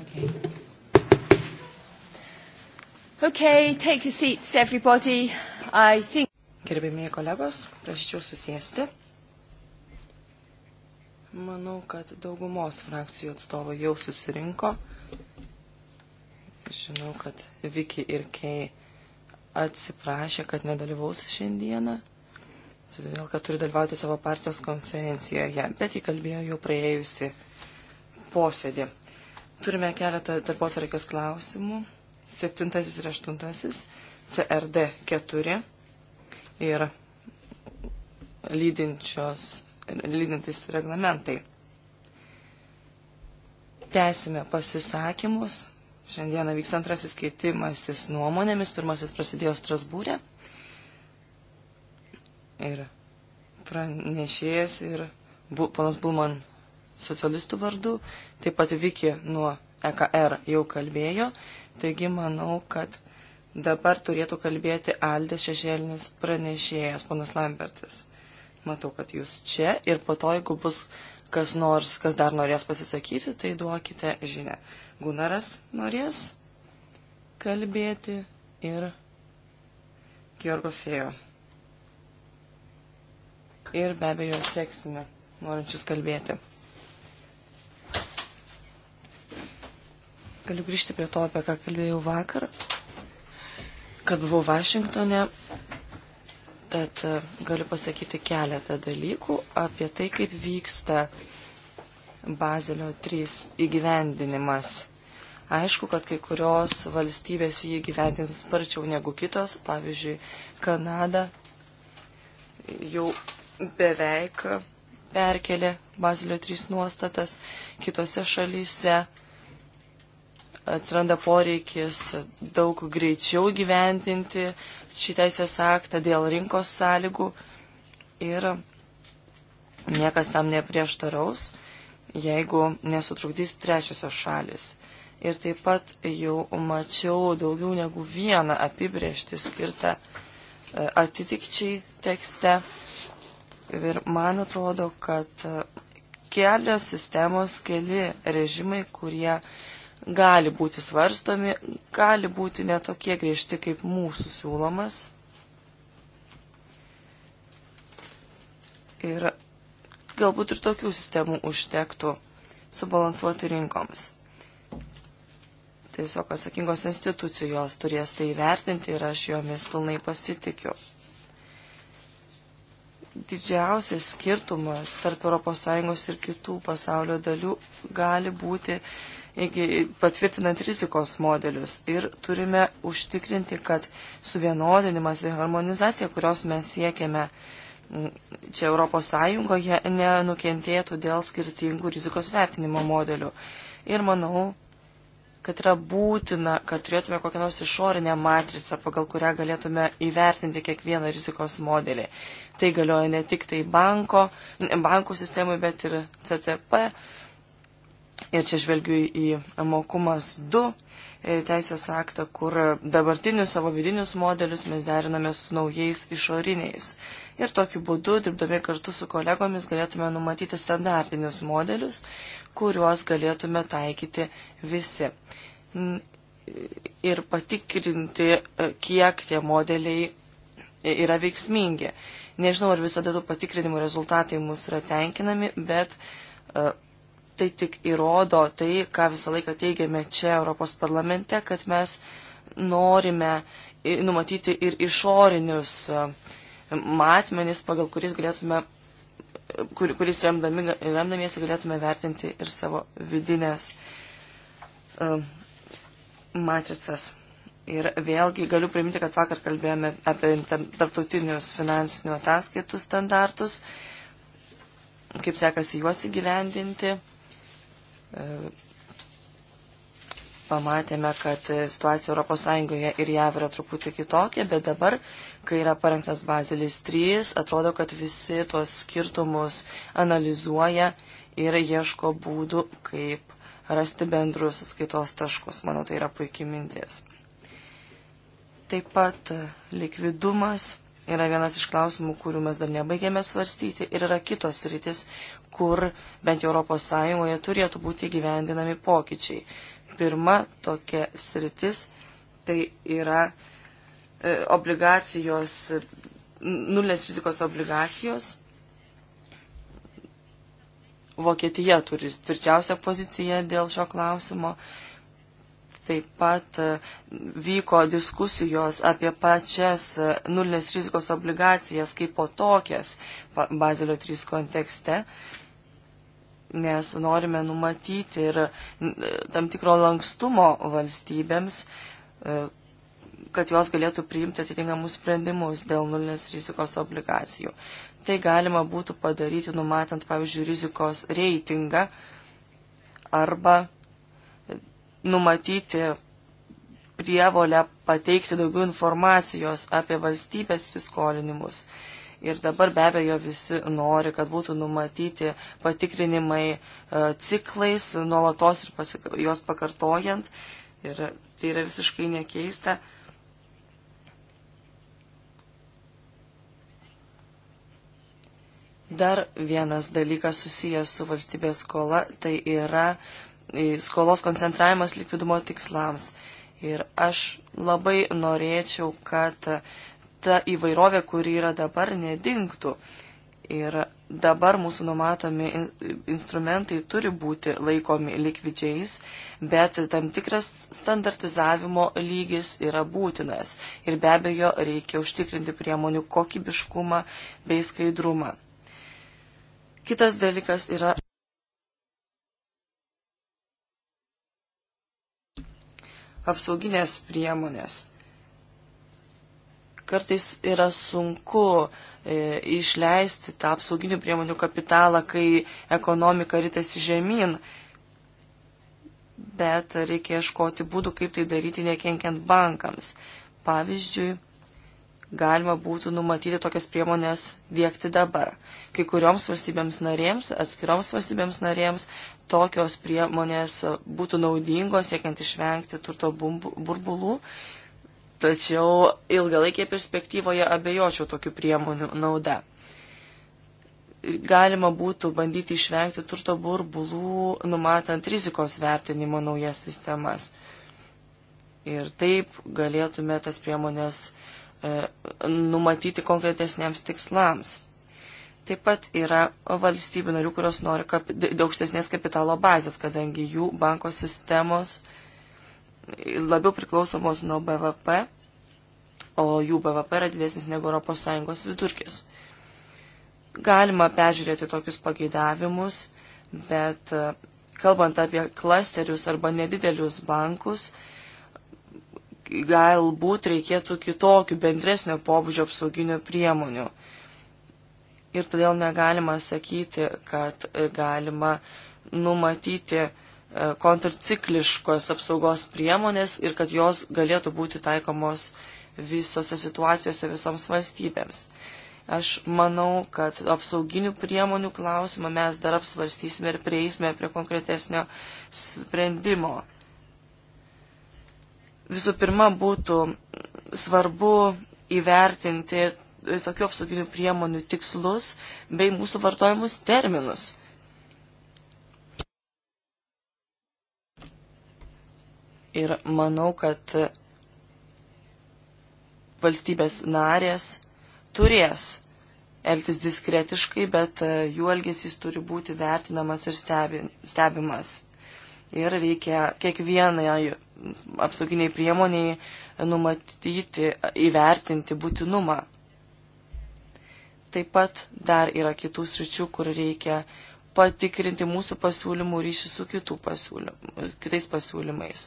Okay. Okay, take your seats, everybody. I think. Gerbėmiai kolegos, prašyčiau susėsti. Manau, kad daugumos frakcijų atstovai jau susirinko. Žinau, kad Viki ir Kei atsiprašė, kad nedalyvaus šiandieną, todėl kad turi dalyvauti savo partijos konferencijoje, bet įkalbėjo jau praėjusi posėdį. Turime keletą darbotvarkės klausimų. Septintasis ir aštuntasis. CRD 4 ir lydintis reglamentai. Tęsime pasisakymus. Šiandieną vyks antrasis keitimasis nuomonėmis. Pirmasis prasidėjo Strasbūrė. Ir pranešėjas ir bu, panas Bulman socialistų vardu, taip pat Viki nuo EKR jau kalbėjo, taigi manau, kad dabar turėtų kalbėti Aldės šešėlinis pranešėjas, ponas Lambertas. Matau, kad jūs čia ir po to, jeigu bus kas nors, kas dar norės pasisakyti, tai duokite žinę. Gunaras norės kalbėti ir Georgo Fejo. Ir be abejo, seksime norinčius kalbėti. Galiu grįžti prie to, apie ką kalbėjau vakar, kad buvau Vašingtone, tad e, galiu pasakyti keletą dalykų apie tai, kaip vyksta Bazelio 3 įgyvendinimas. Aišku, kad kai kurios valstybės jį gyventins sparčiau negu kitos, pavyzdžiui, Kanada jau beveik perkelė Bazilio 3 nuostatas, kitose šalyse atsiranda poreikis daug greičiau gyventinti šį teisės aktą dėl rinkos sąlygų ir niekas tam neprieštaraus, jeigu nesutrukdys trečiosios šalis. Ir taip pat jau mačiau daugiau negu vieną apibriežtį skirtą e, atitikčiai tekste. Ir man atrodo, kad e, kelios sistemos, keli režimai, kurie uh, gali būti svarstomi, gali būti netokie griežti kaip mūsų siūlomas. Ir galbūt ir tokių sistemų užtektų subalansuoti rinkoms. Tiesiog atsakingos institucijos turės tai vertinti ir aš jomis pilnai pasitikiu. Didžiausias skirtumas tarp ES ir kitų pasaulio dalių gali būti patvirtinant rizikos modelius ir turime užtikrinti, kad suvienodinimas ir harmonizacija, kurios mes siekiame čia Europos Sąjungoje, nenukentėtų dėl skirtingų rizikos vertinimo modelių. Ir manau, kad yra būtina, kad turėtume kokią nors išorinę matricą, pagal kurią galėtume įvertinti kiekvieną rizikos modelį. Tai galioja ne tik tai banko, bankų sistemai, bet ir CCP Ir čia žvelgiu į mokumas 2 e, teisės aktą, kur dabartinius savo vidinius modelius mes deriname su naujais išoriniais. Ir tokiu būdu, dirbdami kartu su kolegomis, galėtume numatyti standartinius modelius, kuriuos galėtume taikyti visi. Ir patikrinti, e, kiek tie modeliai e, yra veiksmingi. Nežinau, ar visada tų patikrinimų rezultatai mus yra tenkinami, bet tai tik įrodo tai, ką visą laiką teigiame čia Europos parlamente, kad mes norime numatyti ir išorinius e, matmenis, pagal kuris galėtume, kur, kuris remdami, remdamiesi galėtume vertinti ir savo vidinės uh, matricas. Ir vėlgi galiu priminti, kad vakar kalbėjome apie tarptautinius finansinių ataskaitų standartus, kaip sekasi juos įgyvendinti pamatėme, kad situacija ES ir JAV yra truputį kitokia, bet dabar, kai yra parengtas Bazelis 3, atrodo, kad visi tuos skirtumus analizuoja ir ieško būdų, kaip rasti bendrus atskaitos taškus. Manau, tai yra puikiai mintis. Taip pat likvidumas yra vienas iš klausimų, kurių mes dar nebaigėme svarstyti ir yra kitos rytis, kur bent Europos Sąjungoje turėtų būti gyvendinami pokyčiai. Pirma tokia sritis tai yra e, obligacijos, nulės rizikos obligacijos. Vokietija turi tvirčiausią poziciją dėl šio klausimo taip pat e, vyko diskusijos apie pačias e, nulinės rizikos obligacijas kaip po tokias Bazilio 3 kontekste, nes norime numatyti ir e, tam tikro lankstumo valstybėms, kad jos galėtų priimti atitinkamus sprendimus dėl nulinės rizikos obligacijų. Tai galima būtų padaryti numatant, pavyzdžiui, rizikos reitingą arba numatyti prievolę pateikti daugiau informacijos apie valstybės įsiskolinimus. Ir dabar be abejo visi nori, kad būtų numatyti patikrinimai e, ciklais, nuolatos ir pasik... juos pakartojant. Ir tai yra visiškai nekeista. Dar vienas dalykas susijęs su valstybės skola, tai yra uh, skolos koncentravimas likvidumo tikslams. Ir aš labai norėčiau, kad ta įvairovė, kuri yra dabar, nedingtų. Ir dabar mūsų numatomi instrumentai turi būti laikomi likvidžiais, bet tam tikras standartizavimo lygis yra būtinas. Ir be abejo, reikia užtikrinti priemonių kokybiškumą bei skaidrumą. Kitas dalykas yra apsauginės priemonės. Kartais yra sunku e, išleisti tą apsauginių priemonių kapitalą, kai ekonomika rytasi žemyn, bet reikia ieškoti būdų, kaip tai daryti nekenkiant bankams. Pavyzdžiui, galima būtų numatyti tokias priemonės dėkti dabar. Kai kurioms valstybėms narėms, atskiroms valstybėms narėms tokios priemonės būtų naudingos, siekiant išvengti turto burbulų, tačiau ilgalaikėje perspektyvoje abejočiau tokių priemonių nauda. Galima būtų bandyti išvengti turto burbulų, numatant rizikos vertinimo naujas sistemas. Ir taip galėtume tas priemonės e, numatyti konkretesniems tikslams. Taip pat yra valstybių narių, kurios nori kapi, aukštesnės kapitalo bazės, kadangi jų banko sistemos labiau priklausomos nuo BVP, o jų BVP yra didesnis negu ES vidurkis. Galima peržiūrėti tokius pageidavimus, bet e, kalbant apie klasterius arba nedidelius bankus, galbūt reikėtų kitokių bendresnio pobūdžio apsauginių priemonių ir todėl negalima sakyti, kad galima numatyti e, kontrcikliškos apsaugos priemonės ir kad jos galėtų būti taikomos visose situacijose visoms valstybėms. Aš manau, kad apsauginių priemonių klausimą mes dar apsvarstysime ir prieisime prie konkretesnio sprendimo. Visų pirma, būtų svarbu įvertinti E, tokių apsauginių priemonių tikslus bei mūsų vartojimus terminus. Ir manau, kad valstybės narės turės elgtis diskretiškai, bet e, jų elgesys turi būti vertinamas ir stebimas. Ir reikia kiekvienai apsauginiai priemoniai numatyti, įvertinti būtinumą. Taip pat dar yra kitų sričių, kur reikia patikrinti mūsų pasiūlymų ryšį su pasiūlymų, kitais pasiūlymais.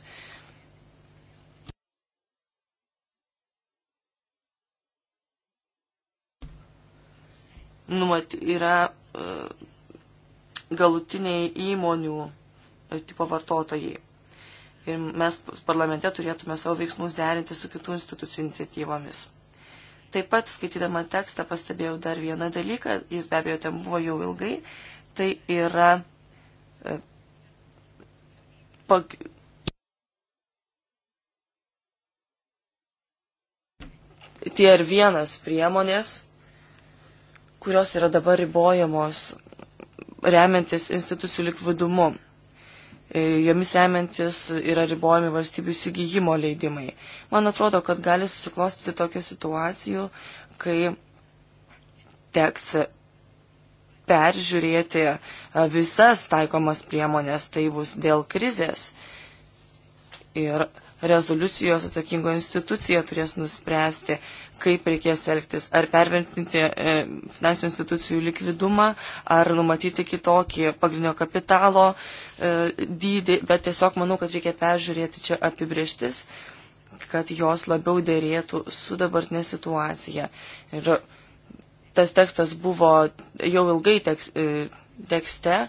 Numat, yra e, galutiniai įmonių e, tipo vartotojai. Ir mes parlamente turėtume savo veiksmus derinti su kitų institucijų iniciatyvomis. Taip pat skaitydama tekstą pastebėjau dar vieną dalyką, jis be abejo ten buvo jau ilgai, tai yra e, pag... tie ir vienas priemonės, kurios yra dabar ribojamos remiantis institucijų likvidumu. E, jomis remiantis yra ribojami valstybių įsigijimo leidimai. Man atrodo, kad gali susiklostyti tokių situacijų, kai teks peržiūrėti e, visas taikomas priemonės, tai bus dėl krizės. Ir rezoliucijos atsakingo institucija turės nuspręsti, kaip reikės elgtis, ar pervertinti e, finansinių institucijų likvidumą, ar numatyti kitokį pagrindinio kapitalo e, dydį, bet tiesiog manau, kad reikia peržiūrėti čia apibrieštis, kad jos labiau dėrėtų su dabartinė situacija. Ir tas tekstas buvo jau ilgai teks, e, tekste,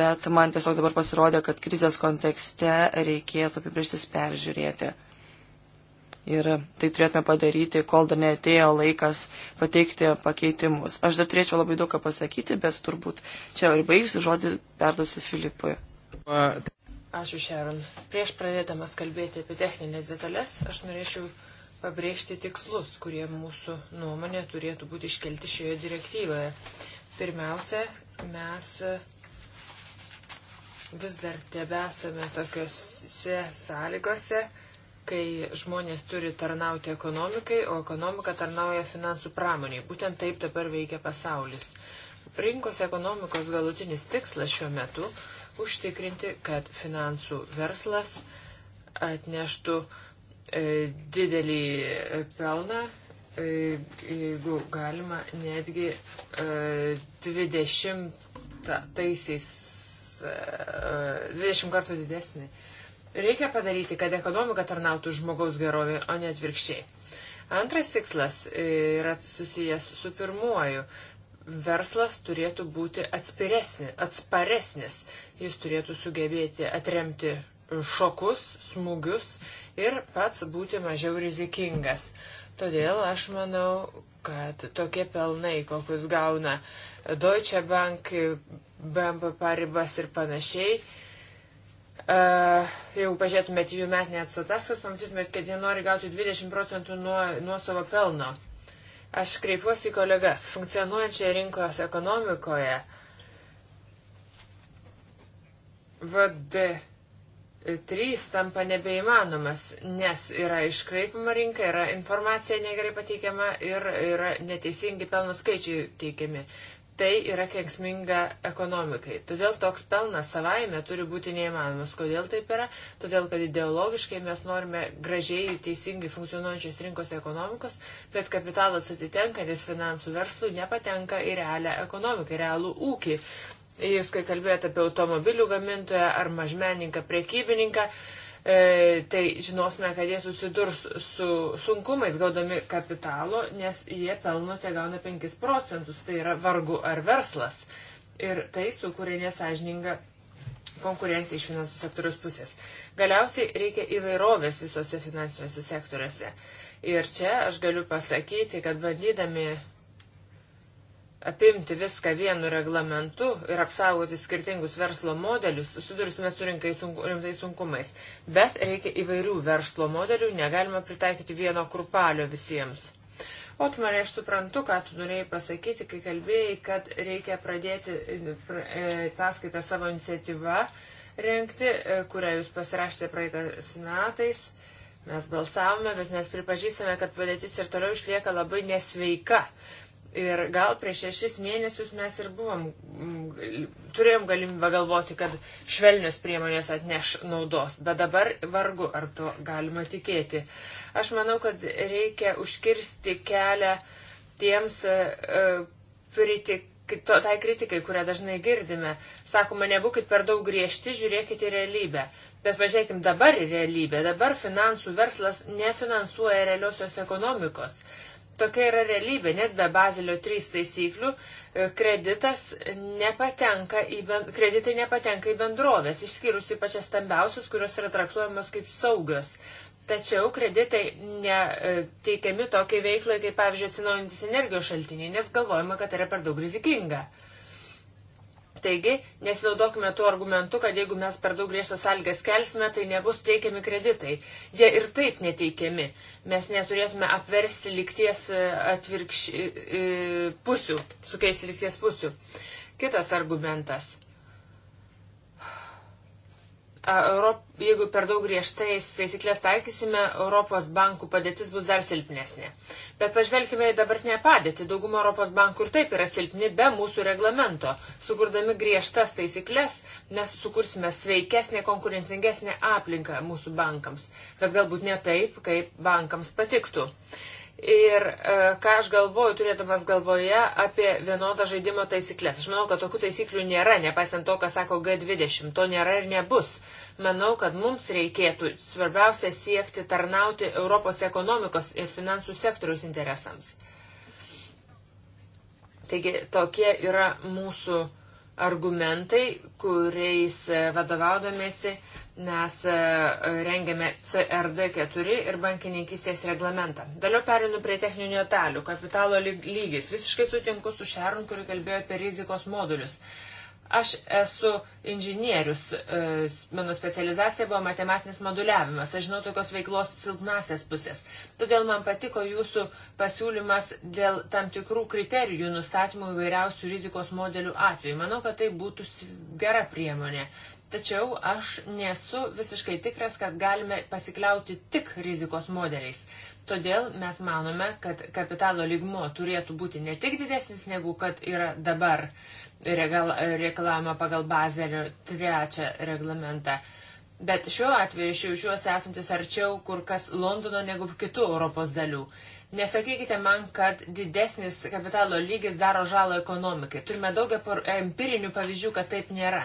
bet man tiesiog dabar pasirodė, kad krizės kontekste reikėtų apibrieštis peržiūrėti. Ir tai turėtume padaryti, kol dar neatėjo laikas pateikti pakeitimus. Aš dar turėčiau labai daug ką pasakyti, bet turbūt čia ir baigsiu žodį perduosiu Filipui. Ačiū, Šeron. Prieš pradėdamas kalbėti apie techninės detalės, aš norėčiau pabrėžti tikslus, kurie mūsų nuomonė turėtų būti iškelti šioje direktyvoje. Pirmiausia, mes vis dar tebesame tokiuose sąlygose, kai žmonės turi tarnauti ekonomikai, o ekonomika tarnauja finansų pramoniai. Būtent taip dabar veikia pasaulis. Rinkos ekonomikos galutinis tikslas šiuo metu - užtikrinti, kad finansų verslas atneštų e, didelį pelną, e, jeigu galima, netgi e, 20 taisiais, e, 20 kartų didesnį. E, Reikia padaryti, kad ekonomika tarnautų žmogaus gerovė, o ne atvirkščiai. Antras tikslas e, yra susijęs su pirmuoju. Verslas turėtų būti atsparesnis. Jis turėtų sugebėti atremti šokus, smūgius ir pats būti mažiau rizikingas. Todėl aš manau, kad tokie pelnai, kokius gauna Deutsche Bank, BMP paribas ir panašiai, Uh, jeigu pažiūrėtumėte jų metinės ataskas, pamatytumėte, kad jie nori gauti 20 procentų nuo, nuo savo pelno. Aš kreipiuosi į kolegas. Funkcionuojančioje rinkos ekonomikoje VD3 tampa nebeįmanomas, nes yra iškreipama rinka, yra informacija negerai pateikiama ir yra neteisingi pelno skaičiai teikiami tai yra kengsminga ekonomikai. Todėl toks pelnas savaime turi būti neįmanomas. Kodėl taip yra? Todėl, kad ideologiškai mes norime gražiai, teisingai funkcionuojančios rinkos ekonomikos, bet kapitalas atitenkantis finansų verslui nepatenka į realią ekonomiką, į realų ūkį. Jūs, kai kalbėjote apie automobilių gamintoją ar mažmeninką prekybininką, uh, E, tai žinosime, kad jie susidurs su sunkumais gaudami kapitalo, nes jie pelno te gauna 5 procentus, tai yra vargu ar verslas. Ir tai sukuria nesažininga konkurencija iš finansų sektoriaus pusės. Galiausiai reikia įvairovės visose finansiniuose sektoriuose. Ir čia aš galiu pasakyti, kad bandydami apimti viską vienu reglamentu ir apsaugoti skirtingus verslo modelius, sudursime su sunku, rimtais sunkumais. Bet reikia įvairių verslo modelių, negalima pritaikyti vieno krupalio visiems. Otmar, aš suprantu, ką tu norėjai pasakyti, kai kalbėjai, kad reikia pradėti e, ataskaitą savo iniciatyvą renkti, e, kurią jūs pasirašėte praeitais metais. Mes balsavome, bet mes pripažįstame, kad padėtis ir toliau išlieka labai nesveika. Ir gal prieš šešis mėnesius mes ir buvom, turėjom galimybę galvoti, kad švelnios priemonės atneš naudos, bet dabar vargu ar to galima tikėti. Aš manau, kad reikia užkirsti kelią tiems uh, pritik, to, tai kritikai, kurią dažnai girdime. Sakoma, nebūkit per daug griežti, žiūrėkite į realybę. Bet pažiūrėkime dabar į realybę. Dabar finansų verslas nefinansuoja realiosios ekonomikos. Uh, tokia yra realybė, net be Bazilio 3 taisyklių e, kreditas nepatenka į, kreditai nepatenka į bendrovės, išskyrus į pačias stambiausius, kurios yra traktuojamos kaip saugios. Tačiau kreditai neteikiami e, tokiai veiklai, kaip pavyzdžiui atsinaujintis energijos šaltiniai, nes galvojama, kad tai yra per daug rizikinga. Taigi, nesinaudokime tuo argumentu, kad jeigu mes per daug griežtas sąlygas kelsime, tai nebus teikiami kreditai. Jie ir taip neteikiami. Mes neturėtume apversti likties e, atvirkš e, e, pusių, sukeisti likties pusių. Kitas argumentas Europ, jeigu per daug griežtai taisyklės taikysime, Europos bankų padėtis bus dar silpnesnė. Bet pažvelkime į dabartinę padėtį. Dauguma Europos bankų ir taip yra silpni be mūsų reglamento. Sukurdami griežtas taisyklės, mes sukursime sveikesnę, konkurencingesnę aplinką mūsų bankams. Bet galbūt ne taip, kaip bankams patiktų ir e, ką aš galvoju, turėdamas galvoje apie vienodą žaidimo taisyklės. Aš manau, kad tokių taisyklių nėra, nepaisant to, ką sako G20, to nėra ir nebus. Manau, kad mums reikėtų svarbiausia siekti tarnauti Europos ekonomikos ir finansų sektoriaus interesams. Taigi tokie yra mūsų argumentai, kuriais e, vadovaudomėsi mes e, rengiame CRD4 ir bankininkistės reglamentą. Daliau perinu prie techninių detalių. Kapitalo lygis. Visiškai sutinku su Šerun, kuri kalbėjo apie rizikos modulius. Uh, Aš esu inžinierius, e, mano specializacija buvo matematinis moduliavimas, aš žinau tokios veiklos silpnasias pusės. Todėl man patiko jūsų pasiūlymas dėl tam tikrų kriterijų nustatymų įvairiausių rizikos modelių atveju. Manau, kad tai būtų gera priemonė. Tačiau aš nesu visiškai tikras, kad galime pasikliauti tik rizikos modeliais. Todėl mes manome, kad kapitalo lygmo turėtų būti ne tik didesnis negu kad yra dabar reikalavimo pagal bazelio trečią reglamentą, bet šiuo atveju šiaušiuosi esantis arčiau kur kas Londono negu kitų Europos dalių. Nesakykite man, kad didesnis kapitalo lygis daro žalą ekonomikai. Turime daug empirinių pavyzdžių, kad taip nėra.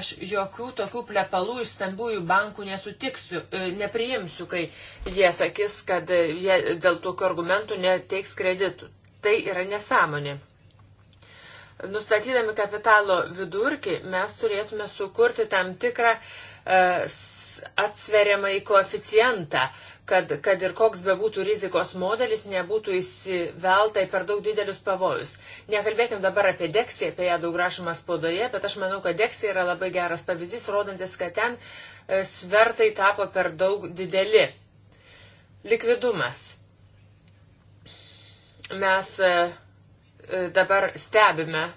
Aš jokių tokių plepalų iš stambiųjų bankų nesutiksiu, e, nepriimsiu, kai jie sakys, kad jie dėl tokių argumentų neteiks kreditų. Tai yra nesąmonė. Nustatydami kapitalo vidurkį, mes turėtume sukurti tam tikrą uh, e, atsveriamą į koeficientą. Uh, kad, kad ir koks bebūtų rizikos modelis, nebūtų įsivelta į per daug didelius pavojus. Nekalbėkim dabar apie deksiją, apie ją daug rašoma spaudoje, bet aš manau, kad deksija yra labai geras pavyzdys, rodantis, kad ten e, svertai tapo per daug dideli. Likvidumas. Mes e, e, dabar stebime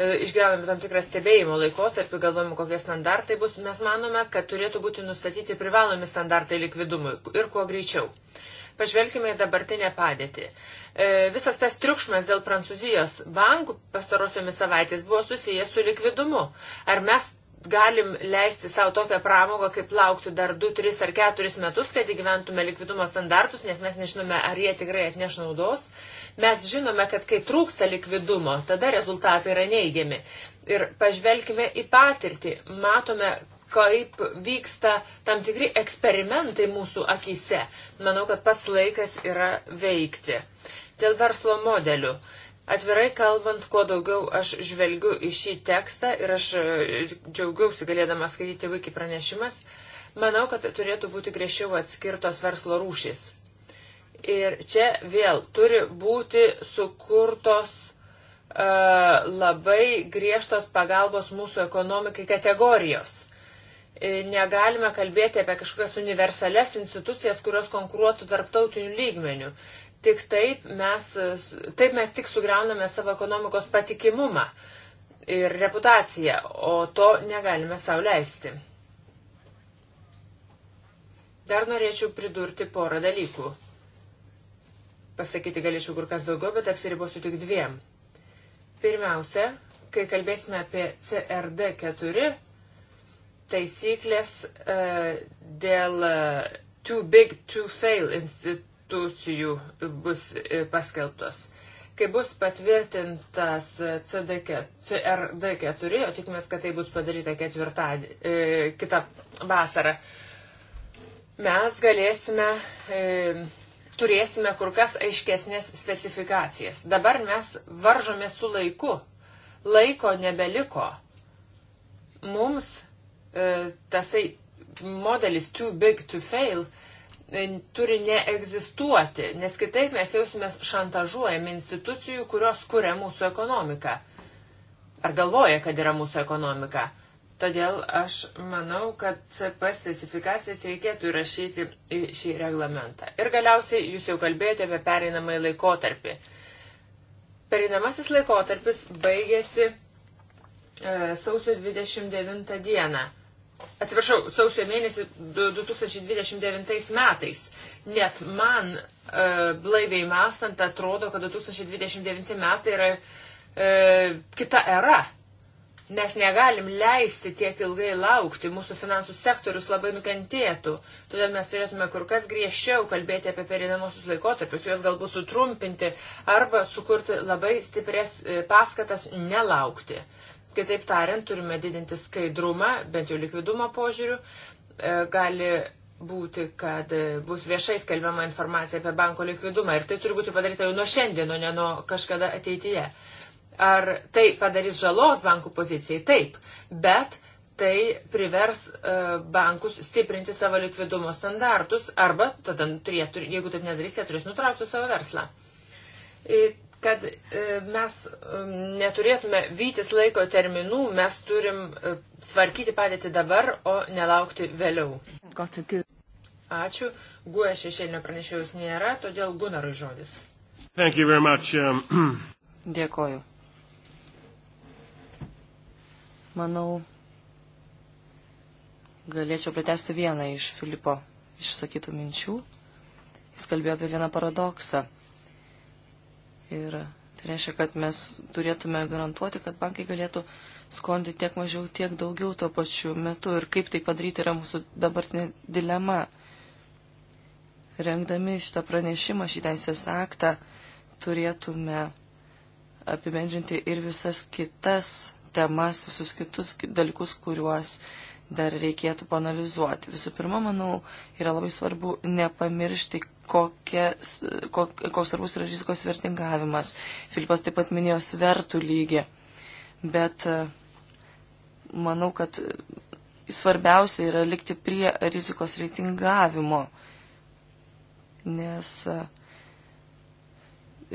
E, išgyvename tam tikrą stebėjimo laikotarpį, galvojame, kokie standartai bus, mes manome, kad turėtų būti nustatyti privalomi standartai likvidumui ir kuo greičiau. Pažvelkime į dabartinę padėtį. E, visas tas triukšmas dėl Prancūzijos bankų pastarosiomis savaitės buvo susijęs su likvidumu. Ar mes galim leisti savo tokią pramogą, kaip laukti dar 2, 3 ar 4 metus, kad įgyventume likvidumo standartus, nes mes nežinome, ar jie tikrai atneš naudos. Mes žinome, kad kai trūksta likvidumo, tada rezultatai yra neigiami. Ir pažvelkime į patirtį. Matome, kaip vyksta tam tikri eksperimentai mūsų akise. Manau, kad pats laikas yra veikti. Dėl verslo modelių. Uh, Atvirai kalbant, kuo daugiau aš žvelgiu į šį tekstą ir aš e, džiaugiausi galėdama skaityti Wiki pranešimas, manau, kad turėtų būti griežčiau atskirtos verslo rūšys. Ir čia vėl turi būti sukurtos uh, labai griežtos pagalbos mūsų ekonomikai kategorijos e, negalime kalbėti apie kažkokias universales institucijas, kurios konkuruotų tarptautiniu lygmeniu. Tik taip mes, taip mes tik sugriauname savo ekonomikos patikimumą ir reputaciją, o to negalime savo leisti. Dar norėčiau pridurti porą dalykų. Pasakyti galėčiau kur kas daugiau, bet apsiribosiu tik dviem. Pirmiausia, kai kalbėsime apie CRD4, taisyklės uh, dėl uh, too big to fail institucijų institucijų bus e, paskelbtos. Kai bus patvirtintas e, CDK, CRD4, o tikimės, kad tai bus padaryta ketvirtadį, e, kitą vasarą, mes galėsime, e, turėsime kur kas aiškesnės specifikacijas. Dabar mes varžome su laiku. Laiko nebeliko. Mums e, tasai modelis too big to fail – turi neegzistuoti, nes kitaip mes jausimės šantažuojami institucijų, kurios kuria mūsų ekonomiką. Ar galvoja, kad yra mūsų ekonomika. Todėl aš manau, kad CP specifikacijas reikėtų įrašyti į šį reglamentą. Ir galiausiai jūs jau kalbėjote apie pereinamąjį laikotarpį. Pereinamasis laikotarpis baigėsi e, sausio 29 dieną atsiprašau, sausio mėnesį 2029 metais. Net man e, blaiviai mąstant atrodo, kad 2029 metai yra e, kita era. Mes negalim leisti tiek ilgai laukti, mūsų finansų sektorius labai nukentėtų. Todėl mes turėtume kur kas griežčiau kalbėti apie perinamosius laikotarpius, juos galbūt sutrumpinti arba sukurti labai stipres e, paskatas nelaukti. Kitaip tariant, turime didinti skaidrumą, bent jau likvidumo požiūrių. E, gali būti, kad e, bus viešai skelbiama informacija apie banko likvidumą ir tai turi būti padaryta jau nuo šiandieno, ne nuo kažkada ateityje. Ar tai padarys žalos bankų pozicijai? Taip, bet tai privers e, bankus stiprinti savo likvidumo standartus arba, tada, nu, jeigu taip nedarys, jie turės nutraukti savo verslą kad e, mes neturėtume vytis laiko terminų, mes turim e, tvarkyti padėti dabar, o nelaukti vėliau. Ačiū. Guoja šešėlinio pranešėjus nėra, todėl Gunarui žodis. Much, um... Dėkoju. Manau, galėčiau pritesti vieną iš Filipo išsakytų minčių. Jis kalbėjo apie vieną paradoksą Ir tai reiškia, kad mes turėtume garantuoti, kad bankai galėtų skolinti tiek mažiau, tiek daugiau tuo pačiu metu. Ir kaip tai padaryti yra mūsų dabartinė dilema. Rengdami šitą pranešimą, šį teisės aktą, turėtume apibendrinti ir visas kitas temas, visus kitus dalykus, kuriuos dar reikėtų panalizuoti. Visų pirma, manau, yra labai svarbu nepamiršti, kokia, koks svarbus yra rizikos vertingavimas. Filipas taip pat minėjo svertų lygį, bet e, manau, kad svarbiausia yra likti prie rizikos reitingavimo, nes e,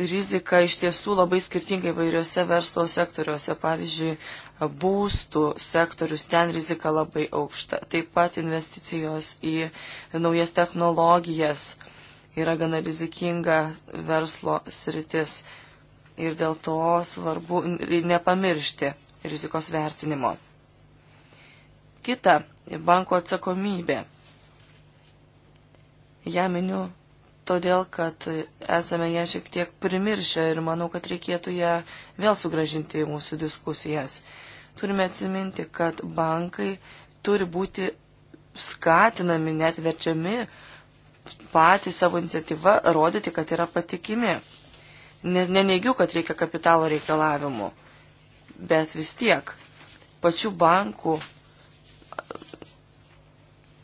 rizika iš tiesų labai skirtingai vairiuose verslo sektoriuose. Pavyzdžiui, būstų sektorius, ten rizika labai aukšta. Taip pat investicijos į naujas technologijas yra gana rizikinga verslo sritis ir dėl to svarbu nepamiršti rizikos vertinimo. Kita - banko atsakomybė. Ja miniu todėl, kad esame ją šiek tiek primiršę ir manau, kad reikėtų ją vėl sugražinti į mūsų diskusijas. Turime atsiminti, kad bankai turi būti skatinami, net verčiami patys savo iniciatyvą rodyti, kad yra patikimi. Neneigiu, kad reikia kapitalo reikalavimų, bet vis tiek pačių bankų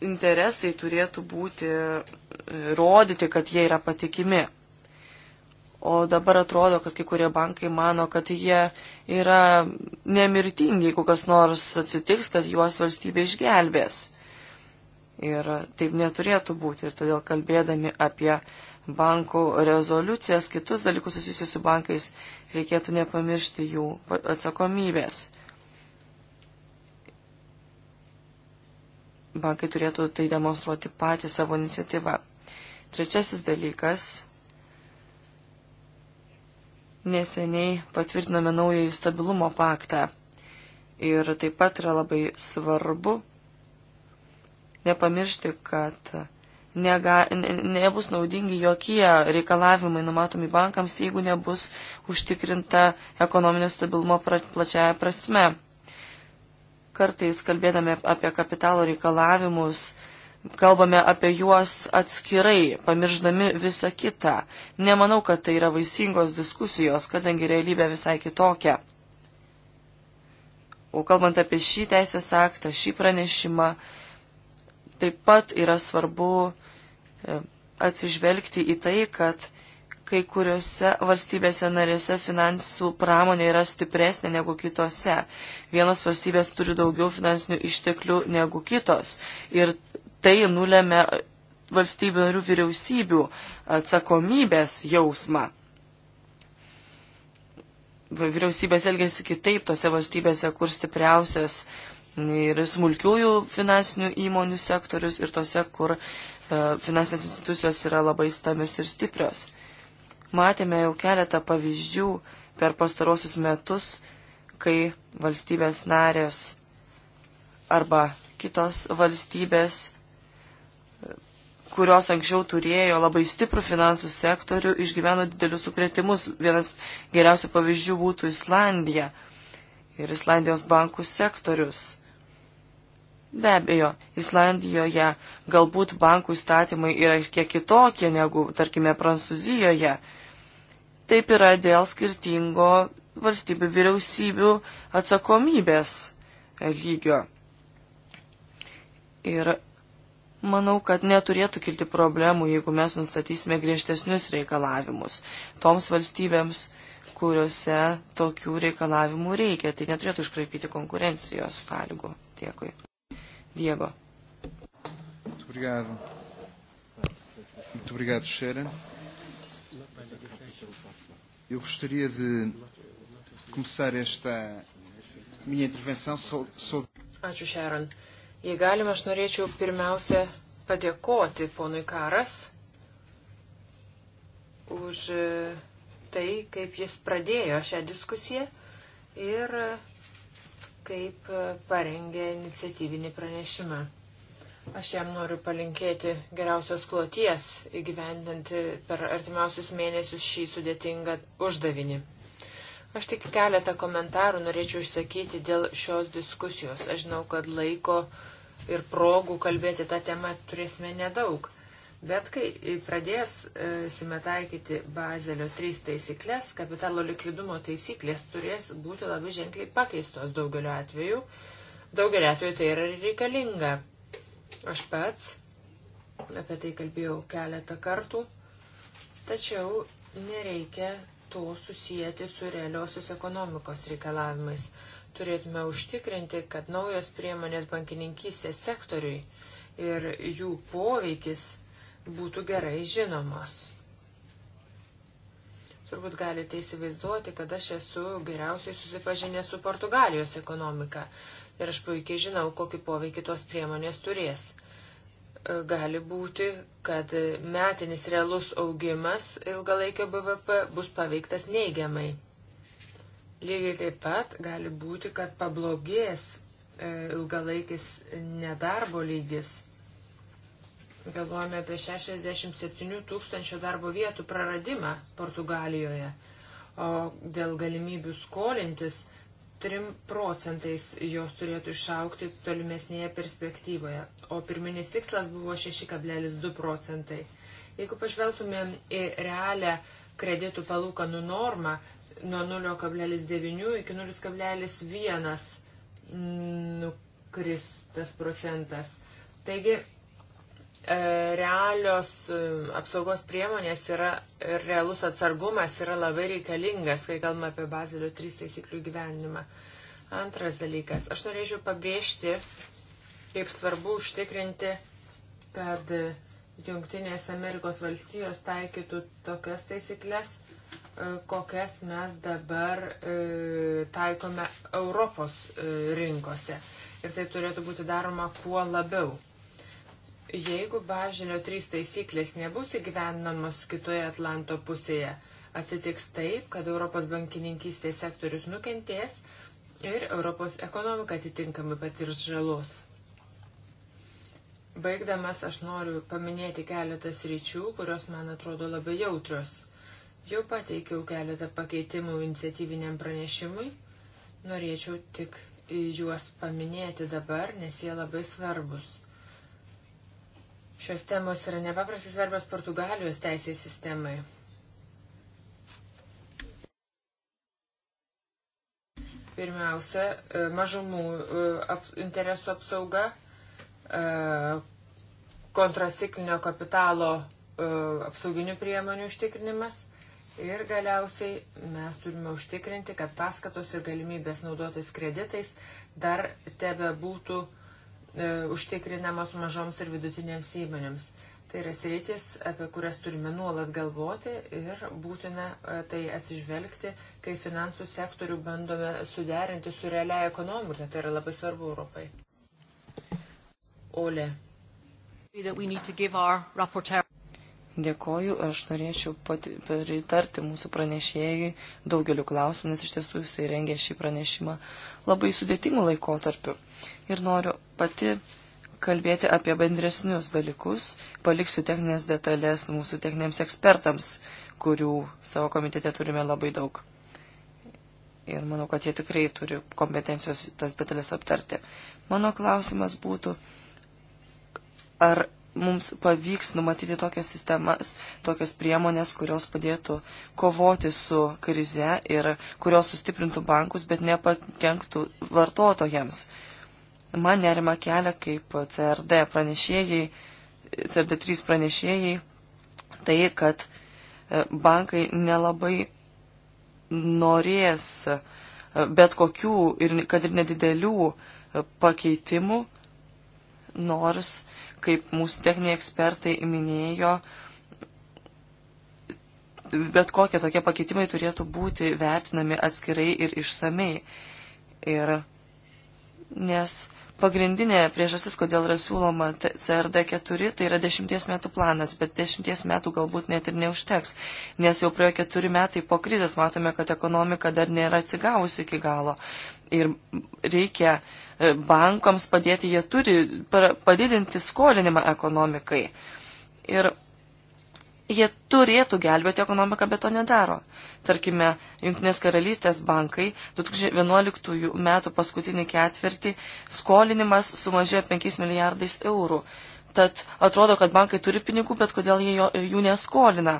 interesai turėtų būti e, rodyti, kad jie yra patikimi. O dabar atrodo, kad kai kurie bankai mano, kad jie yra nemirtingi, jeigu kas nors atsitiks, kad juos valstybė išgelbės. Ir taip neturėtų būti. Ir todėl kalbėdami apie bankų rezoliucijas, kitus dalykus susijusius su bankais, reikėtų nepamiršti jų atsakomybės. Bankai turėtų tai demonstruoti patį savo iniciatyvą. Trečiasis dalykas. Neseniai patvirtiname naująjį stabilumo paktą. Ir taip pat yra labai svarbu nepamiršti, kad nega, ne, nebus naudingi jokie reikalavimai numatomi bankams, jeigu nebus užtikrinta ekonominio stabilumo plačiaja prasme. Kartais kalbėdami apie kapitalo reikalavimus, kalbame apie juos atskirai, pamirždami visą kitą. Nemanau, kad tai yra vaisingos diskusijos, kadangi realybė visai kitokia. O kalbant apie šį teisės aktą, šį pranešimą, Taip pat yra svarbu e, atsižvelgti į tai, kad kai kuriuose valstybėse narėse finansų pramonė yra stipresnė negu kitose. Vienos valstybės turi daugiau finansinių išteklių negu kitos. Ir tai nulėmė valstybių narių vyriausybių atsakomybės jausmą. Vyriausybės elgėsi kitaip tose valstybėse, kur stipriausias uh, ir smulkiųjų finansinių įmonių sektorius ir tose, kur e, finansinės institucijos yra labai stamios ir stiprios. Matėme jau keletą pavyzdžių per pastarosius metus, kai valstybės narės arba kitos valstybės, kurios anksčiau turėjo labai stiprų finansų sektorių, išgyveno didelius sukretimus. Vienas geriausių pavyzdžių būtų Islandija ir Islandijos bankų sektorius Be abejo, Islandijoje galbūt bankų statymai yra kiek kitokie negu, tarkime, Prancūzijoje. Taip yra dėl skirtingo valstybių vyriausybių atsakomybės lygio. Ir manau, kad neturėtų kilti problemų, jeigu mes nustatysime griežtesnius reikalavimus toms valstybėms, kuriuose tokių reikalavimų reikia. Tai neturėtų iškraipyti konkurencijos sąlygų. Dėkui. Diego. Muito obrigado. Muito obrigado, Sharon. Eu gostaria de começar esta minha intervenção. Sou, sou... Ačiū, Sharon. Jei galima, aš norėčiau pirmiausia padėkoti ponui Karas už e, tai, kaip jis pradėjo šią diskusiją ir kaip e, parengė iniciatyvinį pranešimą. Aš jam noriu palinkėti geriausios kloties įgyvendinti per artimiausius mėnesius šį sudėtingą uždavinį. Aš tik keletą komentarų norėčiau išsakyti dėl šios diskusijos. Aš žinau, kad laiko ir progų kalbėti tą temą turėsime nedaug. Bet kai pradėsime e, taikyti bazelio 3 taisyklės, kapitalo likvidumo taisyklės turės būti labai ženkliai pakeistos daugeliu atveju. Daugeliu atveju tai yra reikalinga. Aš pats apie tai kalbėjau keletą kartų, tačiau nereikia to susijęti su realiosios ekonomikos reikalavimais. Turėtume užtikrinti, kad naujos priemonės bankininkystės sektoriui ir jų poveikis būtų gerai žinomos. Turbūt galite įsivaizduoti, kad aš esu geriausiai susipažinęs su Portugalijos ekonomika ir aš puikiai žinau, kokį poveikį tos priemonės turės. E, gali būti, kad metinis realus augimas ilgalaikio BVP bus paveiktas neigiamai. Lygiai taip pat gali būti, kad pablogės e, ilgalaikis nedarbo lygis Galvojame apie 67 tūkstančių darbo vietų praradimą Portugalijoje, o dėl galimybių skolintis 3 procentais jos turėtų išaukti tolimesnėje perspektyvoje, o pirminis tikslas buvo 6,2 procentai. Jeigu pažvelgtumėm į realią kreditų palūkanų normą nuo 0,9 iki 0,1 nukris tas procentas. Taigi E, realios e, apsaugos priemonės yra ir realus atsargumas yra labai reikalingas, kai kalbame apie Bazilio 3 taisyklių gyvenimą. Antras dalykas. Aš norėčiau pabrėžti, kaip svarbu užtikrinti, kad Junktinės Amerikos valstijos taikytų tokias taisyklės, e, kokias mes dabar taikome Europos rinkose. Ir tai turėtų būti daroma kuo labiau. Jeigu bažinio trys taisyklės nebus įgyvendinamos kitoje Atlanto pusėje, atsitiks taip, kad Europos bankininkystės sektorius nukentės ir Europos ekonomika atitinkamai patirs žalos. Baigdamas aš noriu paminėti keletas ryčių, kurios man atrodo labai jautrios. Jau pateikiau keletą pakeitimų iniciatyviniam pranešimui. Norėčiau tik juos paminėti dabar, nes jie labai svarbus. Šios temos yra nepaprastai svarbios Portugalijos teisės sistemai. Pirmiausia, e, mažumų e, ap, interesų apsauga, e, kontraciklinio kapitalo apsauginių priemonių užtikrinimas ir galiausiai mes turime užtikrinti, kad paskatos ir galimybės naudotis kreditais dar tebe būtų uh, E, užtikrinamos mažoms ir vidutinėms įmonėms. Tai yra sritis, apie kurias turime nuolat galvoti ir būtina e, tai atsižvelgti, kai finansų sektorių bandome suderinti su realia ekonomika. Tai yra labai svarbu Europai. Ole. Dėkoju, aš norėčiau pritarti mūsų pranešėjai daugeliu klausimų, nes iš tiesų jisai rengė šį pranešimą labai sudėtingų laikotarpių. Ir noriu pati kalbėti apie bendresnius dalykus, paliksiu techninės detalės mūsų techniniams ekspertams, kurių savo komitete turime labai daug. Ir manau, kad jie tikrai turi kompetencijos tas detalės aptarti. Mano klausimas būtų, ar mums pavyks numatyti tokias sistemas, tokias priemonės, kurios padėtų kovoti su krize ir kurios sustiprintų bankus, bet nepakenktų vartotojams. Man nerima kelia kaip CRD pranešėjai, CRD3 pranešėjai, tai, kad e, bankai nelabai norės e, bet kokių ir kad ir nedidelių e, pakeitimų, nors kaip mūsų techniniai ekspertai minėjo, bet kokie tokie pakeitimai turėtų būti vertinami atskirai ir išsamei. Ir nes pagrindinė priežastis, kodėl yra siūloma CRD4, tai yra dešimties metų planas, bet dešimties metų galbūt net ir neužteks, nes jau praėjo keturi metai po krizės matome, kad ekonomika dar nėra atsigavusi iki galo. Ir reikia uh, bankams padėti, jie turi padidinti skolinimą ekonomikai. Ir jie turėtų gelbėti ekonomiką, bet to nedaro. Tarkime, Junktinės karalystės bankai 2011 metų paskutinį ketvirtį skolinimas sumažėjo 5 milijardais eurų. Tad atrodo, kad bankai turi pinigų, bet kodėl jie jų neskolina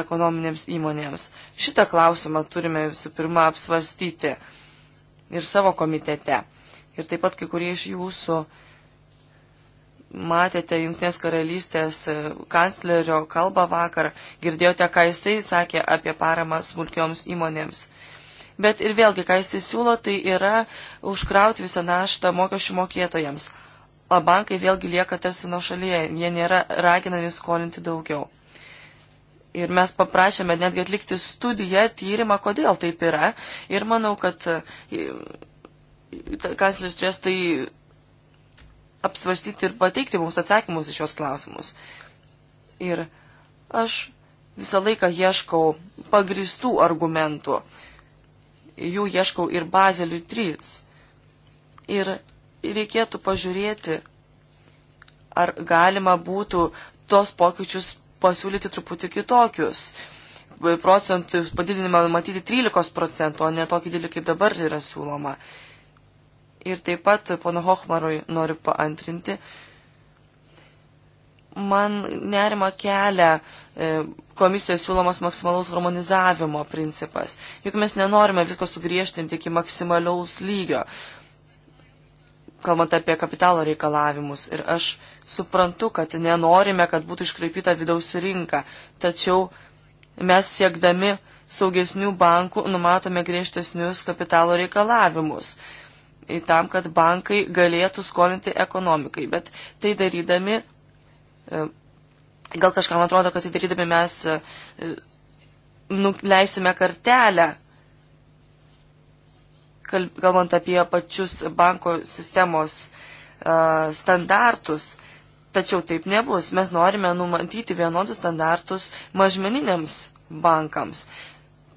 ekonominėms įmonėms. Šitą klausimą turime visų pirma apsvarstyti ir savo komitete ir taip pat kai kurie iš jūsų matėte Junktinės karalystės e, kanclerio kalbą vakar, girdėjote, ką jisai sakė apie paramą smulkioms įmonėms. Bet ir vėlgi, ką jisai siūlo, tai yra užkrauti visą naštą mokesčių mokėtojams. O bankai vėlgi lieka tarsi nuo šalyje, jie nėra raginami skolinti daugiau. Ir mes paprašėme netgi atlikti studiją, tyrimą, kodėl taip yra. Ir manau, kad e, kancleris turės tai apsvarstyti ir pateikti mums atsakymus į šios klausimus. Ir aš visą laiką ieškau pagristų argumentų. Jų ieškau ir bazelių 3. Ir reikėtų pažiūrėti, ar galima būtų tos pokyčius pasiūlyti truputį kitokius. Procentų padidinimą matyti 13 procentų, o ne tokį didelį, kaip dabar yra siūloma. Uh, Ir taip pat pono Hochmarui noriu paantrinti. Man nerima kelia e, komisijos siūlomas maksimalaus harmonizavimo principas. Juk mes nenorime visko sugriežtinti iki maksimalaus lygio, kalbant apie kapitalo reikalavimus. Ir aš suprantu, kad nenorime, kad būtų iškreipyta vidaus rinka. Tačiau mes siekdami saugesnių bankų numatome griežtesnius kapitalo reikalavimus tam, kad bankai galėtų skolinti ekonomikai. Bet tai darydami, e, gal kažkam atrodo, kad tai darydami mes e, nu, leisime kartelę, kalbant apie pačius banko sistemos e, standartus. Tačiau taip nebus. Mes norime numatyti vienodus standartus mažmeniniams bankams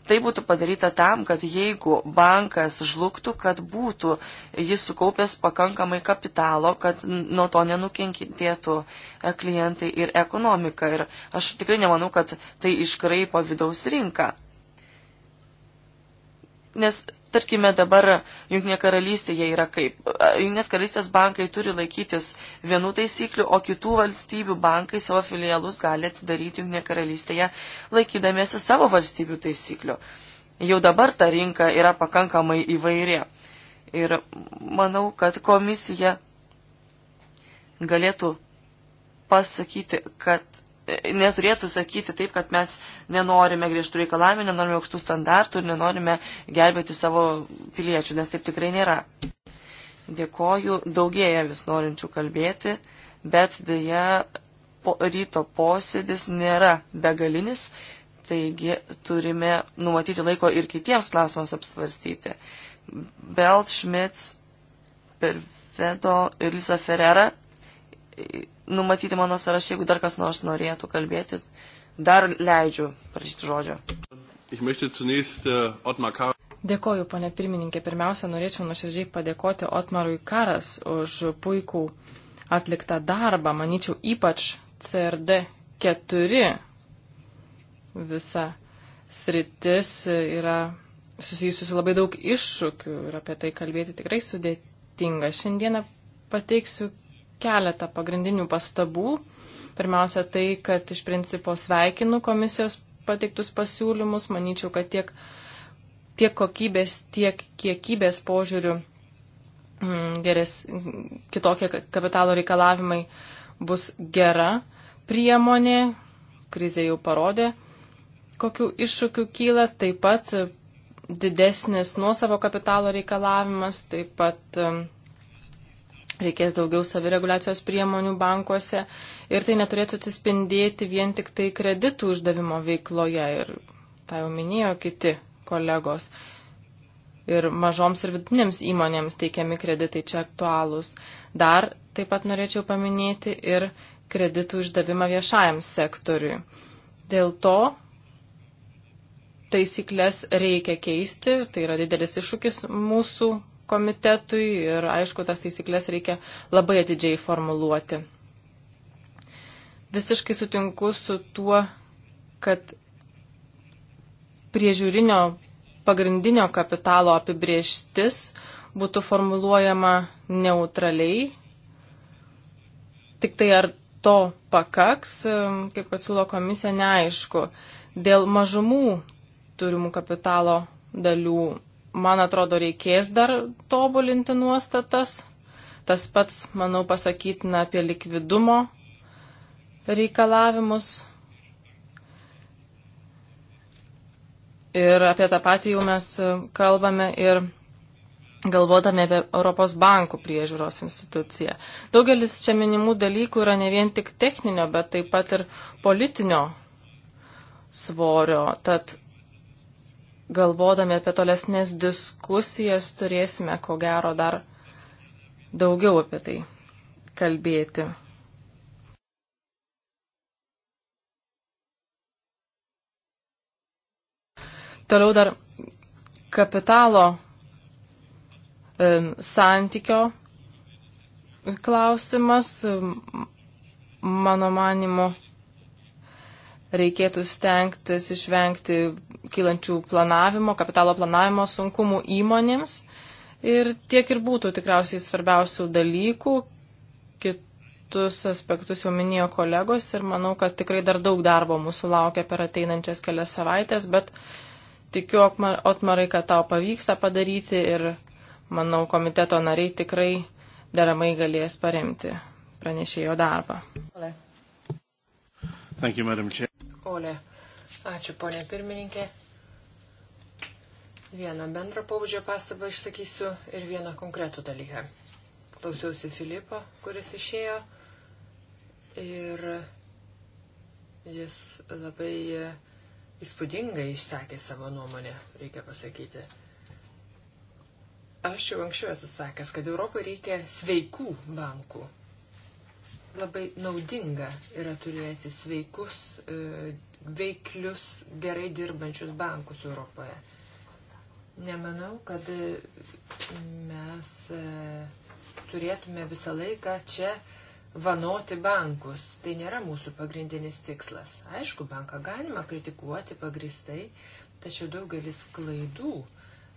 tai būtų padaryta tam, kad jeigu bankas žlugtų, kad būtų jis sukaupęs pakankamai kapitalo, kad nuo to nenukentėtų e, klientai ir ekonomika. Ir aš tikrai nemanau, kad tai iškraipo vidaus rinką. Nes Tarkime, dabar Junktinė karalystėje yra kaip. Junktinės karalystės bankai turi laikytis vienų taisyklių, o kitų valstybių bankai savo filialus gali atsidaryti Junktinė karalystėje laikydamėsi savo valstybių taisyklių. Jau dabar ta rinka yra pakankamai įvairi. Ir manau, kad komisija galėtų pasakyti, kad neturėtų sakyti taip, kad mes nenorime griežtų reikalavimų, nenorime aukštų standartų ir nenorime gelbėti savo piliečių, nes taip tikrai nėra. Dėkoju, daugėja vis norinčių kalbėti, bet dėja po, ryto posėdis nėra begalinis, taigi turime numatyti laiko ir kitiems klausimams apsvarstyti. Belt, Schmitz, Pervedo ir Lisa Ferrera numatyti mano sąrašą, jeigu dar kas nors norėtų kalbėti, dar leidžiu prašyti žodžio. Äh, Dėkoju, ponė pirmininkė. Pirmiausia, norėčiau nuoširdžiai padėkoti Otmarui Karas už puikų atliktą darbą, manyčiau, ypač CRD 4 visa sritis yra susijusius labai daug iššūkių ir apie tai kalbėti tikrai sudėtinga. Šiandieną pateiksiu keletą pagrindinių pastabų. Pirmiausia, tai, kad iš principo sveikinu komisijos pateiktus pasiūlymus. Manyčiau, kad tiek, tiek kokybės, tiek kiekybės požiūrių mm, geres, kitokie kapitalo reikalavimai bus gera priemonė. Krizė jau parodė, kokiu iššūkiu kyla. Taip pat didesnis nuosavo kapitalo reikalavimas, taip pat um, reikės daugiau savireguliacijos priemonių bankuose ir tai neturėtų atsispindėti vien tik tai kreditų uždavimo veikloje ir tai jau minėjo kiti kolegos. Ir mažoms ir vidutinėms įmonėms teikiami kreditai čia aktualūs. Dar taip pat norėčiau paminėti ir kreditų išdavimą viešajam sektoriui. Dėl to taisyklės reikia keisti, tai yra didelis iššūkis mūsų komitetui ir aišku, tas taisyklės reikia labai atidžiai formuluoti. Visiškai sutinku su tuo, kad priežiūrinio pagrindinio kapitalo apibrieštis būtų formuluojama neutraliai. Tik tai ar to pakaks, kaip kad siūlo komisija, neaišku. Dėl mažumų turimų kapitalo dalių man atrodo, reikės dar tobulinti nuostatas. Tas pats, manau, pasakytina apie likvidumo reikalavimus. Ir apie tą patį jau mes kalbame ir galvodami apie Europos bankų priežiūros instituciją. Daugelis čia minimų dalykų yra ne vien tik techninio, bet taip pat ir politinio svorio. Tad galvodami apie tolesnės diskusijas turėsime, ko gero, dar daugiau apie tai kalbėti. Toliau dar kapitalo e, santykio klausimas. Mano manimu, reikėtų stengtis išvengti kylančių planavimo, kapitalo planavimo sunkumų įmonėms. Ir tiek ir būtų tikriausiai svarbiausių dalykų. Kitus aspektus jau minėjo kolegos ir manau, kad tikrai dar daug darbo mūsų laukia per ateinančias kelias savaitės, bet tikiu, Otmarai, kad tau pavyksta padaryti ir manau, komiteto nariai tikrai deramai galės paremti pranešėjo darbą. Ole. Thank you, Madam Chair. Ole. Ačiū, ponė pirmininkė. Vieną bendrą pobūdžio pastabą išsakysiu ir vieną konkretų dalyką. Klausiausi Filipo, kuris išėjo ir jis labai įspūdingai išsakė savo nuomonę, reikia pasakyti. Aš jau anksčiau esu sakęs, kad Europai reikia sveikų bankų. Labai naudinga yra turėti sveikus e, veiklius, gerai dirbančius bankus Europoje. Nemanau, kad e, mes e, turėtume visą laiką čia vanoti bankus. Tai nėra mūsų pagrindinis tikslas. Aišku, banką galima kritikuoti pagristai, tačiau daugelis klaidų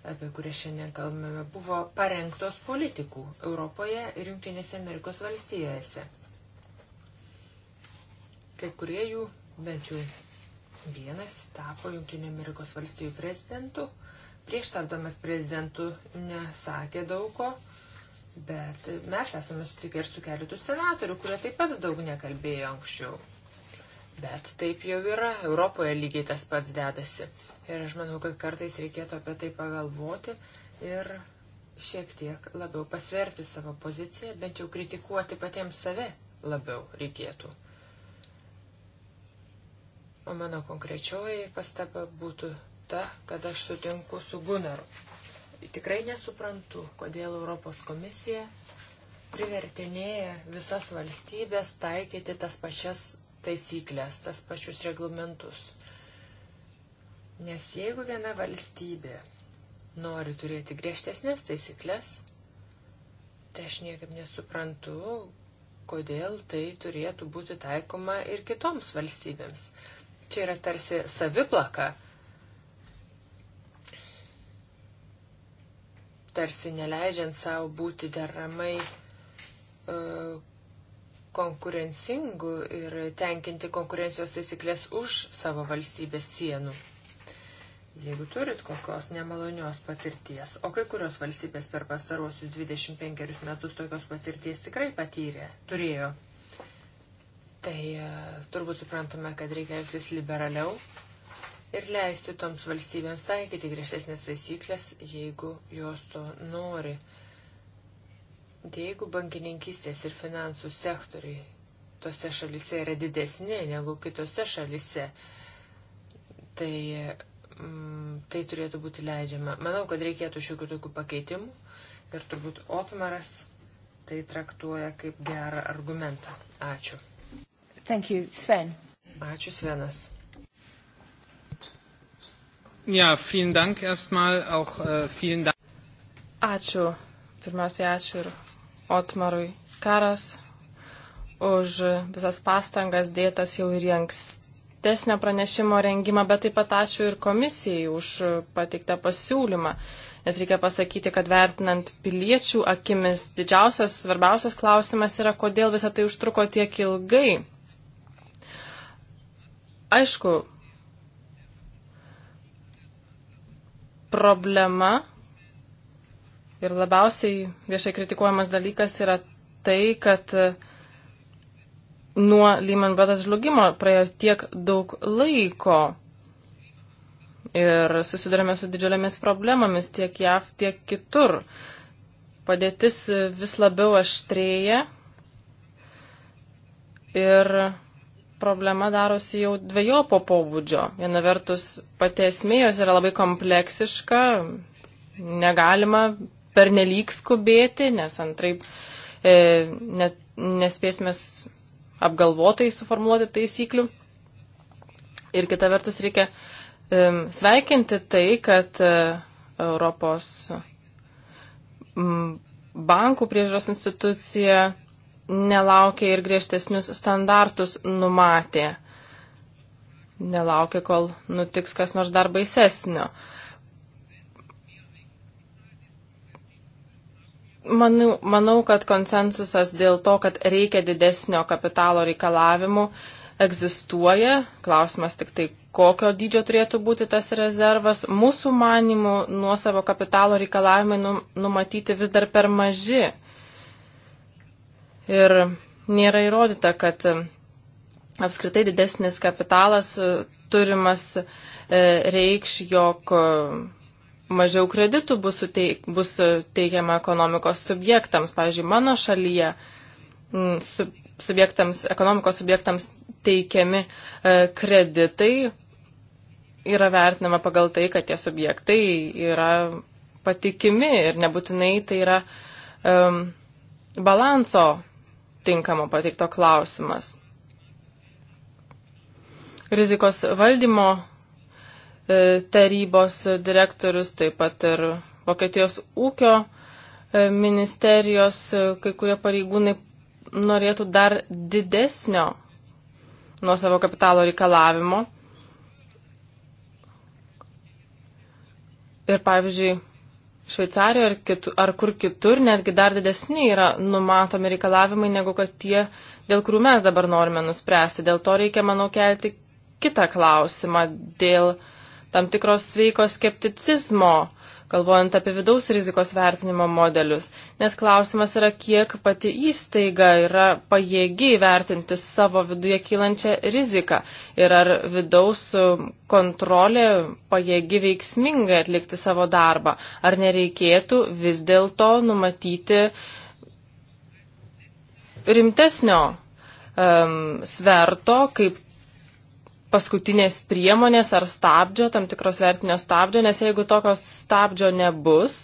apie kurią šiandien kalbame, buvo parengtos politikų Europoje ir Junktinėse Amerikos valstijose. Kai kurie jų, bent jau Vienas tapo Junktinio Amerikos valstybių prezidentu. Prieš tapdamas prezidentu nesakė daug ko, bet mes esame sutikę ir su keletu senatorių, kurie taip pat daug nekalbėjo anksčiau. Bet taip jau yra, Europoje lygiai tas pats dedasi. Ir aš manau, kad kartais reikėtų apie tai pagalvoti ir šiek tiek labiau pasverti savo poziciją, bent jau kritikuoti patiems save labiau reikėtų. O mano konkrečioji pastaba būtų ta, kad aš sutinku su Gunaru. Tikrai nesuprantu, kodėl Europos komisija privertinėja visas valstybės taikyti tas pačias taisyklės, tas pačius reglamentus. Nes jeigu viena valstybė nori turėti griežtesnės taisyklės, tai aš niekaip nesuprantu, kodėl tai turėtų būti taikoma ir kitoms valstybėms. Čia yra tarsi saviplaka. Tarsi neleidžiant savo būti deramai uh, e, konkurencingų ir tenkinti konkurencijos taisyklės už savo valstybės sienų. Jeigu turit kokios nemalonios patirties, o kai kurios valstybės per pastarosius 25 metus tokios patirties tikrai patyrė, turėjo, Tai e, turbūt suprantame, kad reikia elgtis liberaliau ir leisti toms valstybėms taikyti griežtesnės taisyklės, jeigu jos to nori. Tai jeigu bankininkystės ir finansų sektoriai tose šalise yra didesni negu kitose šalise, tai mm, tai turėtų būti leidžiama. Manau, kad reikėtų šiokių tokių pakeitimų ir turbūt Otmaras tai traktuoja kaip gerą argumentą. Ačiū. Thank you. Sven. Ačiū, Svenas. Ja, vielen Dank erstmal, auch äh, vielen Dank. Ačiū. Pirmiausia, ačiū ir Otmarui Karas už visas pastangas dėtas jau ir į ankstesnio pranešimo rengimą, bet taip pat ačiū ir komisijai už pateiktą pasiūlymą. Nes reikia pasakyti, kad vertinant piliečių akimis, didžiausias, svarbiausias klausimas yra, kodėl visą tai užtruko tiek ilgai Aišku, problema ir labiausiai viešai kritikuojamas dalykas yra tai, kad nuo Lehman Brothers žlugimo praėjo tiek daug laiko ir susidurėme su didžiulėmis problemomis tiek JAV, tiek kitur. Padėtis vis labiau aštrėja ir problema darosi jau dviejopo pobūdžio. Viena vertus, pati esmė jos yra labai kompleksiška, negalima pernelyg skubėti, nes antraip e, net, nespėsime apgalvotai suformuoluoti taisyklių. Ir kita vertus, reikia e, sveikinti tai, kad e, Europos m, bankų priežiūros institucija nelaukia ir griežtesnius standartus numatė. Nelaukia, kol nutiks kas nors dar baisesnio. Manau, manau, kad konsensusas dėl to, kad reikia didesnio kapitalo reikalavimų, egzistuoja. Klausimas tik tai, kokio dydžio turėtų būti tas rezervas. Mūsų manimų nuosavo kapitalo reikalavimai nu, numatyti vis dar per maži Ir nėra įrodyta, kad apskritai didesnis kapitalas e, turimas e, reikš, jog e, mažiau kreditų bus, suteik, bus teikiama ekonomikos subjektams. Pavyzdžiui, mano šalyje sub, subjektams, ekonomikos subjektams teikiami kreditai yra vertinama pagal tai, kad tie subjektai yra patikimi ir nebūtinai tai yra um, balanso tinkamo pateikto klausimas. Rizikos valdymo e, tarybos direktorius, taip pat ir Vokietijos ūkio e, ministerijos e, kai kurie pareigūnai norėtų dar didesnio nuo savo kapitalo reikalavimo. Ir pavyzdžiui, Šveicarijoje ar, kitu, ar kur kitur netgi dar didesni yra numatomi reikalavimai negu kad tie, dėl kurių mes dabar norime nuspręsti. Dėl to reikia, manau, kelti kitą klausimą dėl tam tikros sveiko skepticizmo galvojant apie vidaus rizikos vertinimo modelius, nes klausimas yra, kiek pati įstaiga yra pajėgi vertinti savo viduje kylančią riziką ir ar vidaus kontrolė pajėgi veiksmingai atlikti savo darbą, ar nereikėtų vis dėlto numatyti rimtesnio um, sverto, kaip paskutinės priemonės ar stabdžio, tam tikros vertinio stabdžio, nes jeigu tokios stabdžio nebus,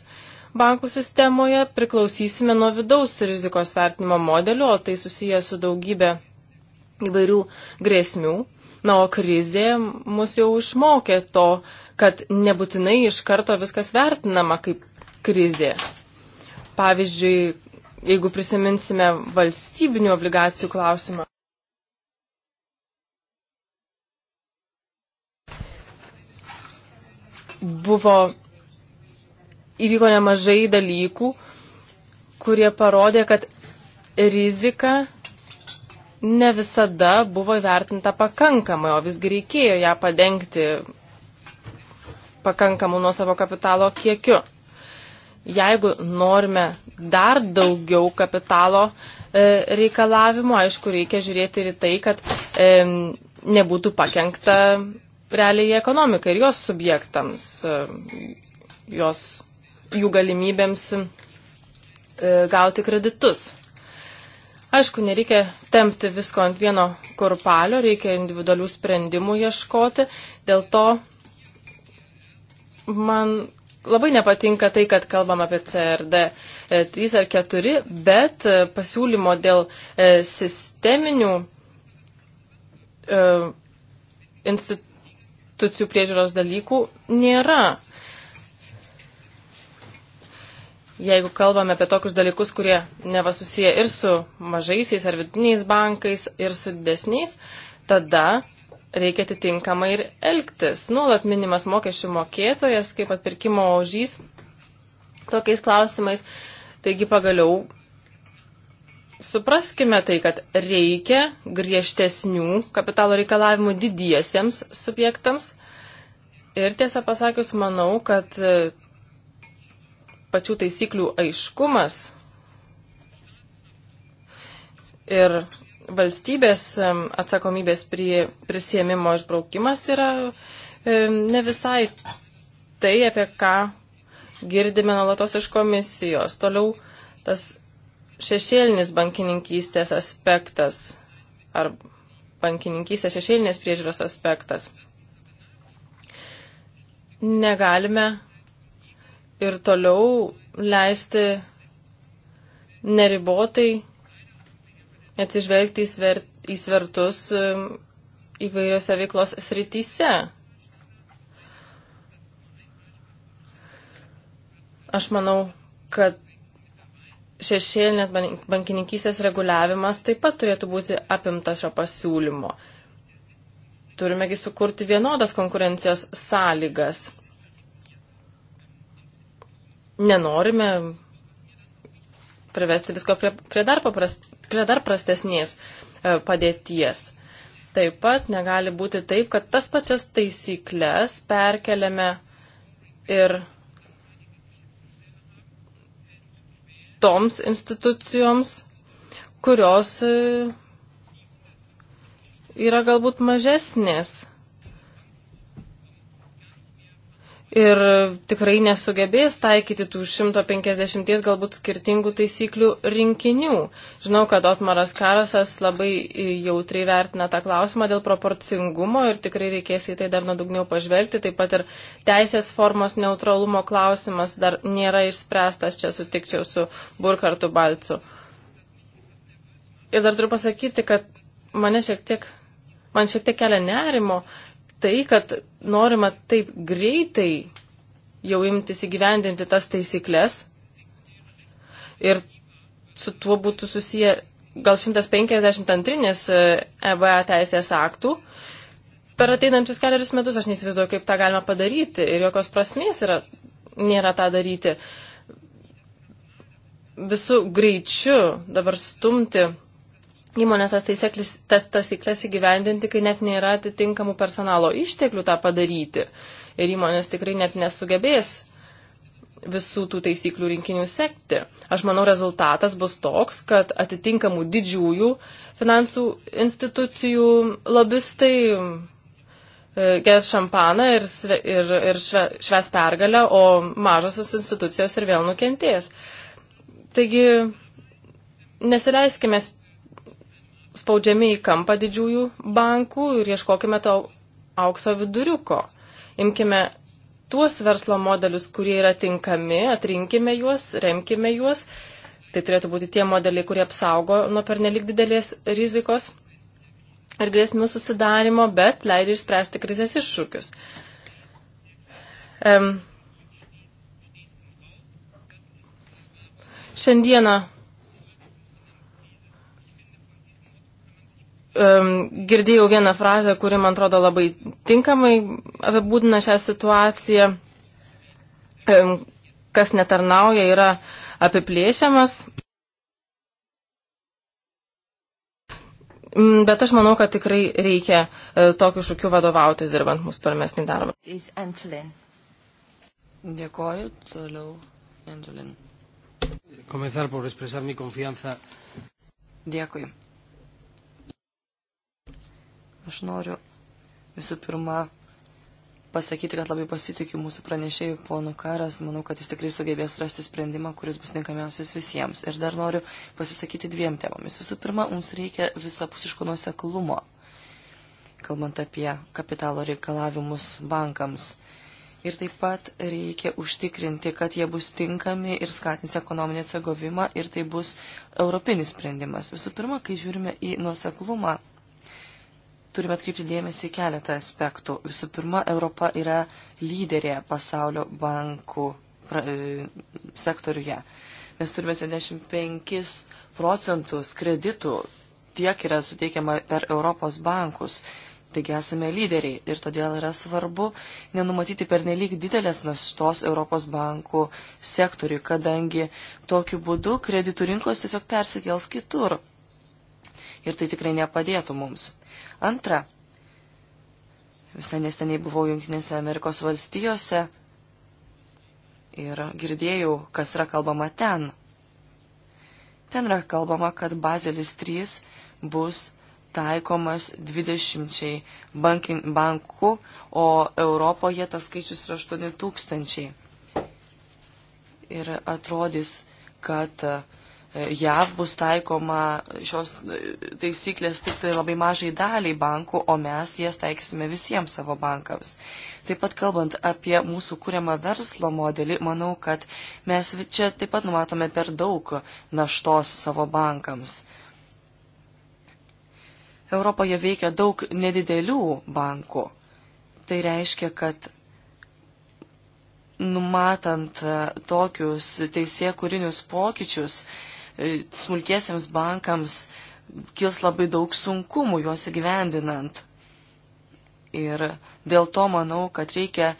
bankų sistemoje priklausysime nuo vidaus rizikos vertinimo modelio, o tai susiję su daugybė įvairių grėsmių. Na, o krizė mus jau išmokė to, kad nebūtinai iš karto viskas vertinama kaip krizė. Pavyzdžiui, jeigu prisiminsime valstybinių obligacijų klausimą, buvo įvyko nemažai dalykų, kurie parodė, kad rizika ne visada buvo įvertinta pakankamai, o visgi reikėjo ją padengti pakankamu nuo savo kapitalo kiekiu. Jeigu norime dar daugiau kapitalo e, reikalavimo, aišku, reikia žiūrėti ir tai, kad e, nebūtų pakengta realiai ekonomikai ir jos subjektams, e, jos, jų galimybėms e, gauti kreditus. Aišku, nereikia tempti visko ant vieno korpalio, reikia individualių sprendimų ieškoti. Dėl to man labai nepatinka tai, kad kalbam apie CRD 3 e, ar 4, bet pasiūlymo dėl sisteminių institucijų institucijų priežiūros dalykų nėra. Jeigu kalbame apie tokius dalykus, kurie neva susiję ir su mažaisiais ar vidutiniais bankais, ir su didesniais, tada reikia atitinkamai ir elgtis. Nuolat minimas mokesčių mokėtojas kaip atpirkimo ožys tokiais klausimais. Taigi pagaliau Supraskime tai, kad reikia griežtesnių kapitalo reikalavimų didiesiems subjektams. Ir tiesą pasakius, manau, kad e, pačių taisyklių aiškumas ir valstybės e, atsakomybės prie prisėmimo išbraukimas yra e, ne visai tai, apie ką girdime nuolatos iš komisijos. Toliau tas šešėlinis bankininkystės aspektas ar bankininkystės šešėlinės priežiūros aspektas. Negalime ir toliau leisti neribotai atsižvelgti į, sver, į svertus um, įvairiose veiklos srityse. Aš manau, kad šešėlinės bankininkystės reguliavimas taip pat turėtų būti apimtas šio pasiūlymo. Turimegi sukurti vienodas konkurencijos sąlygas. Nenorime privesti visko prie, prie, dar, paprast, prie dar prastesnės e, padėties. Taip pat negali būti taip, kad tas pačias taisyklės perkeliame ir toms institucijoms, kurios e, yra galbūt mažesnės ir tikrai nesugebės taikyti tų 150 galbūt skirtingų taisyklių rinkinių. Žinau, kad Otmaras Karasas labai jautriai vertina tą klausimą dėl proporcingumo ir tikrai reikės į tai dar nuodugniau pažvelgti. Taip pat ir teisės formos neutralumo klausimas dar nėra išspręstas, čia sutikčiau su Burkartu Balcu. Ir dar turiu pasakyti, kad mane šiek tiek, man šiek tiek kelia nerimo tai, kad norima taip greitai jau imtis įgyvendinti tas taisyklės ir su tuo būtų susiję gal 152 EBA e teisės aktų. Per ateinančius keliarius metus aš neįsivaizduoju, kaip tą galima padaryti ir jokios prasmės yra, nėra tą daryti. Visų greičiu dabar stumti įmonės tas, taisyklis, tas taisyklės įgyvendinti, kai net nėra atitinkamų personalo išteklių tą padaryti. Ir įmonės tikrai net nesugebės visų tų taisyklių rinkinių sekti. Aš manau, rezultatas bus toks, kad atitinkamų didžiųjų finansų institucijų lobistai e, gers šampaną ir, ir, ir šves pergalę, o mažosios institucijos ir vėl nukentės. Taigi nesileiskime spaudžiami į kampą didžiųjų bankų ir ieškokime to aukso viduriuko. Imkime tuos verslo modelius, kurie yra tinkami, atrinkime juos, remkime juos. Tai turėtų būti tie modeliai, kurie apsaugo nuo pernelik didelės rizikos ir grėsmių susidarimo, bet leidžia išspręsti krizės iššūkius. Um, šiandieną um, girdėjau vieną frazę, kuri man atrodo labai tinkamai apibūdina šią situaciją. Um, kas netarnauja, yra apiplėšiamas. Mm, bet aš manau, kad tikrai reikia e, tokiu šūkiu vadovautis, dirbant mūsų tolimesnį darbą. Dėkoju, toliau Antolin. Dėkui. Aš noriu visų pirma pasakyti, kad labai pasitikiu mūsų pranešėjų ponų karas. Manau, kad jis tikrai sugebės rasti sprendimą, kuris bus tinkamiausias visiems. Ir dar noriu pasisakyti dviem temomis. Visų pirma, mums reikia visapusiško nuoseklumo, kalbant apie kapitalo reikalavimus bankams. Ir taip pat reikia užtikrinti, kad jie bus tinkami ir skatins ekonominį atsigavimą ir tai bus europinis sprendimas. Visų pirma, kai žiūrime į nuoseklumą turime atkreipti dėmesį keletą aspektų. Visų pirma, Europa yra lyderė pasaulio bankų e, sektoriuje. Mes turime 75 procentus kreditų tiek yra suteikiama per Europos bankus. Taigi esame lyderiai ir todėl yra svarbu nenumatyti pernelyg didelės naštos Europos bankų sektoriui, kadangi tokiu būdu kreditų rinkos tiesiog persikels kitur. Ir tai tikrai nepadėtų mums. Antra, visai nesteniai buvau Junktinėse Amerikos valstijose ir girdėjau, kas yra kalbama ten. Ten yra kalbama, kad Bazelis 3 bus taikomas 20 bankin, bankų, o Europoje tas skaičius yra 8 tūkstančiai. Ir atrodys, kad uh, JAV bus taikoma šios taisyklės tik tai labai mažai daliai bankų, o mes jas taikysime visiems savo bankams. Taip pat kalbant apie mūsų kūriamą verslo modelį, manau, kad mes čia taip pat numatome per daug naštos savo bankams. Europoje veikia daug nedidelių bankų. Tai reiškia, kad numatant tokius teisėkūrinius pokyčius, uh, E, smulkiesiams bankams kils labai daug sunkumų juos įgyvendinant. Ir dėl to manau, kad reikia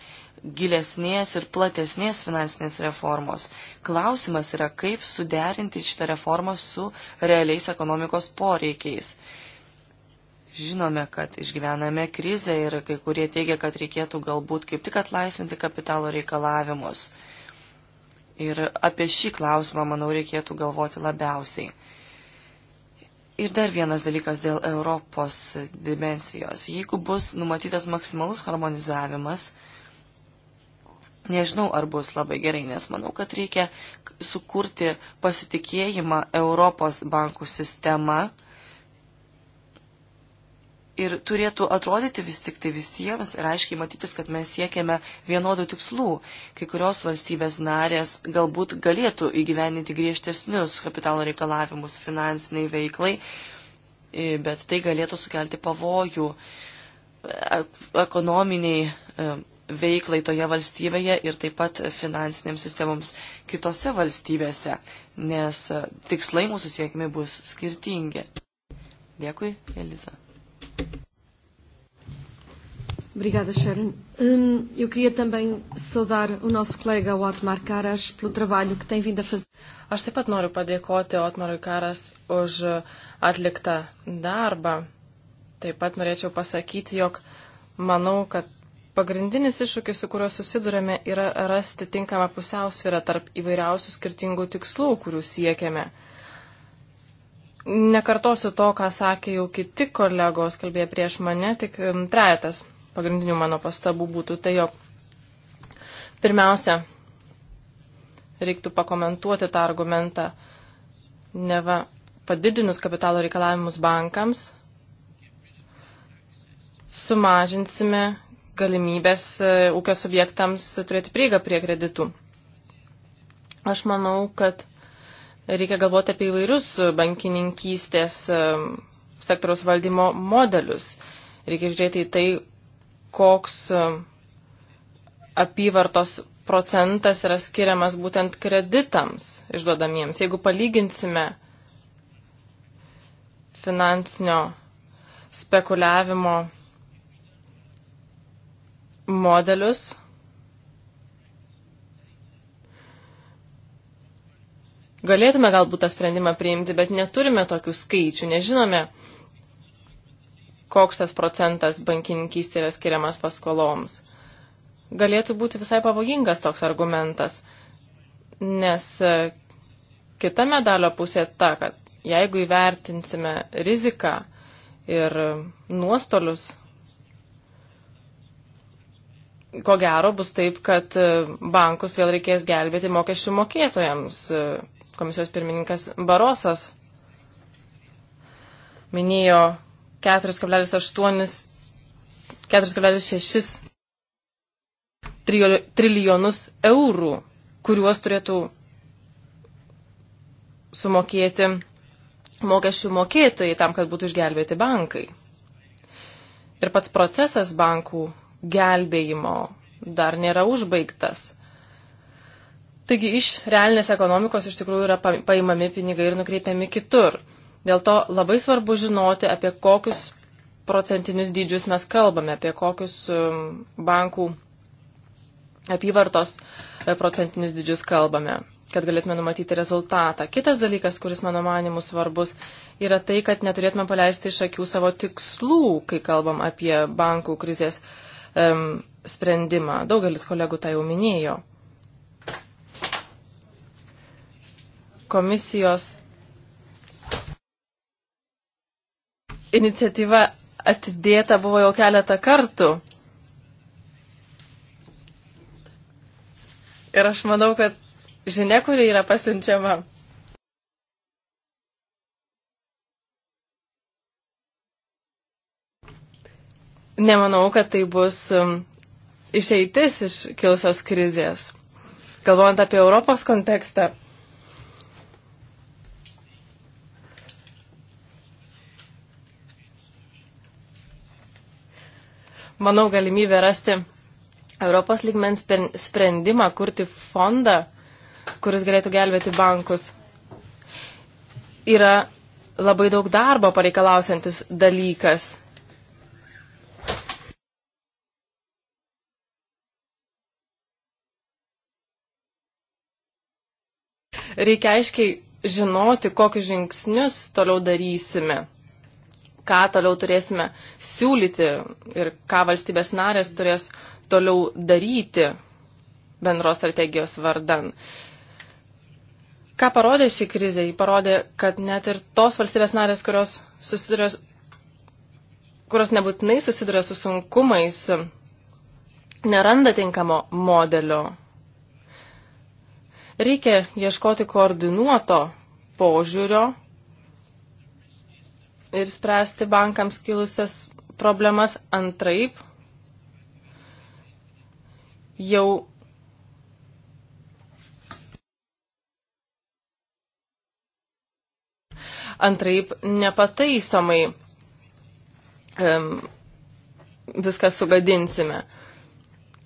gilesnės ir platesnės finansinės reformos. Klausimas yra, kaip suderinti šitą reformą su realiais ekonomikos poreikiais. Žinome, kad išgyvename krizę ir kai kurie teigia, kad reikėtų galbūt kaip tik atlaisvinti kapitalo reikalavimus. Ir apie šį klausimą, manau, reikėtų galvoti labiausiai. Ir dar vienas dalykas dėl Europos dimensijos. Jeigu bus numatytas maksimalus harmonizavimas, nežinau, ar bus labai gerai, nes manau, kad reikia sukurti pasitikėjimą Europos bankų sistema Ir turėtų atrodyti vis tik tai visiems ir aiškiai matytis, kad mes siekiame vienodų tikslų. Kai kurios valstybės narės galbūt galėtų įgyveninti griežtesnius kapitalo reikalavimus finansiniai veiklai, bet tai galėtų sukelti pavojų e, ekonominiai e, veiklai toje valstybėje ir taip pat finansinėms sistemoms kitose valstybėse, nes e, tikslai mūsų siekimi bus skirtingi. Dėkui, Eliza. Obrigada, Sharon. Um, eu queria também saudar o nosso colega Otmar Karas pelo trabalho que tem vindo a fazer. Aš taip pat noriu padėkoti Otmarui Karas už atliktą darbą. Taip pat norėčiau pasakyti, jog manau, kad pagrindinis iššūkis, su kuriuo susidurėme, yra rasti tinkamą pusiausvyrą tarp įvairiausių skirtingų tikslų, kurių siekiame. Nekartosiu to, ką sakė jau kiti kolegos, kalbėjo prieš mane, tik trejetas pagrindinių mano pastabų būtų. Tai jog pirmiausia, reiktų pakomentuoti tą argumentą, neva padidinus kapitalo reikalavimus bankams, sumažinsime galimybės e, ūkio subjektams turėti prieigą prie kreditų. Aš manau, kad reikia galvoti apie įvairius bankininkystės e, sektoriaus valdymo modelius. Reikia žiūrėti į tai, koks e, apyvartos procentas yra skiriamas būtent kreditams išduodamiems. Jeigu palyginsime finansinio spekuliavimo modelius galėtume galbūt tą sprendimą priimti, bet neturime tokių skaičių, nežinome, koks tas procentas bankininkystė yra skiriamas paskoloms. Galėtų būti visai pavojingas toks argumentas, nes e, kita medalio pusė ta, kad jeigu įvertinsime riziką ir nuostolius, ko gero bus taip, kad e, bankus vėl reikės gelbėti mokesčių mokėtojams e, komisijos pirmininkas Barosas minėjo 4,6 trilijonus eurų, kuriuos turėtų sumokėti mokesčių mokėtojai tam, kad būtų išgelbėti bankai. Ir pats procesas bankų gelbėjimo dar nėra užbaigtas. Taigi iš realinės ekonomikos iš tikrųjų yra paimami pinigai ir nukreipiami kitur. Dėl to labai svarbu žinoti, apie kokius procentinius dydžius mes kalbame, apie kokius um, bankų apyvartos e, procentinius dydžius kalbame, kad galėtume numatyti rezultatą. Kitas dalykas, kuris mano manimu svarbus, yra tai, kad neturėtume paleisti iš akių savo tikslų, kai kalbam apie bankų krizės um, sprendimą. Daugelis kolegų tai jau minėjo. komisijos iniciatyva atidėta buvo jau keletą kartų. Ir aš manau, kad žinia, kuri yra pasiunčiama. Nemanau, kad tai bus um, išeitis iš kilusios krizės. Galvojant apie Europos kontekstą, manau, galimybė rasti Europos lygmens sprendimą kurti fondą, kuris galėtų gelbėti bankus, yra labai daug darbo pareikalausiantis dalykas. Reikia aiškiai žinoti, kokius žingsnius toliau darysime ką toliau turėsime siūlyti ir ką valstybės narės turės toliau daryti bendros strategijos vardan. Ką parodė ši krizė? Ji parodė, kad net ir tos valstybės narės, kurios, susiduria, kurios nebūtinai susiduria su sunkumais, neranda tinkamo modelio. Reikia ieškoti koordinuoto požiūrio ir spręsti bankams kilusias problemas antraip. Jau antraip nepataisomai um, viską sugadinsime. Uh,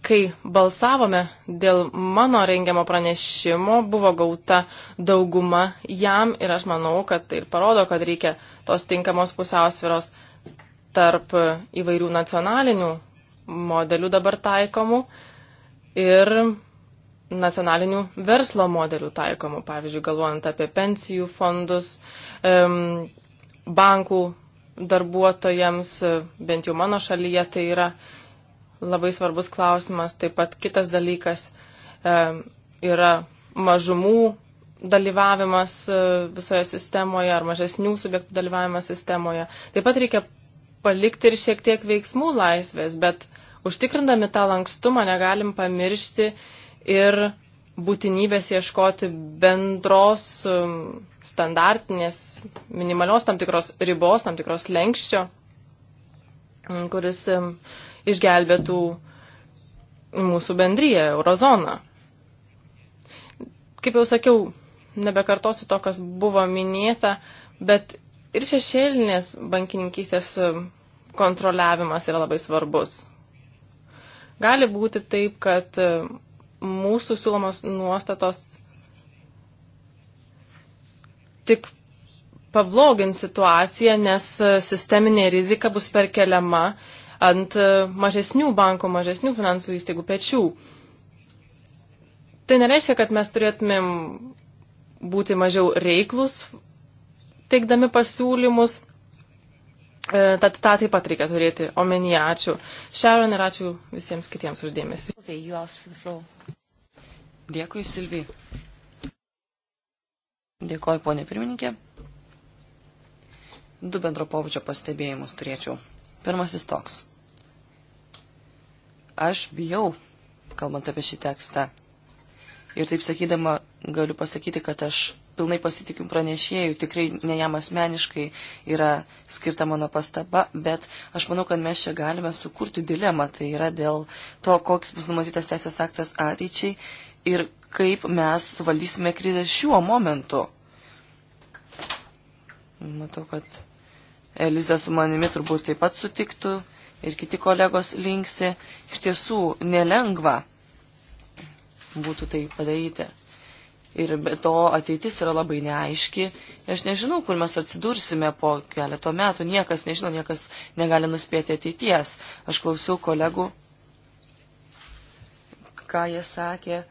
kai balsavome dėl mano rengiamo pranešimo, buvo gauta dauguma jam ir aš manau, kad tai ir parodo, kad reikia tos tinkamos pusiausviros tarp įvairių nacionalinių modelių dabar taikomų ir nacionalinių verslo modelių taikomų, pavyzdžiui, galvojant apie pensijų fondus, bankų darbuotojams, bent jau mano šalyje tai yra labai svarbus klausimas. Taip pat kitas dalykas e, yra mažumų dalyvavimas e, visoje sistemoje ar mažesnių subjektų dalyvavimas sistemoje. Taip pat reikia palikti ir šiek tiek veiksmų laisvės, bet užtikrindami tą lankstumą negalim pamiršti ir būtinybės ieškoti bendros e, standartinės, minimalios tam tikros ribos, tam tikros lenkščio, kuris išgelbėtų mūsų bendryje, eurozoną. Kaip jau sakiau, nebekartosiu to, kas buvo minėta, bet ir šešėlinės bankininkystės kontroliavimas yra labai svarbus. Gali būti taip, kad mūsų siūlomos nuostatos tik pablogins situaciją, nes sisteminė rizika bus perkeliama ant e, mažesnių bankų, mažesnių finansų įstaigų pečių. Tai nereiškia, kad mes turėtumėm būti mažiau reiklus, teikdami pasiūlymus. E, tad tą taip pat reikia turėti omenyje. Ačiū Sharon ir ačiū visiems kitiems uždėmesi. Dėkui, Silvi. Dėkoju, ponė pirmininkė. Du bendro pobūdžio pastebėjimus turėčiau. Pirmasis toks. Aš bijau, kalbant apie šį tekstą. Ir taip sakydama, galiu pasakyti, kad aš pilnai pasitikiu pranešėjų, tikrai ne jam asmeniškai yra skirta mano pastaba, bet aš manau, kad mes čia galime sukurti dilemą, tai yra dėl to, koks bus numatytas teisės aktas ateičiai ir kaip mes suvaldysime krizę šiuo momentu. Matau, kad Eliza su manimi turbūt taip pat sutiktų ir kiti kolegos linksi, iš tiesų nelengva būtų tai padaryti. Ir be to ateitis yra labai neaiški. Aš nežinau, kur mes atsidursime po keleto metų. Niekas nežino, niekas negali nuspėti ateities. Aš klausiau kolegų, ką jie sakė.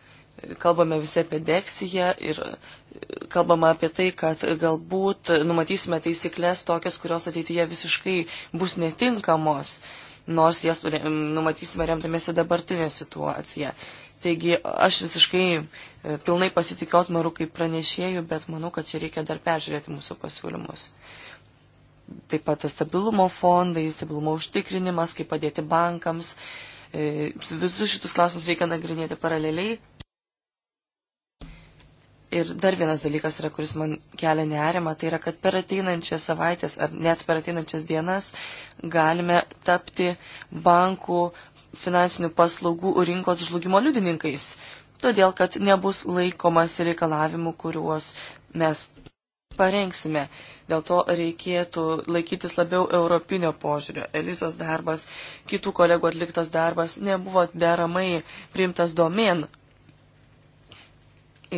Kalbame visi apie deksiją ir kalbama apie tai, kad galbūt numatysime taisyklės tokias, kurios ateityje visiškai bus netinkamos, nors jas numatysime remdamėsi dabartinę situaciją. Taigi aš visiškai e, pilnai pasitikiu atmaru kaip pranešėjų, bet manau, kad čia reikia dar peržiūrėti mūsų pasiūlymus. Taip pat stabilumo fondai, stabilumo užtikrinimas, kaip padėti bankams. E, visus šitus klausimus reikia nagrinėti paraleliai, Ir dar vienas dalykas yra, kuris man kelia nerimą, tai yra, kad per ateinančias savaitės ar net per ateinančias dienas galime tapti bankų finansinių paslaugų rinkos žlugimo liudininkais, todėl kad nebus laikomas reikalavimų, kuriuos mes parengsime. Dėl to reikėtų laikytis labiau europinio požiūrio. Elisos darbas, kitų kolegų atliktas darbas nebuvo deramai priimtas domen.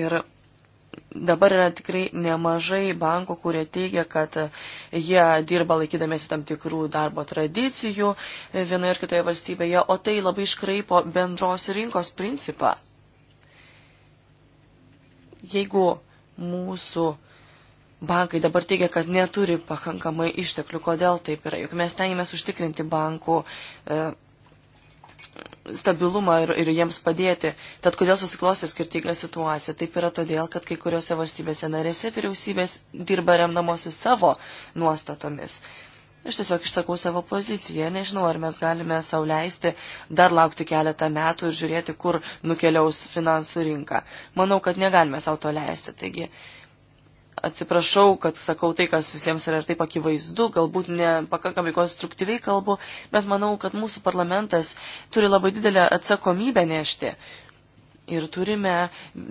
Ir dabar yra tikrai nemažai bankų, kurie teigia, kad jie dirba laikydamėsi tam tikrų darbo tradicijų vienoje ar kitoje valstybėje, o tai labai iškraipo bendros rinkos principą. Jeigu mūsų bankai dabar teigia, kad neturi pakankamai išteklių, kodėl taip yra, juk mes tengiamės užtikrinti bankų e, stabilumą ir, ir jiems padėti. Tad kodėl susiklosti skirtinga situacija? Taip yra todėl, kad kai kuriuose valstybėse narėse vyriausybės dirba remdamosi savo nuostatomis. Aš tiesiog išsakau savo poziciją, nežinau, ar mes galime sauliaisti dar laukti keletą metų ir žiūrėti, kur nukeliaus finansų rinka. Manau, kad negalime savo to leisti. Taigi, uh, Atsiprašau, kad sakau tai, kas visiems yra ir taip akivaizdu, galbūt nepakankamai konstruktyviai kalbu, bet manau, kad mūsų parlamentas turi labai didelę atsakomybę nešti. Ir turime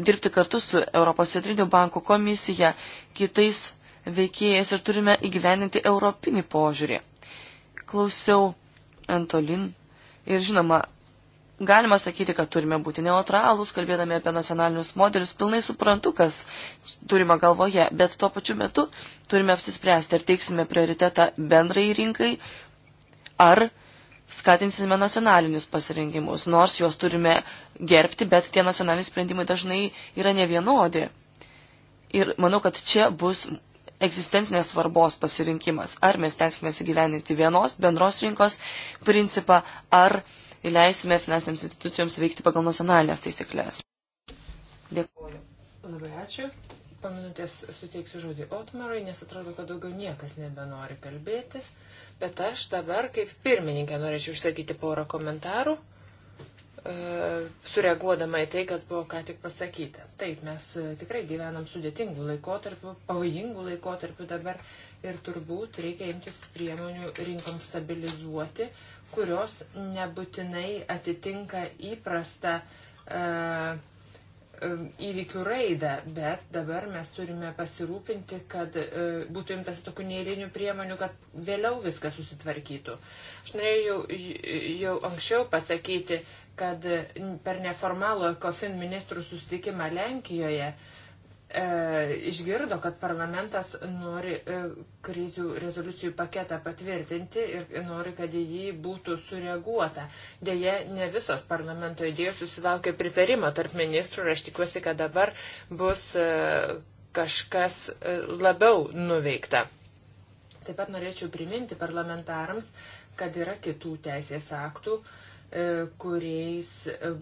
dirbti kartu su Europos Centrinio banko komisija, kitais veikėjais ir turime įgyveninti europinį požiūrį. Klausiau Antolin ir žinoma, Galima sakyti, kad turime būti neutralūs, kalbėdami apie nacionalinius modelius, pilnai suprantu, kas turima galvoje, bet tuo pačiu metu turime apsispręsti, ar teiksime prioritetą bendrai rinkai, ar skatinsime nacionalinius pasirinkimus, nors juos turime gerbti, bet tie nacionaliniai sprendimai dažnai yra nevienodi. Ir manau, kad čia bus egzistencinės svarbos pasirinkimas, ar mes tenksime įgyveninti vienos bendros rinkos principą, ar leisime finansinėms institucijoms veikti pagal nacionalinės taisyklės. Dėkuoju. Labai ačiū. Paminutės suteiksiu žodį Otmarai, nes atrodo, kad daugiau niekas nebenori kalbėti. Bet aš dabar, kaip pirmininkė, norėčiau išsakyti porą komentarų, e, sureaguodama į tai, kas buvo ką tik pasakyta. Taip, mes e, tikrai gyvenam sudėtingų laikotarpių, pavojingų laikotarpių dabar ir turbūt reikia imtis priemonių rinkom stabilizuoti, kurios nebūtinai atitinka įprastą uh, įvykių raidą, bet dabar mes turime pasirūpinti, kad e, būtų imtas tokių neįlinių priemonių, kad vėliau viskas susitvarkytų. Aš norėjau jau, jau anksčiau pasakyti, kad per neformalų kofin ministrų susitikimą Lenkijoje uh, E, išgirdo, kad parlamentas nori e, krizių rezoliucijų paketą patvirtinti ir nori, kad į jį būtų sureaguota. Deja, ne visos parlamento idėjos susilaukė pritarimo tarp ministrų ir aš tikiuosi, kad dabar bus e, kažkas labiau nuveikta. Taip pat norėčiau priminti parlamentarams, kad yra kitų teisės aktų, kuriais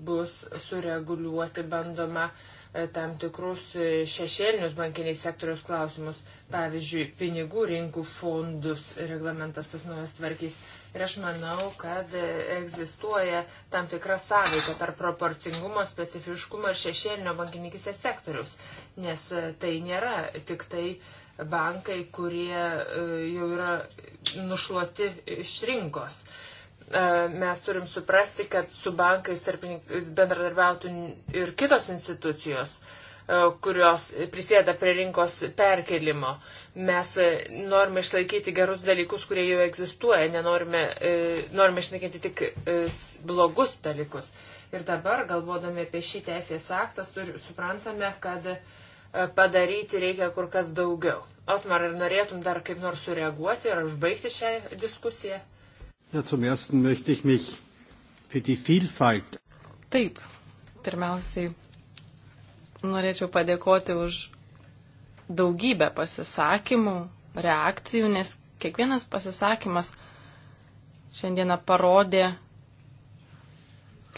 bus sureguliuoti bandoma uh, tam tikrus šešėlinius bankiniais sektoriaus klausimus, pavyzdžiui, pinigų rinkų fondus reglamentas tas naujas tvarkys. Ir aš manau, kad egzistuoja tam tikra sąveika tarp proporcingumo, specifiškumo ir šešėlinio bankininkise sektoriaus, nes e, tai nėra tik tai bankai, kurie e, jau yra nušluoti iš rinkos. Uh, E, mes turim suprasti, kad su bankais bendradarbiautų ir kitos institucijos e, kurios prisėda prie rinkos perkelimo. Mes e, norime išlaikyti gerus dalykus, kurie jau egzistuoja, nenorime, norime išnaikinti tik blogus dalykus. Ir dabar, galvodami apie šį teisės aktą, suprantame, kad padaryti reikia kur kas daugiau. Otmar, ar norėtum dar kaip nors sureaguoti ir užbaigti šią diskusiją? Ja, zum ersten möchte ich mich für die Vielfalt. Taip, pirmiausiai norėčiau padėkoti už daugybę pasisakymų, reakcijų, nes kiekvienas pasisakymas šiandieną parodė,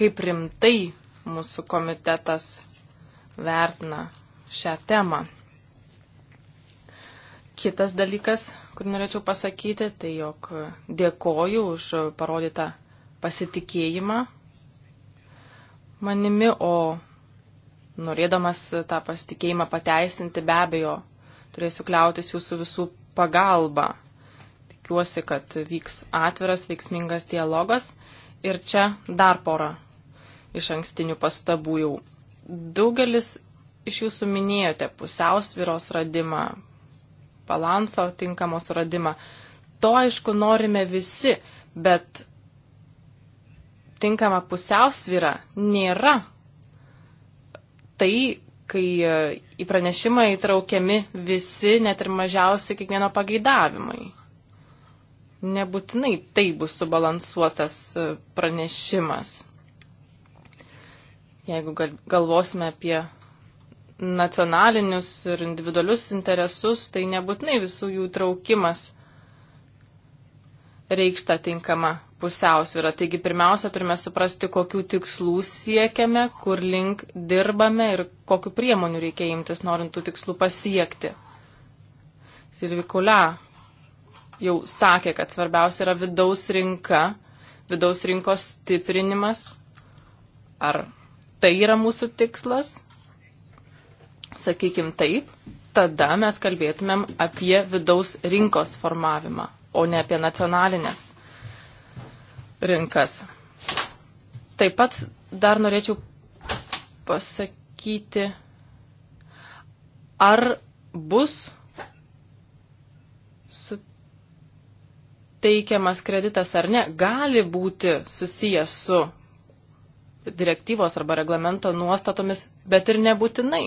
kaip rimtai mūsų komitetas vertina šią temą. Kitas dalykas kurį norėčiau pasakyti, tai jog dėkoju už parodytą pasitikėjimą manimi, o norėdamas tą pasitikėjimą pateisinti be abejo turėsiu kliautis jūsų visų pagalba. Tikiuosi, kad vyks atviras, veiksmingas dialogas. Ir čia dar pora iš ankstinių pastabų jau. Daugelis iš jūsų minėjote pusiausviros radimą, balanso tinkamo suradimą. To aišku norime visi, bet tinkama pusiausvyra nėra tai, kai e, į pranešimą įtraukiami visi, net ir mažiausi kiekvieno pageidavimai. Nebūtinai tai bus subalansuotas e, pranešimas. Jeigu galvosime apie nacionalinius ir individualius interesus, tai nebūtinai visų jų traukimas reikšta tinkama pusiausvyrą. Taigi pirmiausia, turime suprasti, kokių tikslų siekiame, kur link dirbame ir kokiu priemonių reikia imtis, norint tų tikslų pasiekti. Silvikulia jau sakė, kad svarbiausia yra vidaus rinka, vidaus rinkos stiprinimas. Ar tai yra mūsų tikslas? sakykim taip, tada mes kalbėtumėm apie vidaus rinkos formavimą, o ne apie nacionalinės rinkas. Taip pat dar norėčiau pasakyti, ar bus suteikiamas kreditas ar ne, gali būti susijęs su direktyvos arba reglamento nuostatomis, bet ir nebūtinai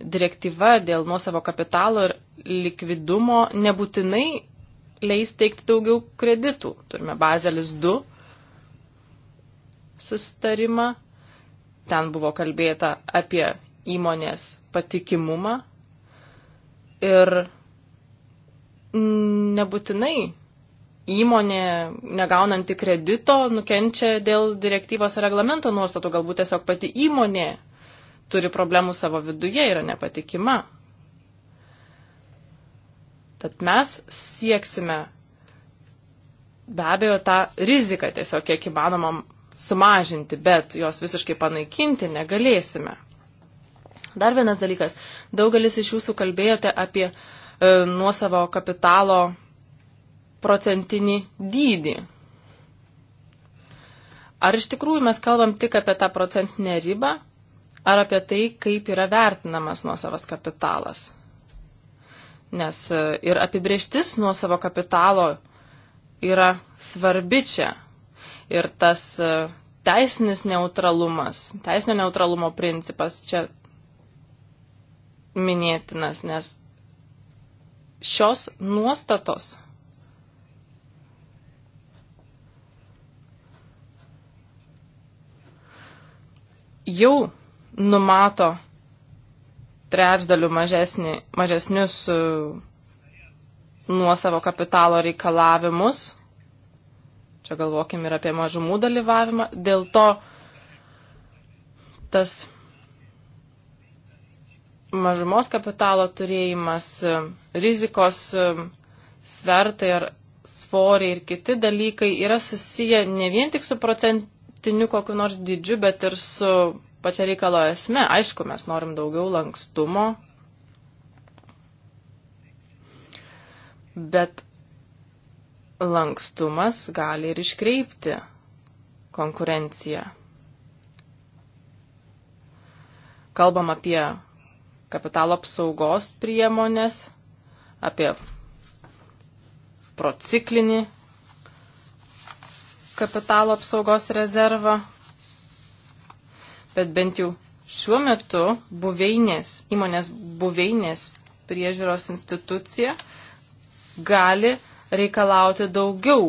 direktyva dėl nuosavo kapitalo ir likvidumo nebūtinai leis teikti daugiau kreditų. Turime Bazelis 2 sustarimą. Ten buvo kalbėta apie įmonės patikimumą. Ir nebūtinai įmonė negaunanti kredito nukenčia dėl direktyvos reglamento nuostatų, galbūt tiesiog pati įmonė turi problemų savo viduje, yra nepatikima. Tad mes sieksime be abejo tą riziką tiesiog kiek įmanoma sumažinti, bet jos visiškai panaikinti negalėsime. Dar vienas dalykas. Daugelis iš jūsų kalbėjote apie e, nuosavo kapitalo procentinį dydį. Ar iš tikrųjų mes kalbam tik apie tą procentinę ribą, ar apie tai, kaip yra vertinamas nuosavas kapitalas. Nes e, ir apibrieštis nuosavo kapitalo yra svarbi čia. Ir tas e, teisinis neutralumas, teisinio neutralumo principas čia minėtinas, nes šios nuostatos jau numato trečdalių mažesnį, mažesnius e, nuosavo kapitalo reikalavimus. Čia galvokim ir apie mažumų dalyvavimą. Dėl to tas mažumos kapitalo turėjimas, e, rizikos e, svertai ar svoriai ir kiti dalykai yra susiję ne vien tik su procentiniu kokiu nors dydžiu, bet ir su pačia reikalo esme. Aišku, mes norim daugiau lankstumo, bet lankstumas gali ir iškreipti konkurenciją. Kalbam apie kapitalo apsaugos priemonės, apie prociklinį kapitalo apsaugos rezervą, bet bent jau šiuo metu buveinės, įmonės buveinės priežiūros institucija gali reikalauti daugiau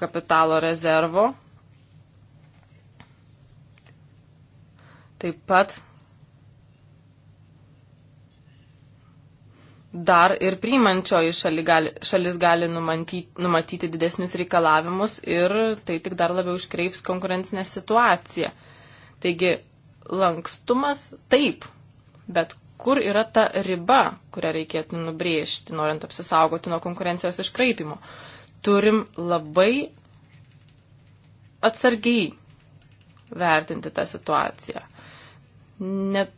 kapitalo rezervo. Taip pat dar ir priimančioji šali gali, šalis gali numantyti, numatyti didesnius reikalavimus ir tai tik dar labiau iškreips konkurencinę situaciją. Taigi, lankstumas taip, bet kur yra ta riba, kurią reikėtų nubrėžti, norint apsisaugoti nuo konkurencijos iškraipimo. Turim labai atsargiai vertinti tą situaciją. Net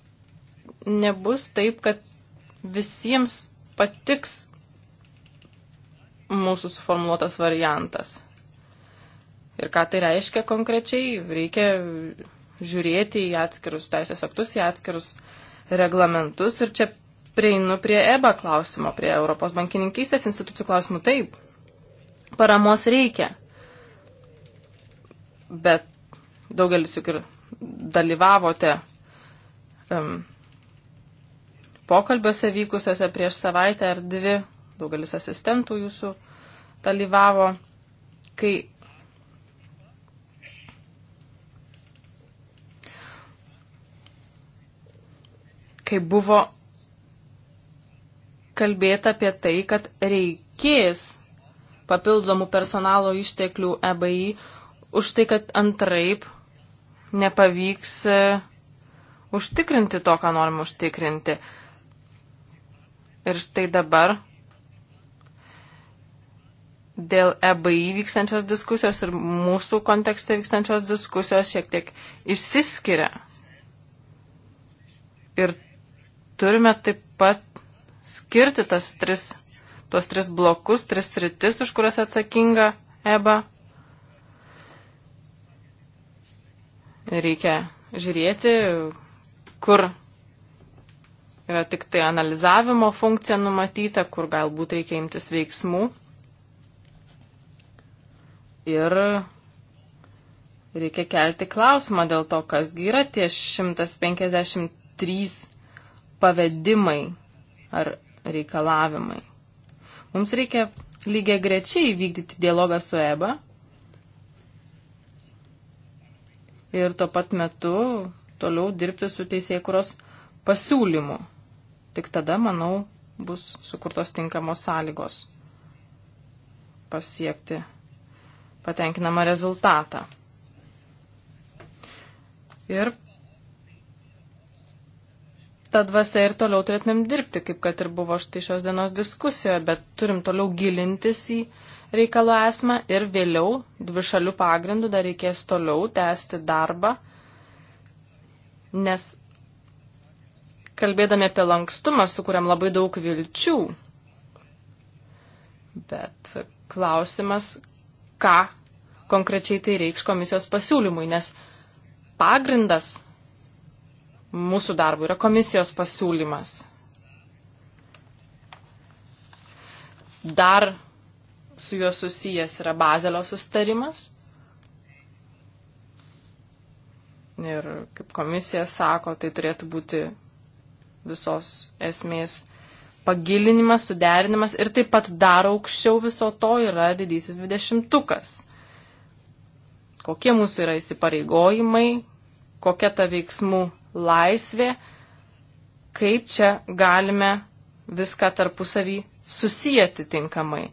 nebus taip, kad visiems patiks mūsų suformuotas variantas. Ir ką tai reiškia konkrečiai, reikia žiūrėti į atskirus teisės aktus, į atskirus reglamentus. Ir čia prieinu prie EBA klausimo, prie Europos bankininkystės institucijų klausimų. Taip, paramos reikia. Bet daugelis juk ir dalyvavote um, pokalbiuose vykusiuose prieš savaitę ar dvi, daugelis asistentų jūsų dalyvavo, kai kai buvo kalbėta apie tai, kad reikės papildomų personalo išteklių EBI už tai, kad antraip nepavyks e, užtikrinti to, ką norim užtikrinti. Ir štai dabar dėl EBI vykstančios diskusijos ir mūsų kontekste vykstančios diskusijos šiek tiek išsiskiria. Ir turime taip pat skirti tas tris, tuos tris blokus, tris rytis, už kurias atsakinga EBA. Reikia žiūrėti, kur yra tik tai analizavimo funkcija numatyta, kur galbūt reikia imtis veiksmų. Ir reikia kelti klausimą dėl to, kasgi yra tie 153 pavedimai ar reikalavimai. Mums reikia lygiai grečiai vykdyti dialogą su EBA ir tuo pat metu toliau dirbti su teisėkuros pasiūlymu. Tik tada, manau, bus sukurtos tinkamos sąlygos pasiekti patenkinamą rezultatą. Ir tą dvasę ir toliau turėtumėm dirbti, kaip kad ir buvo štai šios dienos diskusijoje, bet turim toliau gilintis į reikalo esmę ir vėliau dvi šalių pagrindų dar reikės toliau tęsti darbą, nes kalbėdami apie lankstumą, sukūrėm labai daug vilčių. Bet klausimas, ką konkrečiai tai reikš komisijos pasiūlymui, nes pagrindas mūsų darbų yra komisijos pasiūlymas. Dar su juo susijęs yra Bazelio sustarimas. Ir kaip komisija sako, tai turėtų būti visos esmės pagilinimas, suderinimas ir taip pat dar aukščiau viso to yra didysis dvidešimtukas. Kokie mūsų yra įsipareigojimai, kokia ta veiksmų laisvė, kaip čia galime viską tarpusavį susijęti tinkamai.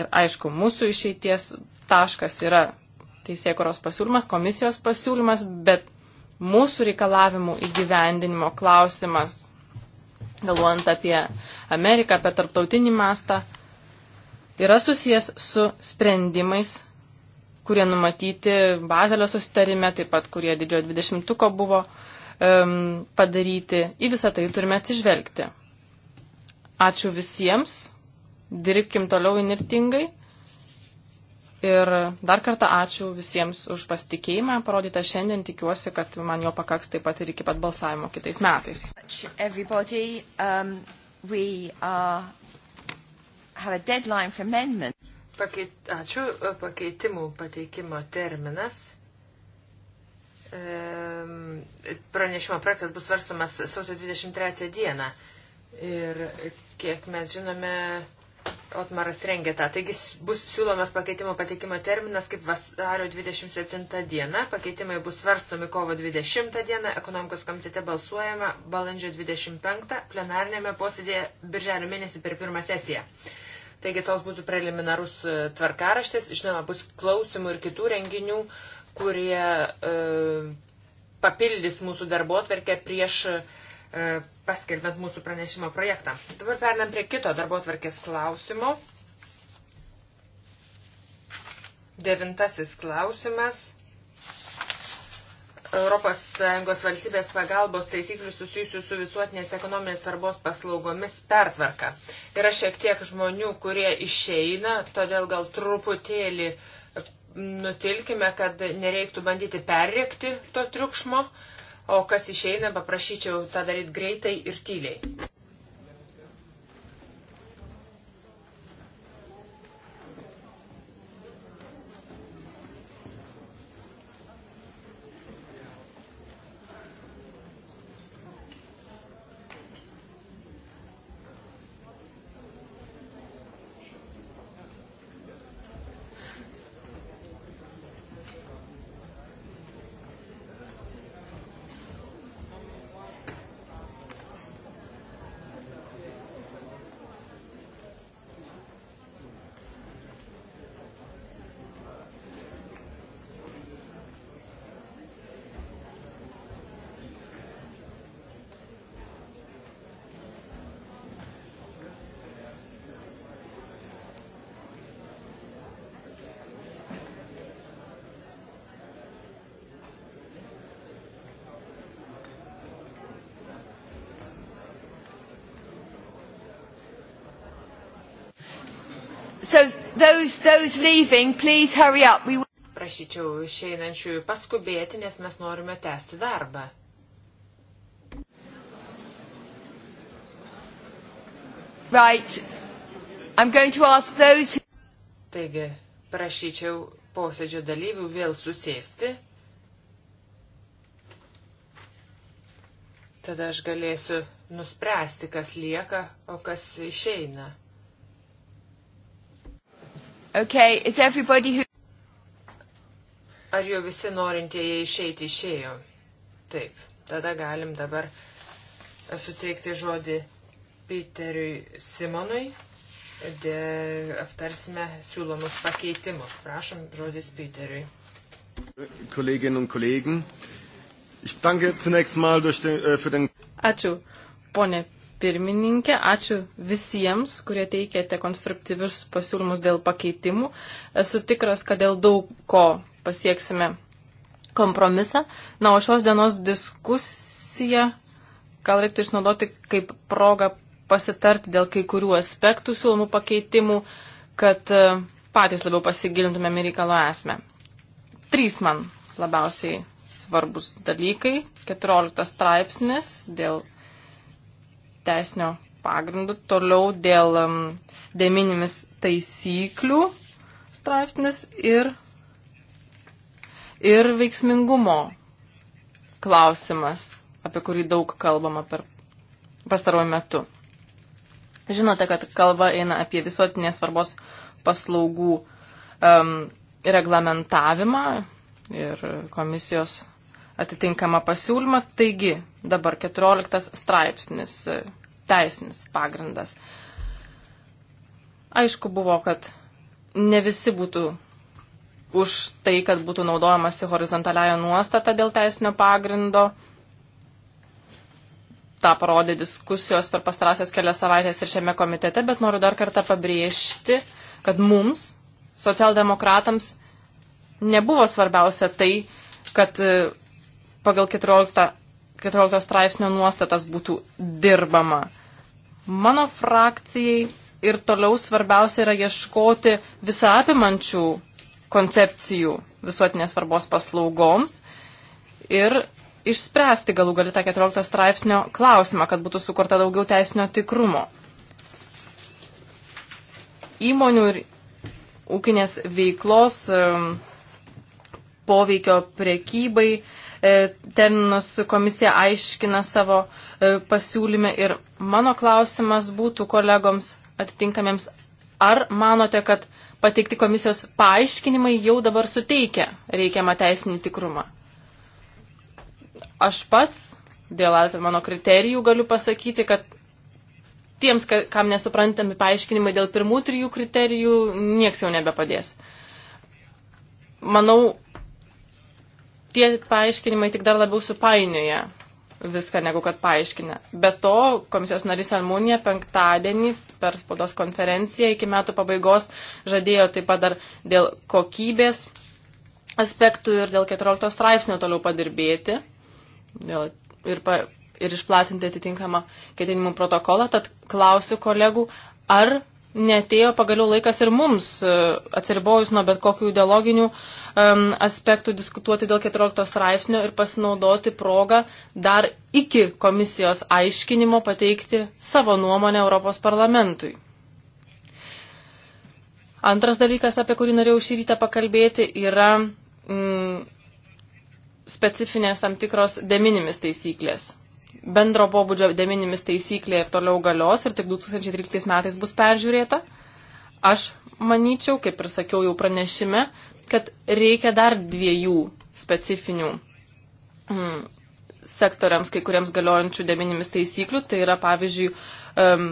Ir aišku, mūsų išeities taškas yra teisėkuros pasiūlymas, komisijos pasiūlymas, bet mūsų reikalavimų įgyvendinimo klausimas galvojant apie Ameriką, apie tarptautinį mastą, yra susijęs su sprendimais, kurie numatyti Bazelio sustarime, taip pat kurie didžiojo 20-ko buvo um, padaryti. Į visą tai turime atsižvelgti. Ačiū visiems, dirbkim toliau inirtingai Ir dar kartą ačiū visiems už pasitikėjimą parodytą šiandien. Tikiuosi, kad man jo pakaks taip pat ir iki pat balsavimo kitais metais. Um, uh, Pakeit, ačiū. Pakeitimų pateikimo terminas. Pranešimo projektas bus svarstamas sausio 23 dieną. Ir kiek mes žinome, Otmaras rengia tą. Taigi bus siūlomas pakeitimo pateikimo terminas kaip vasario 27 diena. Pakeitimai bus svarstomi kovo 20 dieną, ekonomikos komitete balsuojama balandžio 25, plenarnėme posėdėje birželio mėnesį per pirmą sesiją. Taigi toks būtų preliminarus e, tvarkaraštis. Žinoma, bus klausimų ir kitų renginių, kurie e, papildys mūsų darbo atverkę prieš. E, paskelbent mūsų pranešimo projektą. Dabar pernam prie kito darbo tvarkės klausimo. Devintasis klausimas. ES valstybės pagalbos taisyklių susijusių su visuotinės ekonominės svarbos paslaugomis pertvarka. Yra šiek tiek žmonių, kurie išeina, todėl gal truputėlį nutilkime, kad nereiktų bandyti perrėkti to triukšmo. Uh, o kas išeina, paprašyčiau tą daryti greitai ir tyliai. So those, those leaving, please hurry up. We... Prašyčiau išeinančiųjų paskubėti, nes mes norime tęsti darbą. Right. I'm going to ask those who... Taigi, prašyčiau posėdžio dalyvių vėl susėsti. Tada aš galėsiu nuspręsti, kas lieka, o kas išeina. Okay, is everybody who... Ar jau visi norintieji išeiti išėjo? Taip, tada galim dabar suteikti žodį Piteriui Simonui. De, aptarsime siūlomus pakeitimus. Prašom, žodis Piteriui. Kolleginnen und Kollegen, ich danke zunächst mal durch den, äh, für den. Ačiū, ponė pirmininkė. Ačiū visiems, kurie teikėte konstruktyvius pasiūlymus dėl pakeitimų. Esu tikras, kad dėl daug ko pasieksime kompromisą. Na, o šios dienos diskusiją gal reiktų išnaudoti kaip progą pasitarti dėl kai kurių aspektų siūlomų pakeitimų, kad e, patys labiau pasigilintumėm į reikalo esmę. Trys man labiausiai svarbus dalykai. 14 straipsnis dėl teisinio pagrindu. Toliau dėl deminimis taisyklių straipsnis ir, ir veiksmingumo klausimas, apie kurį daug kalbama per pastaruoju metu. Žinote, kad kalba eina apie visuotinės svarbos paslaugų um, reglamentavimą ir komisijos atitinkamą pasiūlymą. Taigi, Dabar 14 straipsnis, e, teisinis pagrindas. Aišku buvo, kad ne visi būtų už tai, kad būtų naudojamasi horizontaliaja nuostata dėl teisinio pagrindo. Ta parodė diskusijos per pastarąsias kelias savaitės ir šiame komitete, bet noriu dar kartą pabrėžti, kad mums, socialdemokratams, nebuvo svarbiausia tai, kad e, pagal 14 14 straipsnio nuostatas būtų dirbama. Mano frakcijai ir toliau svarbiausia yra ieškoti visą apimančių koncepcijų visuotinės svarbos paslaugoms ir išspręsti galų gali tą 14 straipsnio klausimą, kad būtų sukurta daugiau teisinio tikrumo. Įmonių ir ūkinės veiklos um, poveikio priekybai E, terminus komisija aiškina savo e, pasiūlyme. Ir mano klausimas būtų kolegoms atitinkamiems, ar manote, kad pateikti komisijos paaiškinimai jau dabar suteikia reikiamą teisinį tikrumą? Aš pats dėl mano kriterijų galiu pasakyti, kad tiems, kam nesuprantami paaiškinimai dėl pirmų trijų kriterijų, nieks jau nebepadės. Manau, tie paaiškinimai tik dar labiau supainioja viską, negu kad paaiškina. Be to, komisijos narys Almūnija penktadienį per spaudos konferenciją iki metų pabaigos žadėjo taip pat dar dėl kokybės aspektų ir dėl 14 straipsnio toliau padirbėti dėl, ir, pa, ir išplatinti atitinkamą ketinimų protokolą. Tad klausiu kolegų, ar netėjo pagaliau laikas ir mums, e, atsiribojus nuo bet kokių ideologinių um, aspektų, diskutuoti dėl 14 straipsnio ir pasinaudoti progą dar iki komisijos aiškinimo pateikti savo nuomonę Europos parlamentui. Antras dalykas, apie kurį norėjau šį rytą pakalbėti, yra mm, specifinės tam tikros deminimis taisyklės bendro pobūdžio deminimis taisyklė ir toliau galios ir tik 2013 metais bus peržiūrėta. Aš manyčiau, kaip ir sakiau jau pranešime, kad reikia dar dviejų specifinių mm, sektoriams, kai kuriems galiojančių deminimis taisyklių. Tai yra, pavyzdžiui, um,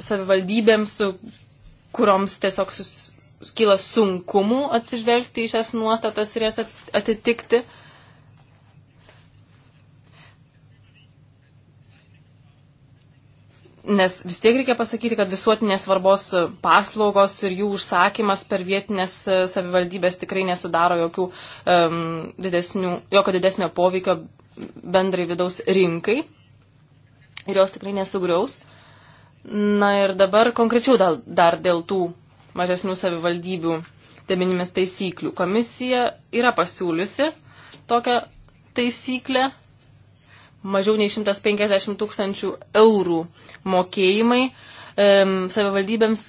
savivaldybėms, kurioms tiesiog sus, kyla sunkumų atsižvelgti į šias nuostatas ir jas atitikti. Uh, nes vis tiek reikia pasakyti, kad visuotinės svarbos paslaugos ir jų užsakymas per vietinės e, savivaldybės tikrai nesudaro jokių, um, didesnių, jokio didesnio poveikio bendrai vidaus rinkai ir jos tikrai nesugriaus. Na ir dabar konkrečiau dal, dar dėl tų mažesnių savivaldybių deminimis taisyklių. Komisija yra pasiūliusi tokią taisyklę mažiau nei 150 tūkstančių eurų mokėjimai savivaldybėms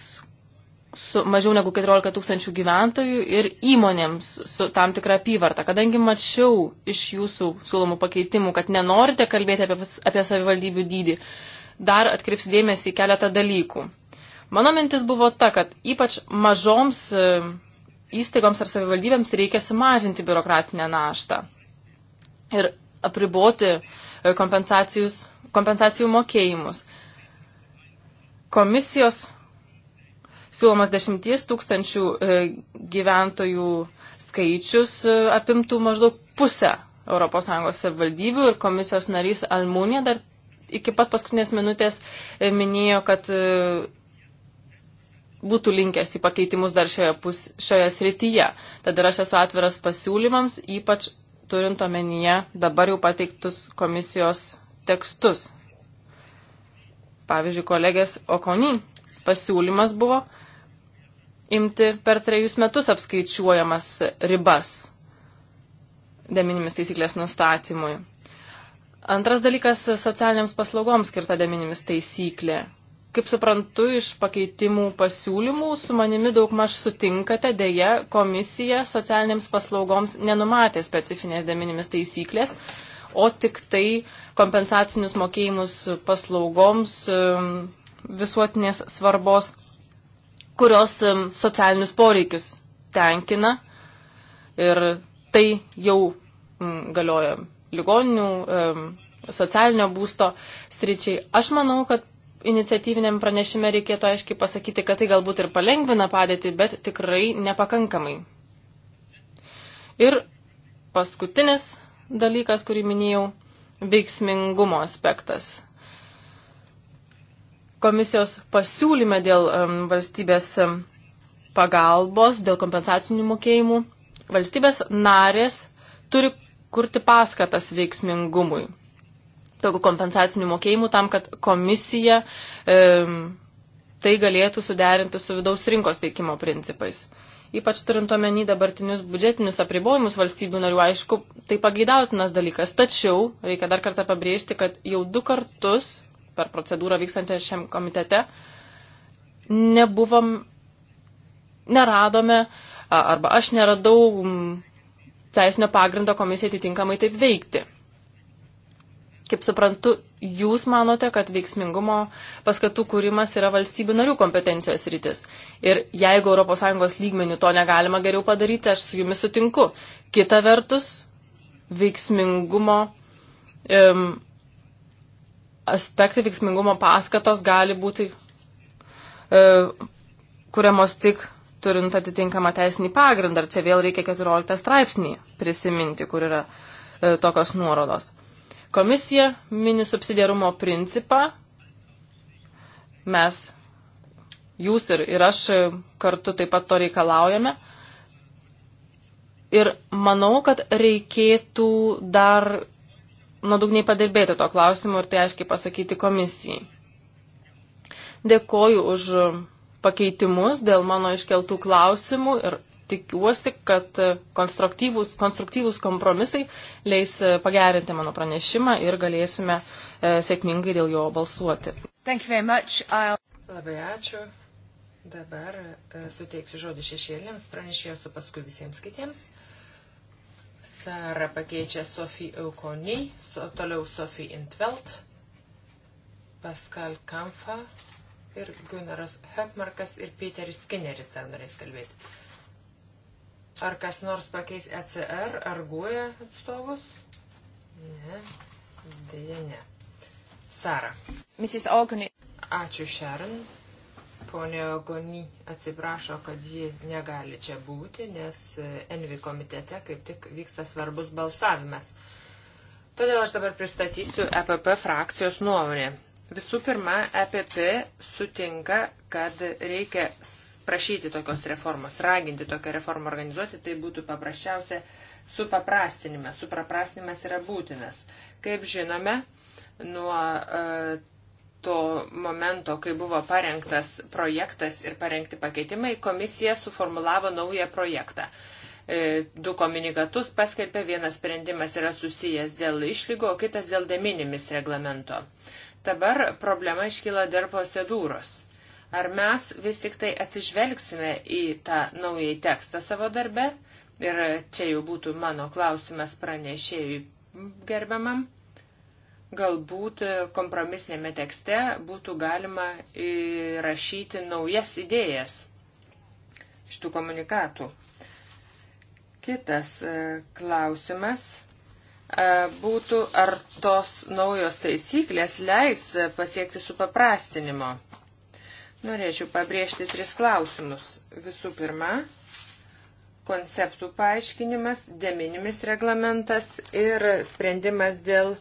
su mažiau negu 14 tūkstančių gyventojų ir įmonėms su tam tikra apyvarta. Kadangi mačiau iš jūsų siūlomų pakeitimų, kad nenorite kalbėti apie, apie savivaldybių dydį, dar atkreipsiu dėmesį į keletą dalykų. Mano mintis buvo ta, kad ypač mažoms e, įstaigoms ar savivaldybėms reikia sumažinti biurokratinę naštą ir apriboti uh, E, kompensacijų mokėjimus. Komisijos siūlomas 10 tūkstančių e, gyventojų skaičius e, apimtų maždaug pusę ES savivaldybių ir komisijos narys Almūnė dar iki pat paskutinės minutės minėjo, kad būtų linkęs į pakeitimus dar šioje, pus, šioje srityje. Tad ir aš esu atviras pasiūlymams, ypač turint omenyje dabar jau pateiktus komisijos tekstus. Pavyzdžiui, kolegės Okony pasiūlymas buvo imti per trejus metus apskaičiuojamas ribas deminimis taisyklės nustatymui. Antras dalykas - socialiniams paslaugoms skirta deminimis taisyklė kaip suprantu, iš pakeitimų pasiūlymų su manimi daug maž sutinkate, dėja komisija socialinėms paslaugoms nenumatė specifinės dėminimis taisyklės, o tik tai kompensacinius mokėjimus paslaugoms um, visuotinės svarbos, kurios um, socialinius poreikius tenkina. Ir tai jau mm, galioja ligoninių, um, socialinio būsto sričiai. Aš manau, kad iniciatyviniam pranešime reikėtų aiškiai pasakyti, kad tai galbūt ir palengvina padėtį, bet tikrai nepakankamai. Ir paskutinis dalykas, kurį minėjau, veiksmingumo aspektas. Komisijos pasiūlyme dėl um, valstybės pagalbos, dėl kompensacinių mokėjimų, valstybės narės turi kurti paskatas veiksmingumui tokių kompensacinių mokėjimų tam, kad komisija e, tai galėtų suderinti su vidaus rinkos veikimo principais. Ypač turint omeny dabartinius biudžetinius apribojimus valstybių narių, aišku, tai pageidautinas dalykas. Tačiau reikia dar kartą pabrėžti, kad jau du kartus per procedūrą vykstantį šiam komitete nebuvom, neradome, arba aš neradau teisinio pagrindo komisijai atitinkamai taip veikti. Kaip suprantu, jūs manote, kad veiksmingumo paskatų kūrimas yra valstybių narių kompetencijos rytis. Ir jeigu ES lygmenių to negalima geriau padaryti, aš su jumis sutinku. Kita vertus, veiksmingumo um, aspektai, veiksmingumo paskatos gali būti uh, kuriamos tik turint atitinkamą teisinį pagrindą. Ar čia vėl reikia 14 straipsnį prisiminti, kur yra uh, tokios nuorodos. Komisija mini subsidiarumo principą. Mes, jūs ir, ir aš kartu taip pat to reikalaujame. Ir manau, kad reikėtų dar nuodugniai padirbėti to klausimu ir tai aiškiai pasakyti komisijai. Dėkoju už pakeitimus dėl mano iškeltų klausimų ir tikiuosi, kad konstruktyvūs, konstruktyvūs kompromisai leis e, pagerinti mano pranešimą ir galėsime e, sėkmingai dėl jo balsuoti. Labai ačiū. Dabar e, suteiksiu žodį šešėlėms, pranešėjosiu paskui visiems kitiems. Sara pakeičia Sofiją Eukonį, so, toliau Sofiją Intvelt, Pascal Kamfa ir Gunaras Hekmarkas ir Peteris Skinneris dar norės kalbėti. Ar kas nors pakeis ECR ar GUE atstovus? Ne, dėja ne. Sara. Mrs. Ogni. Ačiū, Sharon. Pone Ogoni atsiprašo, kad ji negali čia būti, nes e, Envi komitete kaip tik vyksta svarbus balsavimas. Todėl aš dabar pristatysiu EPP frakcijos nuomonę. Visų pirma, EPP sutinka, kad reikia prašyti tokios reformos, raginti tokią reformą organizuoti, tai būtų paprasčiausia supaprastinimas. Supaprastinimas yra būtinas. Kaip žinome, nuo e, to momento, kai buvo parengtas projektas ir parengti pakeitimai, komisija suformulavo naują projektą e, du komunikatus paskelbė, vienas sprendimas yra susijęs dėl išlygo, o kitas dėl deminimis reglamento. Dabar problema iškyla dėl procedūros. Ar mes vis tik tai atsižvelgsime į tą naują tekstą savo darbe? Ir čia jau būtų mano klausimas pranešėjui gerbiamam. Galbūt kompromisinėme tekste būtų galima įrašyti naujas idėjas iš tų komunikatų. Kitas e, klausimas e, būtų, ar tos naujos taisyklės leis pasiekti supaprastinimo. Norėčiau pabrėžti tris klausimus. Visų pirma, konceptų paaiškinimas, deminimis reglamentas ir sprendimas dėl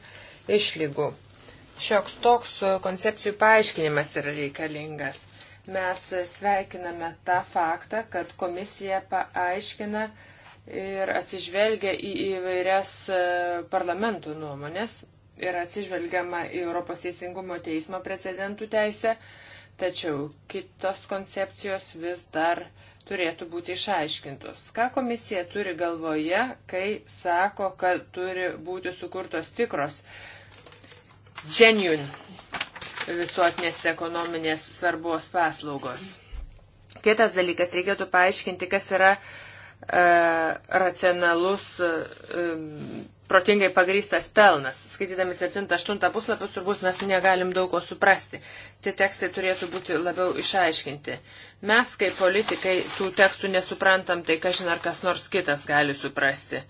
išlygų. Šioks toks koncepcijų paaiškinimas yra reikalingas. Mes sveikiname tą faktą, kad komisija paaiškina ir atsižvelgia į įvairias parlamentų nuomonės ir atsižvelgiama į Europos Teisingumo teismo precedentų teisę Tačiau kitos koncepcijos vis dar turėtų būti išaiškintos. Ką komisija turi galvoje, kai sako, kad turi būti sukurtos tikros genuine visuotinės ekonominės svarbos paslaugos. Kitas dalykas, reikėtų paaiškinti, kas yra e, racionalus e, protingai pagrystas pelnas. Skaitydami 7-8 puslapius turbūt mes negalim daug ko suprasti. Tie tekstai turėtų būti labiau išaiškinti. Mes, kaip politikai, tų tekstų nesuprantam, tai kažin ar kas nors kitas gali suprasti.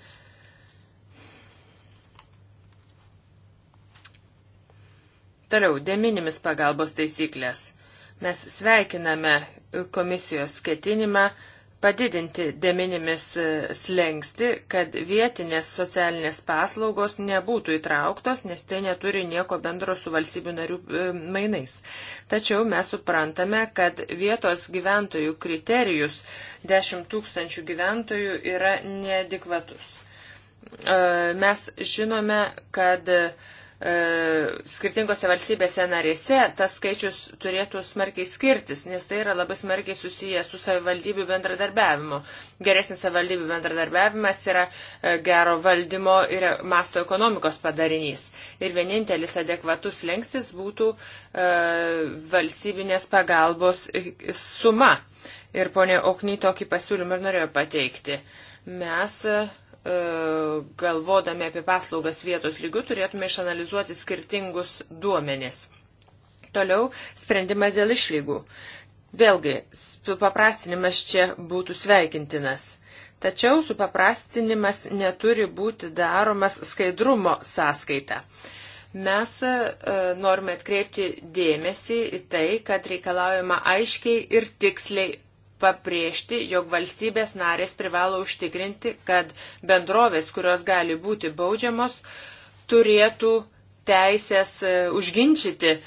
Toliau, deminimis pagalbos taisyklės. Mes sveikiname komisijos ketinimą padidinti deminimis e, slengsti, kad vietinės socialinės paslaugos nebūtų įtrauktos, nes tai neturi nieko bendro su valstybių narių e, mainais. Tačiau mes suprantame, kad vietos gyventojų kriterijus 10 tūkstančių gyventojų yra neadekvatus. E, mes žinome, kad E, skirtingose valstybėse narėse tas skaičius turėtų smarkiai skirtis, nes tai yra labai smarkiai susiję su savivaldybių bendradarbiavimu. Geresnis savivaldybių bendradarbiavimas yra e, gero valdymo ir masto ekonomikos padarinys. Ir vienintelis adekvatus lengstis būtų e, valstybinės pagalbos suma. Ir ponė Okny tokį pasiūlymą ir norėjo pateikti. Mes E, galvodami apie paslaugas vietos lygių, turėtume išanalizuoti skirtingus duomenis. Toliau sprendimas dėl išlygų. Vėlgi, supaprastinimas čia būtų sveikintinas. Tačiau supaprastinimas neturi būti daromas skaidrumo sąskaita. Mes e, norime atkreipti dėmesį į tai, kad reikalaujama aiškiai ir tiksliai pabrėžti, jog valstybės narės privalo užtikrinti, kad bendrovės, kurios gali būti baudžiamos, turėtų teisės e, užginčyti e,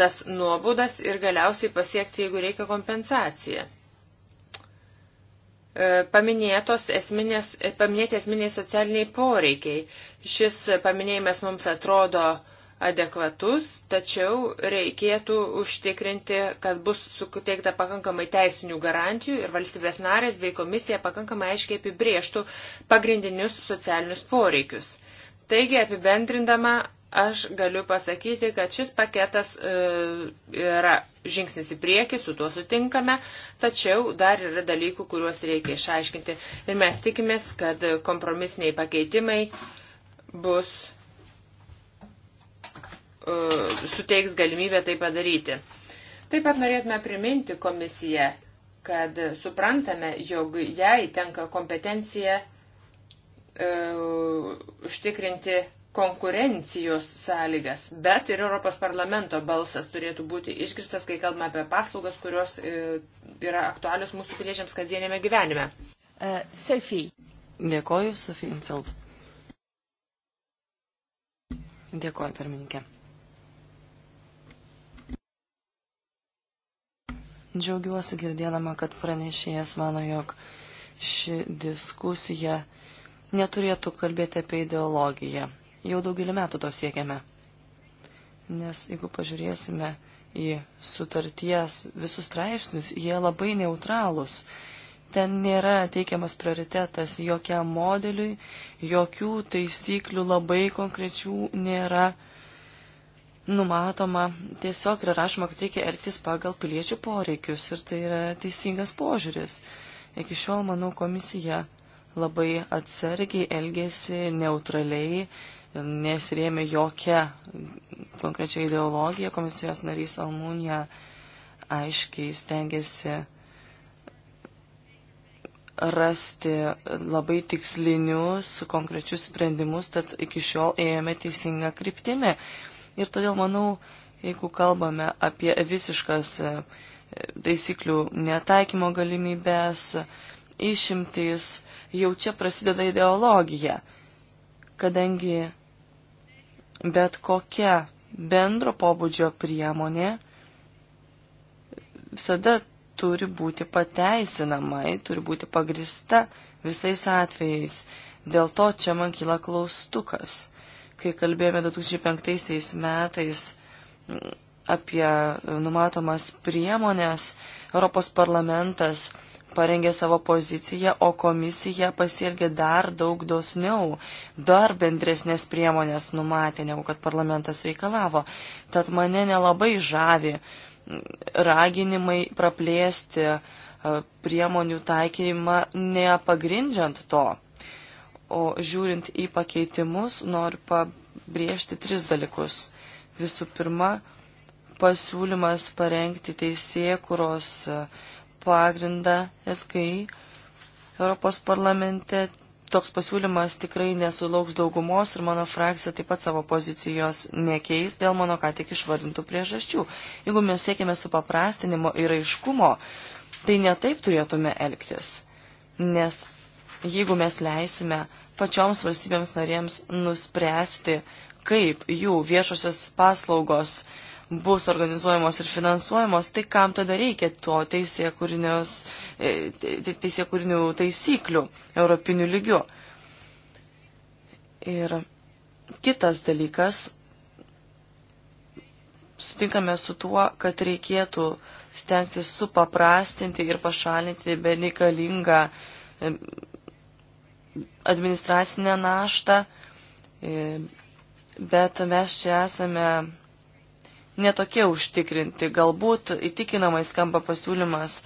tas nuobodas ir galiausiai pasiekti, jeigu reikia, kompensaciją. E, paminėtos esminės, paminėti esminiai socialiniai poreikiai. Šis paminėjimas mums atrodo uh, adekvatus, tačiau reikėtų užtikrinti, kad bus suteikta pakankamai teisinių garantijų ir valstybės narės bei komisija pakankamai aiškiai apibrieštų pagrindinius socialinius poreikius. Taigi, apibendrindama, aš galiu pasakyti, kad šis paketas e, yra žingsnis į priekį, su tuo sutinkame, tačiau dar yra dalykų, kuriuos reikia išaiškinti ir mes tikimės, kad kompromisiniai pakeitimai bus E, suteiks galimybę tai padaryti. Taip pat norėtume priminti komisiją, kad suprantame, jog jai tenka kompetencija uh, užtikrinti konkurencijos sąlygas, bet ir Europos parlamento balsas turėtų būti išgirstas, kai kalbame apie paslaugas, kurios uh, yra aktualios mūsų piliečiams kasdienėme gyvenime. Uh, Sophie. Dėkoju, Sofija Infeld. Dėkoju, pirmininkė. Džiaugiuosi girdėdama, kad pranešėjas mano, jog ši diskusija neturėtų kalbėti apie ideologiją. Jau daugelį metų to siekiame. Nes jeigu pažiūrėsime į sutarties visus straipsnius, jie labai neutralūs. Ten nėra teikiamas prioritetas jokiam modeliui, jokių taisyklių labai konkrečių nėra numatoma, tiesiog yra rašoma, kad reikia elgtis pagal piliečių poreikius ir tai yra teisingas požiūris. Iki šiol, manau, komisija labai atsargiai elgėsi neutraliai, nesirėmė jokia konkrečia ideologija. Komisijos narys Almūnija aiškiai stengiasi rasti labai tikslinius, konkrečius sprendimus, tad iki šiol ėjome teisinga kryptimi. Ir todėl manau, jeigu kalbame apie visiškas e, taisyklių netaikymo galimybės, išimtys, jau čia prasideda ideologija, kadangi bet kokia bendro pobūdžio priemonė visada turi būti pateisinamai, turi būti pagrista visais atvejais. Dėl to čia man kyla klaustukas. Kai kalbėjome 2005 metais apie numatomas priemonės, Europos parlamentas parengė savo poziciją, o komisija pasielgė dar daug dosniau, dar bendresnės priemonės numatė, negu kad parlamentas reikalavo. Tad mane nelabai žavi raginimai praplėsti e, priemonių taikymą nepagrindžiant to. O žiūrint į pakeitimus, noriu pabrėžti tris dalykus. Visų pirma, pasiūlymas parengti teisėkuros pagrindą SKI Europos parlamente. Toks pasiūlymas tikrai nesulauks daugumos ir mano frakcija taip pat savo pozicijos nekeis dėl mano ką tik išvardintų priežasčių. Jeigu mes siekime supaprastinimo ir aiškumo, tai netaip turėtume elgtis. Nes jeigu mes leisime uh, pačioms valstybėms narėms nuspręsti, kaip jų viešosios paslaugos bus organizuojamos ir finansuojamos, tai kam tada reikia to e, teisėkūrinių taisyklių europinių lygių. Ir kitas dalykas, sutinkame su tuo, kad reikėtų stengtis supaprastinti ir pašalinti benikalingą administracinę naštą, e, bet mes čia esame netokie užtikrinti. Galbūt įtikinamai skamba pasiūlymas e,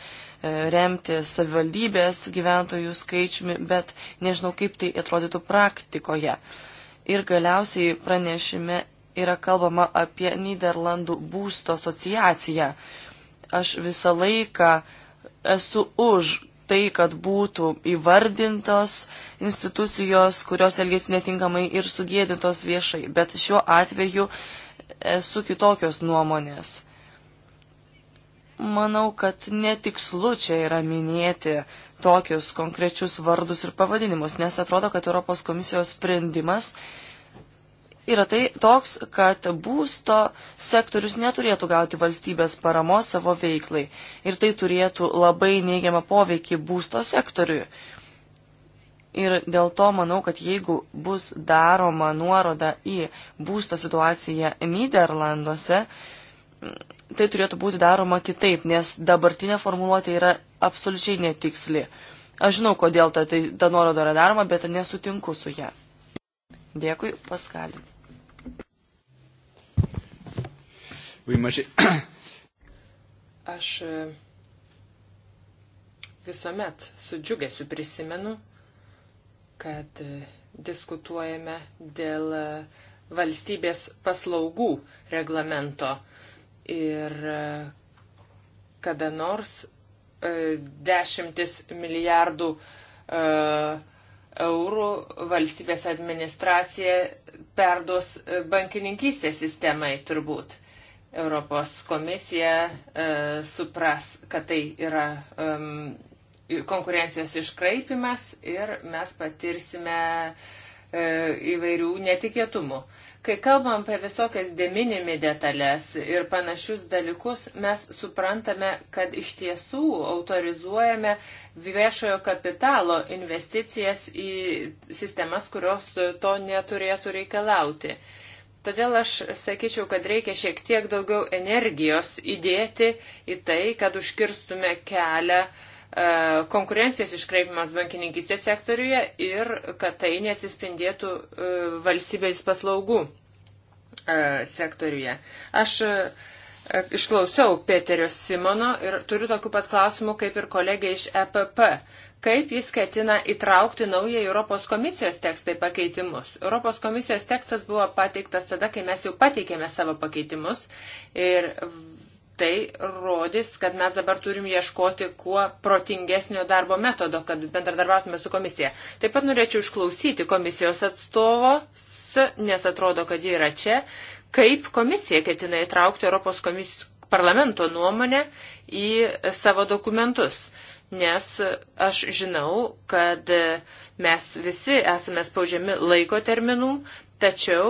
remti savivaldybės gyventojų skaičiumi, bet nežinau, kaip tai atrodytų praktikoje. Ir galiausiai pranešime yra kalbama apie Niderlandų būsto asociaciją. Aš visą laiką esu už tai, kad būtų įvardintos institucijos, kurios elgesi netinkamai ir sugėdintos viešai. Bet šiuo atveju esu kitokios nuomonės. Manau, kad netikslu čia yra minėti tokius konkrečius vardus ir pavadinimus, nes atrodo, kad Europos komisijos sprendimas yra tai toks, kad būsto sektorius neturėtų gauti valstybės paramos savo veiklai ir tai turėtų labai neigiamą poveikį būsto sektoriui. Ir dėl to manau, kad jeigu bus daroma nuoroda į būsto situaciją Niderlanduose, tai turėtų būti daroma kitaip, nes dabartinė formuluotė yra absoliučiai netiksli. Aš žinau, kodėl ta, ta, ta nuoroda yra daroma, bet nesutinku su ją. Dėkui, Paskalin. Oui, moi Aš e, visuomet su džiugesiu prisimenu, kad e, diskutuojame dėl e, valstybės paslaugų reglamento ir kada nors dešimtis milijardų eurų valstybės administracija perduos bankininkystės sistemai turbūt. Europos komisija e, supras, kad tai yra um, e, konkurencijos iškraipimas ir mes patirsime e, įvairių netikėtumų. Kai kalbam apie visokias deminimi detalės ir panašius dalykus, mes suprantame, kad iš tiesų autorizuojame viešojo kapitalo investicijas į sistemas, kurios to neturėtų reikalauti. E, Todėl aš sakyčiau, kad reikia šiek tiek daugiau energijos įdėti į tai, kad užkirstume kelią e, konkurencijos iškreipimas bankininkistės sektoriuje ir kad tai nesispindėtų e, valstybės paslaugų e, sektoriuje. Aš uh, E, išklausiau Peterio Simono ir turiu tokių pat klausimų kaip ir kolegė iš EPP. Kaip jis ketina įtraukti naują Europos komisijos tekstą į pakeitimus? Europos komisijos tekstas buvo pateiktas tada, kai mes jau pateikėme savo pakeitimus ir tai rodys, kad mes dabar turim ieškoti kuo protingesnio darbo metodo, kad bendradarbiautume su komisija. Taip pat norėčiau išklausyti komisijos atstovo, nes atrodo, kad jie yra čia kaip komisija ketina įtraukti Europos komis... parlamento nuomonę į savo dokumentus. Nes aš žinau, kad mes visi esame spaudžiami laiko terminų, tačiau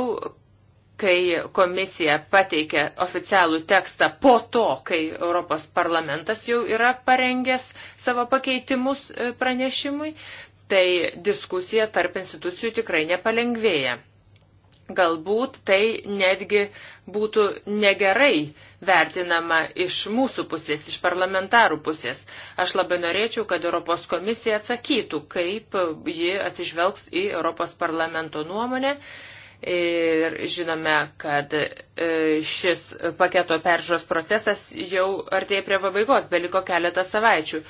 kai komisija pateikia oficialų tekstą po to, kai Europos parlamentas jau yra parengęs savo pakeitimus e, pranešimui, tai diskusija tarp institucijų tikrai nepalengvėja. Galbūt tai netgi būtų negerai vertinama iš mūsų pusės, iš parlamentarų pusės. Aš labai norėčiau, kad Europos komisija atsakytų, kaip ji atsižvelgs į Europos parlamento nuomonę. Ir žinome, kad e, šis paketo peržiūros procesas jau artėja prie pabaigos, beliko keletą savaičių.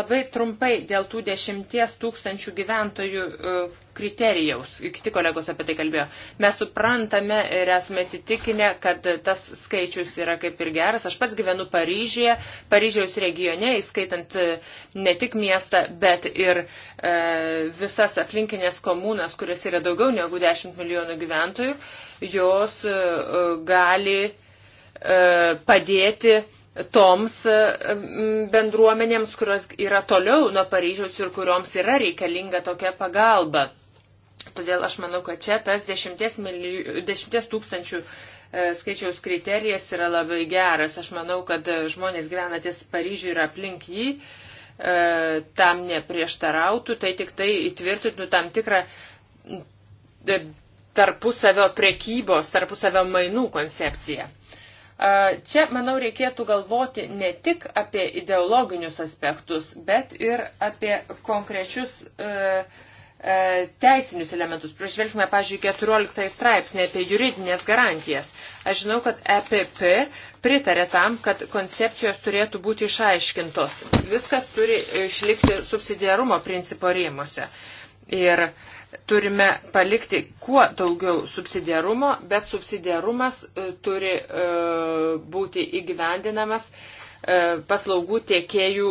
Labai trumpai dėl tų dešimties tūkstančių gyventojų e, kriterijaus. Kiti kolegos apie tai kalbėjo. Mes suprantame ir esame įsitikinę, kad tas skaičius yra kaip ir geras. Aš pats gyvenu Paryžyje, Paryžiaus regione, įskaitant e, ne tik miestą, bet ir e, visas aplinkinės komunas, kurias yra daugiau negu 10 milijonų gyventojų, jos e, gali e, padėti toms e, bendruomenėms, kurios yra toliau nuo Paryžiaus ir kurioms yra reikalinga tokia pagalba. Todėl aš manau, kad čia tas 10, milij... 10 tūkstančių e, skaičiaus kriterijas yra labai geras. Aš manau, kad žmonės gyvenantis Paryžiui ir aplink jį e, tam neprieštarautų, tai tik tai įtvirtintų tam tikrą e, tarpusavio prekybos, tarpusavio mainų koncepciją. Čia, manau, reikėtų galvoti ne tik apie ideologinius aspektus, bet ir apie konkrečius uh, E, teisinius elementus. Prižvelgime, pažiūrėjau, 14 straipsnį apie juridinės garantijas. Aš žinau, kad EPP pritarė tam, kad koncepcijos turėtų būti išaiškintos. Viskas turi išlikti subsidiarumo principo rėmose. Ir turime palikti kuo daugiau subsidiarumo, bet subsidiarumas e, turi e, būti įgyvendinamas uh, E, paslaugų tiekėjų,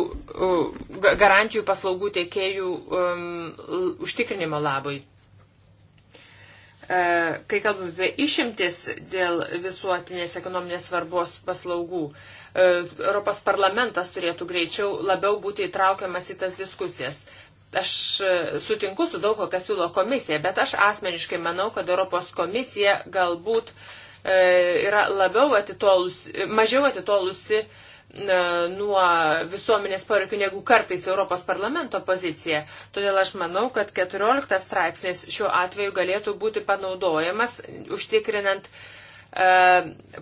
garantijų paslaugų tiekėjų um, užtikrinimo labui. E, kai kalbame apie išimtis dėl visuotinės ekonominės svarbos paslaugų, e, Europos parlamentas turėtų greičiau labiau būti įtraukiamas į tas diskusijas aš sutinku su daug ko, kas siūlo komisija, bet aš asmeniškai manau, kad Europos komisija galbūt e, yra labiau atitolus, mažiau atitolusi e, nuo visuomenės poreikių negu kartais Europos parlamento pozicija. Todėl aš manau, kad 14 straipsnis šiuo atveju galėtų būti panaudojamas užtikrinant uh, E,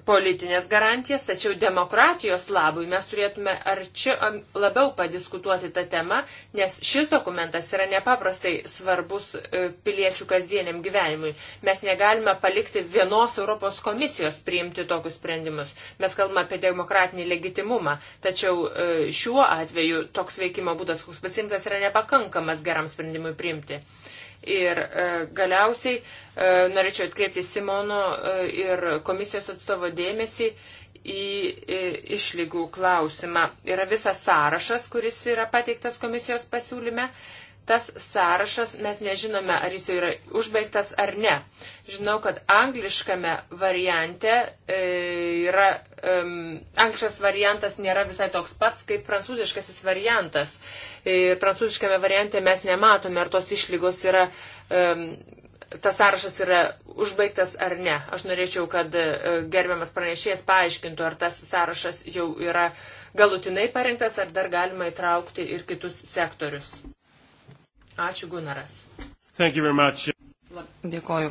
politinės garantijas, tačiau demokratijos labui mes turėtume arči, labiau padiskutuoti tą temą, nes šis dokumentas yra nepaprastai svarbus e, piliečių kasdieniam gyvenimui. Mes negalime palikti vienos Europos komisijos priimti tokius sprendimus. Mes kalbame apie demokratinį legitimumą, tačiau e, šiuo atveju toks veikimo būdas, koks pasimtas, yra nepakankamas geram sprendimui priimti. Uh, Ir e, galiausiai e, norėčiau atkreipti Simono e, ir komisijos atstovo dėmesį į išlygų klausimą. Yra visas sąrašas, kuris yra pateiktas komisijos pasiūlyme Tas sąrašas mes nežinome, ar jis jau yra užbaigtas ar ne. Žinau, kad angliškame variante e, yra, um, e, angliškas variantas nėra visai toks pats kaip prancūziškasis variantas. E, prancūziškame variante mes nematome, ar tos išlygos yra um, e, tas sąrašas yra užbaigtas ar ne. Aš norėčiau, kad e, gerbiamas pranešėjas paaiškintų, ar tas sąrašas jau yra galutinai parengtas, ar dar galima įtraukti ir kitus sektorius. Ačiū, Gunaras. Dėkoju.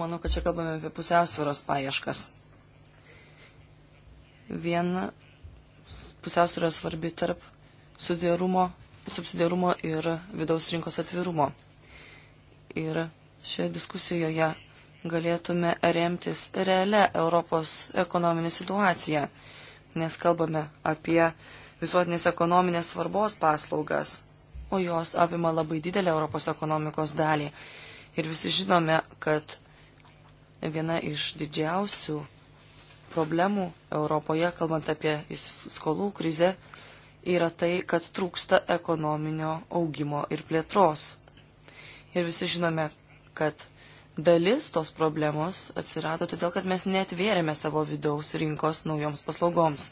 Manau, kad čia kalbame apie pusiausvėros paieškas. Viena pusiausvėra svarbi tarp subsidiarumo ir vidaus rinkos atvirumo. Ir šioje diskusijoje galėtume remtis realią Europos ekonominę situaciją, nes kalbame apie visuotinės ekonominės svarbos paslaugas, o jos apima labai didelę Europos ekonomikos dalį. Ir visi žinome, kad viena iš didžiausių problemų Europoje, kalbant apie skolų krizę, yra tai, kad trūksta ekonominio augimo ir plėtros. Ir visi žinome, kad dalis tos problemos atsirado todėl, kad mes netvėrėme savo vidaus rinkos naujoms paslaugoms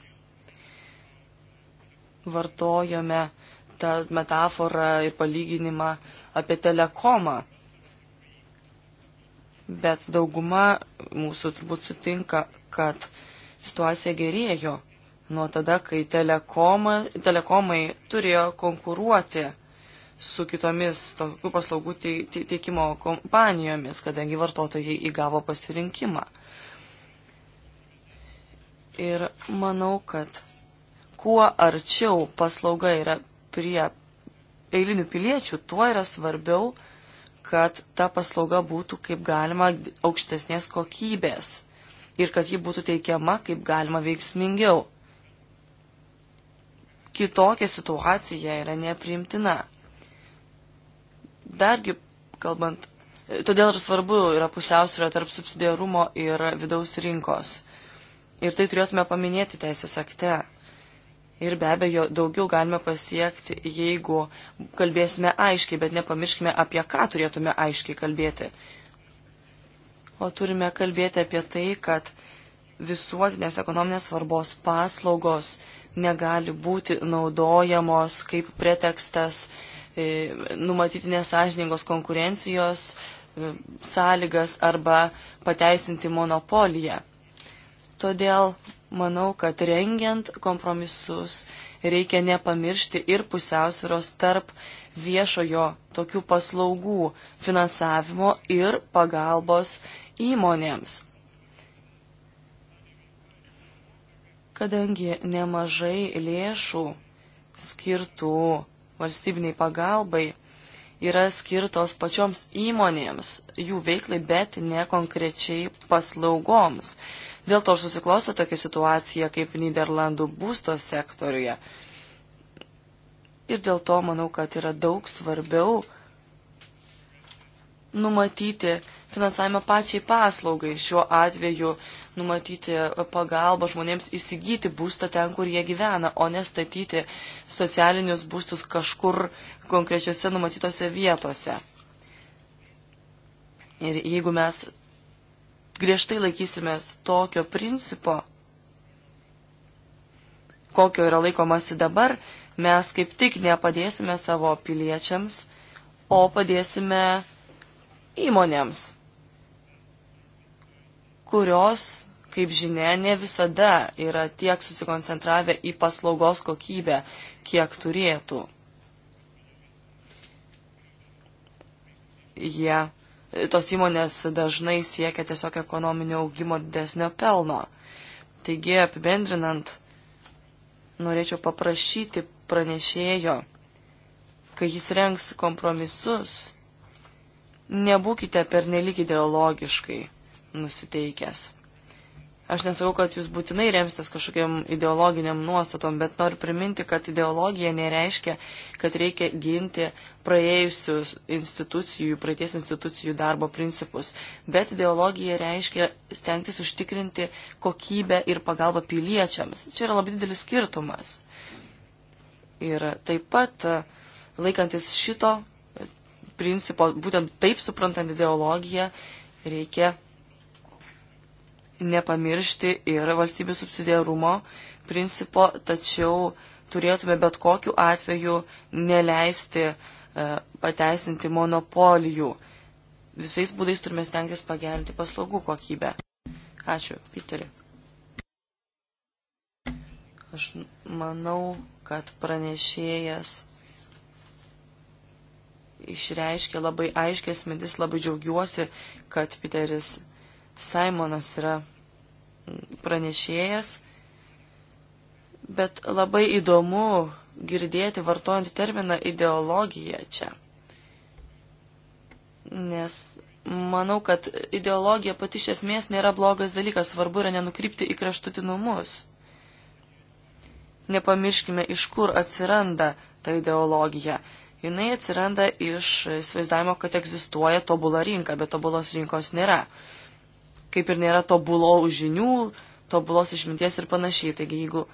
vartojome tą metaforą ir palyginimą apie telekomą. Bet dauguma mūsų turbūt sutinka, kad situacija gerėjo nuo tada, kai telekoma, telekomai turėjo konkuruoti su kitomis tokių paslaugų teikimo kompanijomis, kadangi vartotojai įgavo pasirinkimą. Ir manau, kad kuo arčiau paslauga yra prie eilinių piliečių, tuo yra svarbiau, kad ta paslauga būtų kaip galima aukštesnės kokybės ir kad ji būtų teikiama kaip galima veiksmingiau. Kitokia situacija yra nepriimtina. Dargi, kalbant, todėl ir svarbu yra pusiausvyrė tarp subsidiarumo ir vidaus rinkos. Ir tai turėtume paminėti teisės akte. Ir be abejo, daugiau galime pasiekti, jeigu kalbėsime aiškiai, bet nepamirškime, apie ką turėtume aiškiai kalbėti. O turime kalbėti apie tai, kad visuotinės ekonominės svarbos paslaugos negali būti naudojamos kaip pretekstas e, numatyti nesažiningos konkurencijos e, sąlygas arba pateisinti monopoliją. Todėl manau, kad rengiant kompromisus reikia nepamiršti ir pusiausviros tarp viešojo tokių paslaugų finansavimo ir pagalbos įmonėms. Kadangi nemažai lėšų skirtų valstybiniai pagalbai yra skirtos pačioms įmonėms, jų veiklai, bet ne konkrečiai paslaugoms. Dėl to susiklosto tokia situacija kaip Niderlandų būsto sektoriuje. Ir dėl to manau, kad yra daug svarbiau numatyti finansavimą pačiai paslaugai. Šiuo atveju numatyti pagalbą žmonėms įsigyti būstą ten, kur jie gyvena, o nestatyti socialinius būstus kažkur konkrečiose numatytose vietose. Ir jeigu mes griežtai laikysimės tokio principo, kokio yra laikomasi dabar, mes kaip tik nepadėsime savo piliečiams, o padėsime įmonėms, kurios, kaip žinia, ne visada yra tiek susikoncentravę į paslaugos kokybę, kiek turėtų. Jie yeah tos įmonės dažnai siekia tiesiog ekonominio augimo didesnio pelno. Taigi, apibendrinant, norėčiau paprašyti pranešėjo, kai jis renks kompromisus, nebūkite pernelyg ideologiškai nusiteikęs. Aš nesakau, kad jūs būtinai remsitės kažkokiam ideologiniam nuostatom, bet noriu priminti, kad ideologija nereiškia, kad reikia ginti praėjusius institucijų, praeities institucijų darbo principus, bet ideologija reiškia stengtis užtikrinti kokybę ir pagalbą piliečiams. Čia yra labai didelis skirtumas. Ir taip pat laikantis šito principo, būtent taip suprantant ideologiją, reikia nepamiršti ir valstybių subsidiarumo principo, tačiau turėtume bet kokiu atveju neleisti e, pateisinti monopolijų. Visais būdais turime stengtis pagerinti paslaugų kokybę. Ačiū, Piteri. Aš manau, kad pranešėjas išreiškė labai aiškės mintis, labai džiaugiuosi, kad Piteris Simonas yra pranešėjas, bet labai įdomu girdėti vartojant terminą ideologija čia. Nes manau, kad ideologija pati iš esmės nėra blogas dalykas, svarbu yra nenukrypti į kraštutinumus. Nepamirškime, iš kur atsiranda ta ideologija. Jinai atsiranda iš įsivaizdavimo, kad egzistuoja tobula rinka, bet tobulos rinkos nėra kaip ir nėra tobulo žinių, tobulos išminties ir panašiai. Taigi, jeigu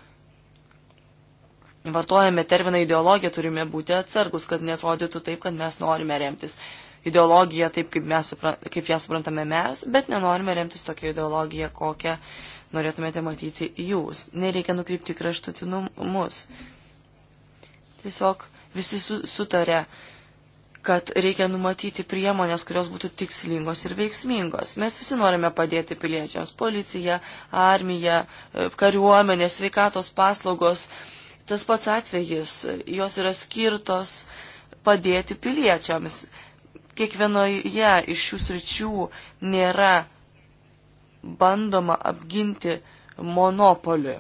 vartojame terminą ideologija, turime būti atsargus, kad netrodytų taip, kad mes norime remtis ideologiją taip, kaip, mes, kaip ją suprantame mes, bet nenorime remtis tokia ideologija, kokią norėtumėte matyti jūs. Nereikia nukrypti kraštutinumus. Tiesiog visi sutarė kad reikia numatyti priemonės, kurios būtų tikslingos ir veiksmingos. Mes visi norime padėti piliečiams - policija, armija, e, kariuomenė, sveikatos paslaugos. Tas pats atvejis, jos yra skirtos padėti piliečiams. Kiekvienoje iš šių sričių nėra bandoma apginti monopolių.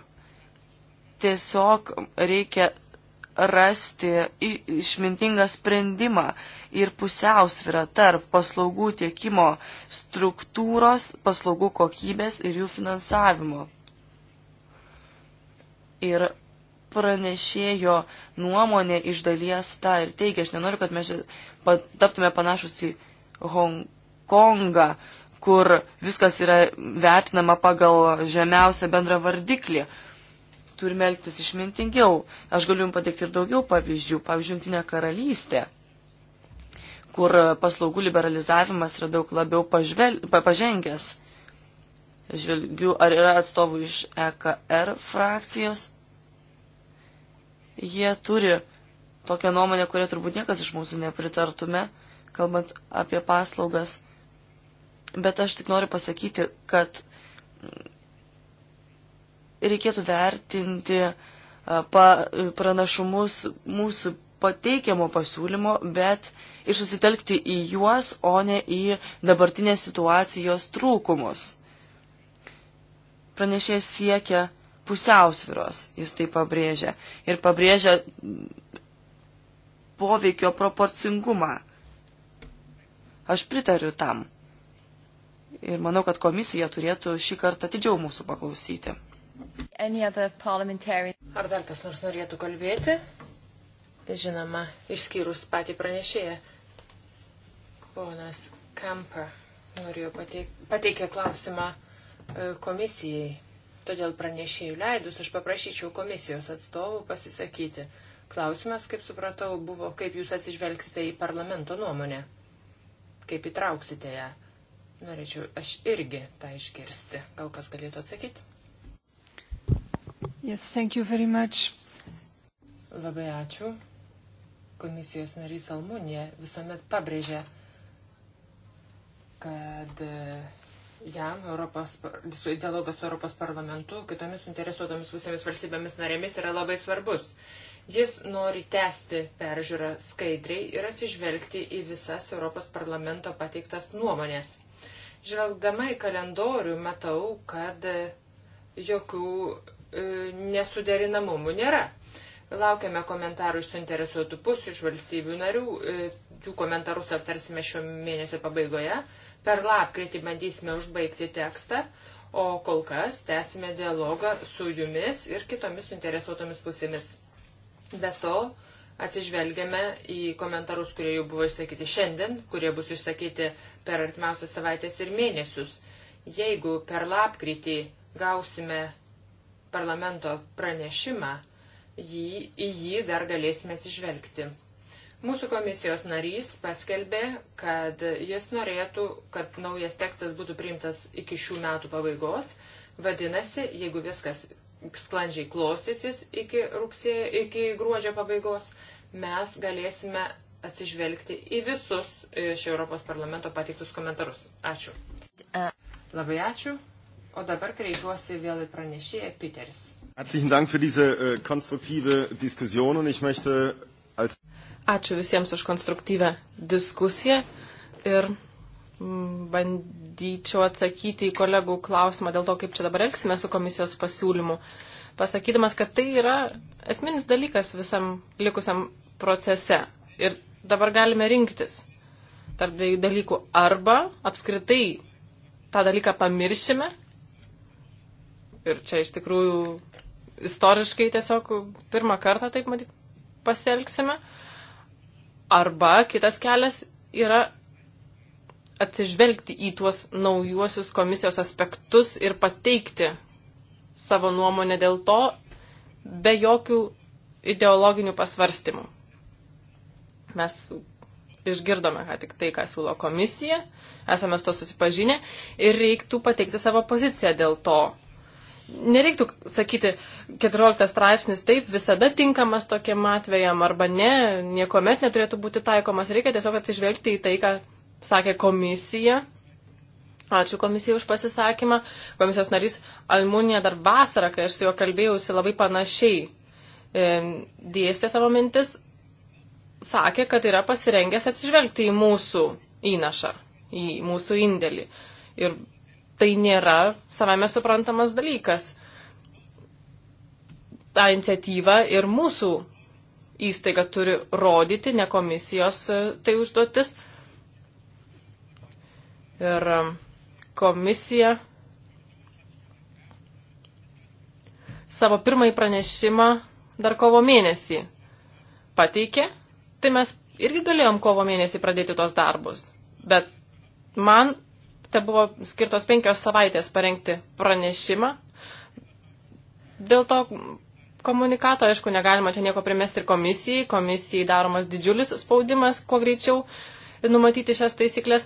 Tiesiog reikia rasti išmintingą sprendimą ir pusiausvirą tarp paslaugų tiekimo struktūros, paslaugų kokybės ir jų finansavimo. Ir pranešėjo nuomonė iš dalies tą ir teigia. Aš nenoriu, kad mes taptume panašus į Hongkongą, kur viskas yra vertinama pagal žemiausią bendrą vardiklį. Uh, turime elgtis išmintingiau. Aš galiu jums pateikti ir daugiau pavyzdžių. Pavyzdžiui, Junktinė karalystė, kur paslaugų liberalizavimas yra daug labiau pažvel, pa, pažengęs. Žvelgiu, ar yra atstovų iš EKR frakcijos. Jie turi tokią nuomonę, kurią turbūt niekas iš mūsų nepritartume, kalbant apie paslaugas. Bet aš tik noriu pasakyti, kad reikėtų vertinti pranašumus mūsų pateikiamo pasiūlymo, bet ir susitelkti į juos, o ne į dabartinės situacijos trūkumus. Pranešėjas siekia pusiausviros, jis tai pabrėžia, ir pabrėžia poveikio proporcingumą. Aš pritariu tam. Ir manau, kad komisija turėtų šį kartą atidžiau mūsų paklausyti. Parliamentarian... Ar dar kas nors norėtų kalbėti? Žinoma, išskyrus patį pranešėją. Ponas Kampa norėjo pateik, pateikė klausimą e, komisijai. Todėl pranešėjų leidus aš paprašyčiau komisijos atstovų pasisakyti. Klausimas, kaip supratau, buvo, kaip jūs atsižvelgsite į parlamento nuomonę. Kaip įtrauksite ją. Norėčiau aš irgi tą išgirsti. Gal kas galėtų atsakyti? Yes, thank you very much. Labai ačiū. Komisijos narys Almunė visuomet pabrėžia, kad e, jam Europos, dialogas su Europos parlamentu, kitomis interesuotomis visomis valstybėmis narėmis yra labai svarbus. Jis nori tęsti peržiūrą skaidriai ir atsižvelgti į visas Europos parlamento pateiktas nuomonės. Žvelgdama į kalendorių matau, kad e, jokių E, nesuderinamumų nėra. Laukiame komentarų iš suinteresuotų pusių, iš valstybių narių. Jų e, komentarus aptarsime šio mėnesio pabaigoje. Per lapkritį bandysime užbaigti tekstą, o kol kas tęsime dialogą su jumis ir kitomis suinteresuotomis pusėmis. Be to, atsižvelgiame į komentarus, kurie jau buvo išsakyti šiandien, kurie bus išsakyti per artimiausias savaitės ir mėnesius. Jeigu per lapkritį gausime parlamento pranešimą, jį, į jį dar galėsime atsižvelgti. Mūsų komisijos narys paskelbė, kad jis norėtų, kad naujas tekstas būtų priimtas iki šių metų pabaigos. Vadinasi, jeigu viskas sklandžiai klostysis iki, rugsėjo, iki gruodžio pabaigos, mes galėsime atsižvelgti į visus iš Europos parlamento pateiktus komentarus. Ačiū. Labai ačiū. O dabar kreipiuosi vėl į pranešėją Peters. Herzlichen Dank für diese äh, konstruktive Diskussion und ich möchte als. Ačiū visiems už konstruktyvę diskusiją ir mm, bandyčiau atsakyti į kolegų klausimą dėl to, kaip čia dabar elgsime su komisijos pasiūlymu, pasakydamas, kad tai yra esminis dalykas visam likusiam procese. Ir dabar galime rinktis tarp dviejų dalykų. Arba apskritai tą dalyką pamiršime Ir čia iš tikrųjų istoriškai tiesiog pirmą kartą taip matyt pasielgsime. Arba kitas kelias yra atsižvelgti į tuos naujuosius komisijos aspektus ir pateikti savo nuomonę dėl to be jokių ideologinių pasvarstymų. Mes išgirdome, ką tik tai, ką siūlo komisija, esame su to susipažinę ir reiktų pateikti savo poziciją dėl to, nereiktų sakyti 14 straipsnis taip visada tinkamas tokiem atvejam arba ne, niekuomet neturėtų būti taikomas. Reikia tiesiog atsižvelgti į tai, ką sakė komisija. Ačiū komisijai už pasisakymą. Komisijos narys Almunija dar vasarą, kai aš su juo kalbėjausi, labai panašiai e, dėstė savo mintis, sakė, kad yra pasirengęs atsižvelgti į mūsų įnašą, į mūsų indėlį. Ir tai nėra savame suprantamas dalykas. Ta iniciatyva ir mūsų įstaiga turi rodyti, ne komisijos e, tai užduotis. Ir e, komisija savo pirmąjį pranešimą dar kovo mėnesį pateikė, tai mes irgi galėjom kovo mėnesį pradėti tuos darbus. Bet man te buvo skirtos penkios savaitės parengti pranešimą. Dėl to komunikato, aišku, negalima čia nieko primesti ir komisijai. Komisijai daromas didžiulis spaudimas, kuo greičiau numatyti šias taisyklės.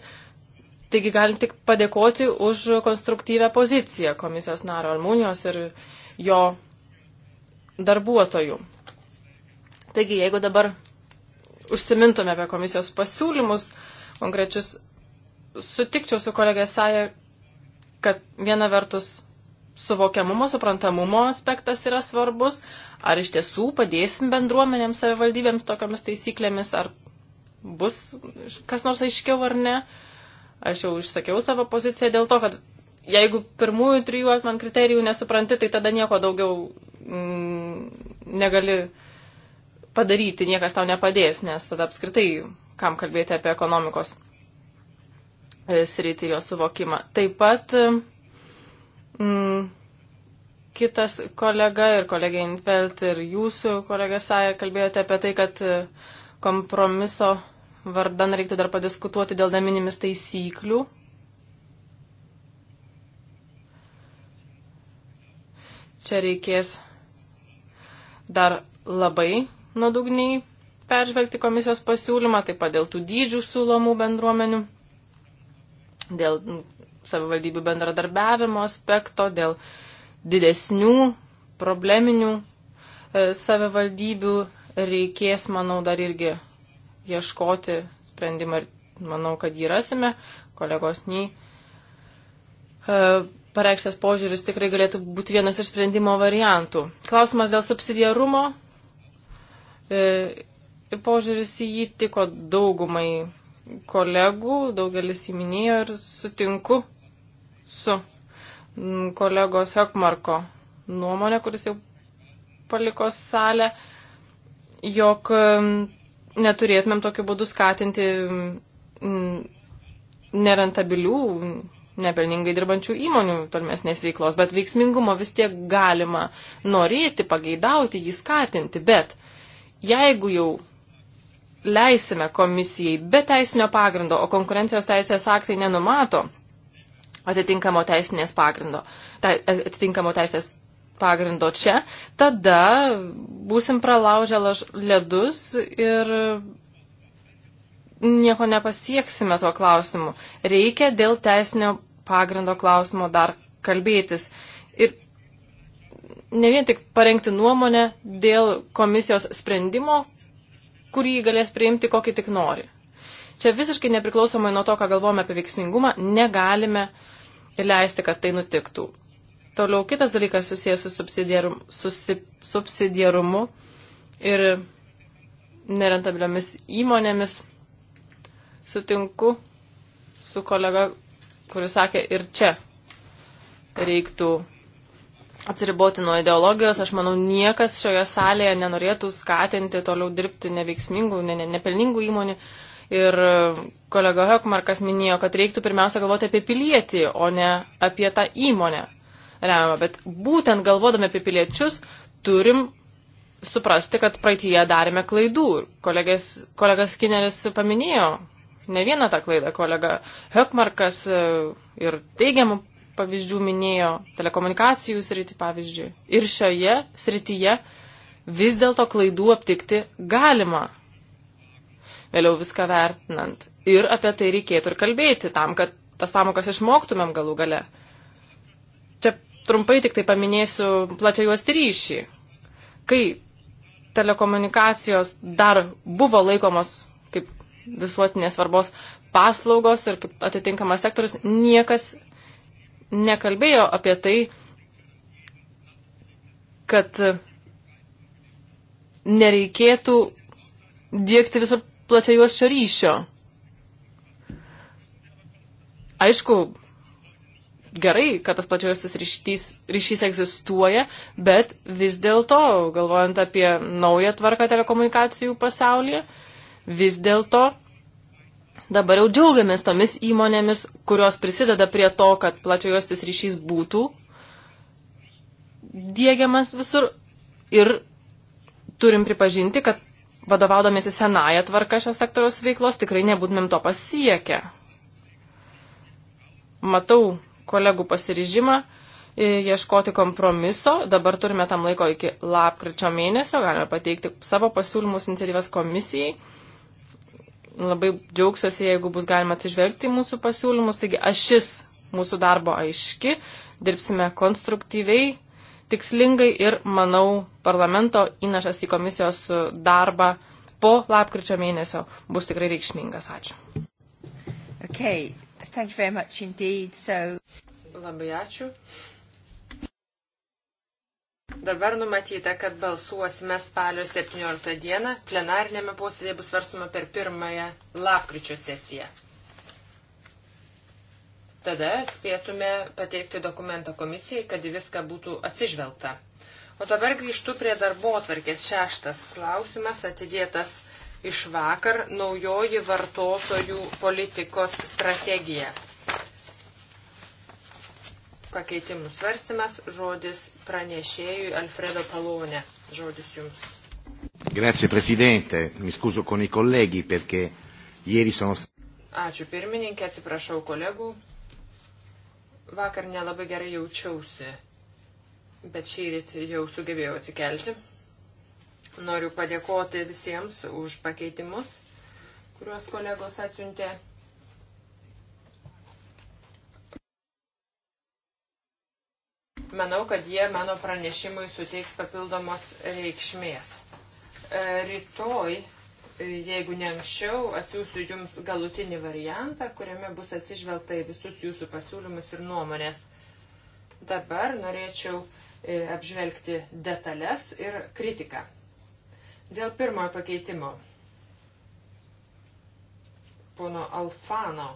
Taigi galim tik padėkoti už konstruktyvę poziciją komisijos naro Almūnijos ir jo darbuotojų. Taigi, jeigu dabar užsimintume apie komisijos pasiūlymus, konkrečius sutikčiau su kolegė Saja, kad viena vertus suvokiamumo, suprantamumo aspektas yra svarbus, ar iš tiesų padėsim bendruomenėms, savivaldybėms tokiamis taisyklėmis, ar bus kas nors aiškiau ar ne. Aš jau išsakiau savo poziciją dėl to, kad jeigu pirmųjų trijų atman kriterijų nesupranti, tai tada nieko daugiau mm, negali padaryti, niekas tau nepadės, nes tada apskritai kam kalbėti apie ekonomikos E, sritį, jo suvokimą. Taip pat mm, kitas kolega ir kolegė Infelt ir jūsų kolegė Saja kalbėjote apie tai, kad e, kompromiso vardan reiktų dar padiskutuoti dėl neminimis taisyklių. Čia reikės dar labai nuodugniai peržvelgti komisijos pasiūlymą, taip pat dėl tų dydžių siūlomų bendruomenių dėl savivaldybių bendradarbiavimo aspekto, dėl didesnių probleminių e, savivaldybių reikės, manau, dar irgi ieškoti sprendimą ir manau, kad jį rasime. Kolegos nei e, pareikštas požiūris tikrai galėtų būti vienas iš sprendimo variantų. Klausimas dėl subsidiarumo. E, požiūris į jį tiko daugumai kolegų, daugelis įminėjo ir sutinku su mm, kolegos Hekmarko nuomonė, kuris jau paliko salę, jog mm, neturėtumėm tokiu būdu skatinti mm, nerentabilių, nepelningai dirbančių įmonių tolmesnės veiklos, bet veiksmingumo vis tiek galima norėti, pageidauti, jį skatinti, bet jeigu jau leisime komisijai be teisinio pagrindo, o konkurencijos teisės aktai nenumato atitinkamo teisinės pagrindo, ta, atitinkamo teisės pagrindo čia, tada būsim pralaužę ledus ir nieko nepasieksime tuo klausimu. Reikia dėl teisinio pagrindo klausimo dar kalbėtis. Ir ne vien tik parengti nuomonę dėl komisijos sprendimo, kurį galės priimti kokį tik nori. Čia visiškai nepriklausomai nuo to, ką galvojame apie veiksmingumą, negalime leisti, kad tai nutiktų. Toliau kitas dalykas susijęs su subsidiarum, susi, subsidiarumu ir nerentabiliomis įmonėmis. Sutinku su kolega, kuris sakė ir čia reiktų atsiriboti nuo ideologijos. Aš manau, niekas šioje salėje nenorėtų skatinti toliau dirbti neveiksmingų, ne, ne, nepelningų įmonių. Ir kolega Hekmarkas minėjo, kad reiktų pirmiausia galvoti apie pilietį, o ne apie tą įmonę. Remiamą. Bet būtent galvodami apie piliečius turim suprasti, kad praeitie darėme klaidų. Kolegas, kolegas Kineris paminėjo ne vieną tą klaidą. Kolega Hekmarkas e, ir teigiamų pavyzdžių minėjo telekomunikacijų sritį, pavyzdžiui. Ir šioje srityje vis dėlto klaidų aptikti galima. Vėliau viską vertinant. Ir apie tai reikėtų ir kalbėti tam, kad tas pamokas išmoktumėm galų gale. Čia trumpai tik tai paminėsiu plačiai juos ryšį. Kai telekomunikacijos dar buvo laikomos kaip visuotinės svarbos paslaugos ir kaip atitinkamas sektorius, niekas nekalbėjo apie tai, kad nereikėtų dėkti viso plačiai juos šio ryšio. Aišku, gerai, kad tas plačiausias ryšys, ryšys egzistuoja, bet vis dėlto, galvojant apie naują tvarką telekomunikacijų pasaulyje, vis dėlto Dabar jau džiaugiamės tomis įmonėmis, kurios prisideda prie to, kad plačiojostis ryšys būtų dėgiamas visur ir turim pripažinti, kad vadovaudomėsi senąją tvarką šios sektoriaus veiklos tikrai nebūtumėm to pasiekę. Matau kolegų pasiryžimą e, ieškoti kompromiso. Dabar turime tam laiko iki lapkričio mėnesio, galime pateikti savo pasiūlymus iniciatyvas komisijai labai džiaugsiuosi, jeigu bus galima atsižvelgti į mūsų pasiūlymus. Taigi ašis mūsų darbo aiški, dirbsime konstruktyviai, tikslingai ir, manau, parlamento įnašas į komisijos darbą po lapkričio mėnesio bus tikrai reikšmingas. Ačiū. Okay. Thank you very much indeed. So... Labai ačiū. Dabar numatyta, kad balsuosime spalio 17 dieną. Plenarinėme posėdėje bus svarstama per pirmąją lapkričio sesiją. Tada spėtume pateikti dokumentą komisijai, kad viską būtų atsižvelgta. O dabar grįžtu prie darbo atvarkės. Šeštas klausimas atidėtas iš vakar naujoji vartotojų politikos strategija pakeitimų svarstymas, žodis pranešėjui Alfredo Palonė. Žodis jums. Grazie, prezidente. Mi scuso con i colleghi perché ieri sono. Ačiū pirmininkė, atsiprašau kolegų. Vakar nelabai gerai jaučiausi, bet šį rytį jau sugebėjau atsikelti. Noriu padėkoti visiems už pakeitimus, kuriuos kolegos atsiuntė Manau, kad jie mano pranešimui suteiks papildomos reikšmės. E, rytoj, e, jeigu ne anksčiau, atsiųsiu Jums galutinį variantą, kuriame bus atsižvelgta į visus Jūsų pasiūlymus ir nuomonės. Dabar norėčiau e, apžvelgti detalės ir kritiką. Dėl pirmojo pakeitimo. Pono Alfano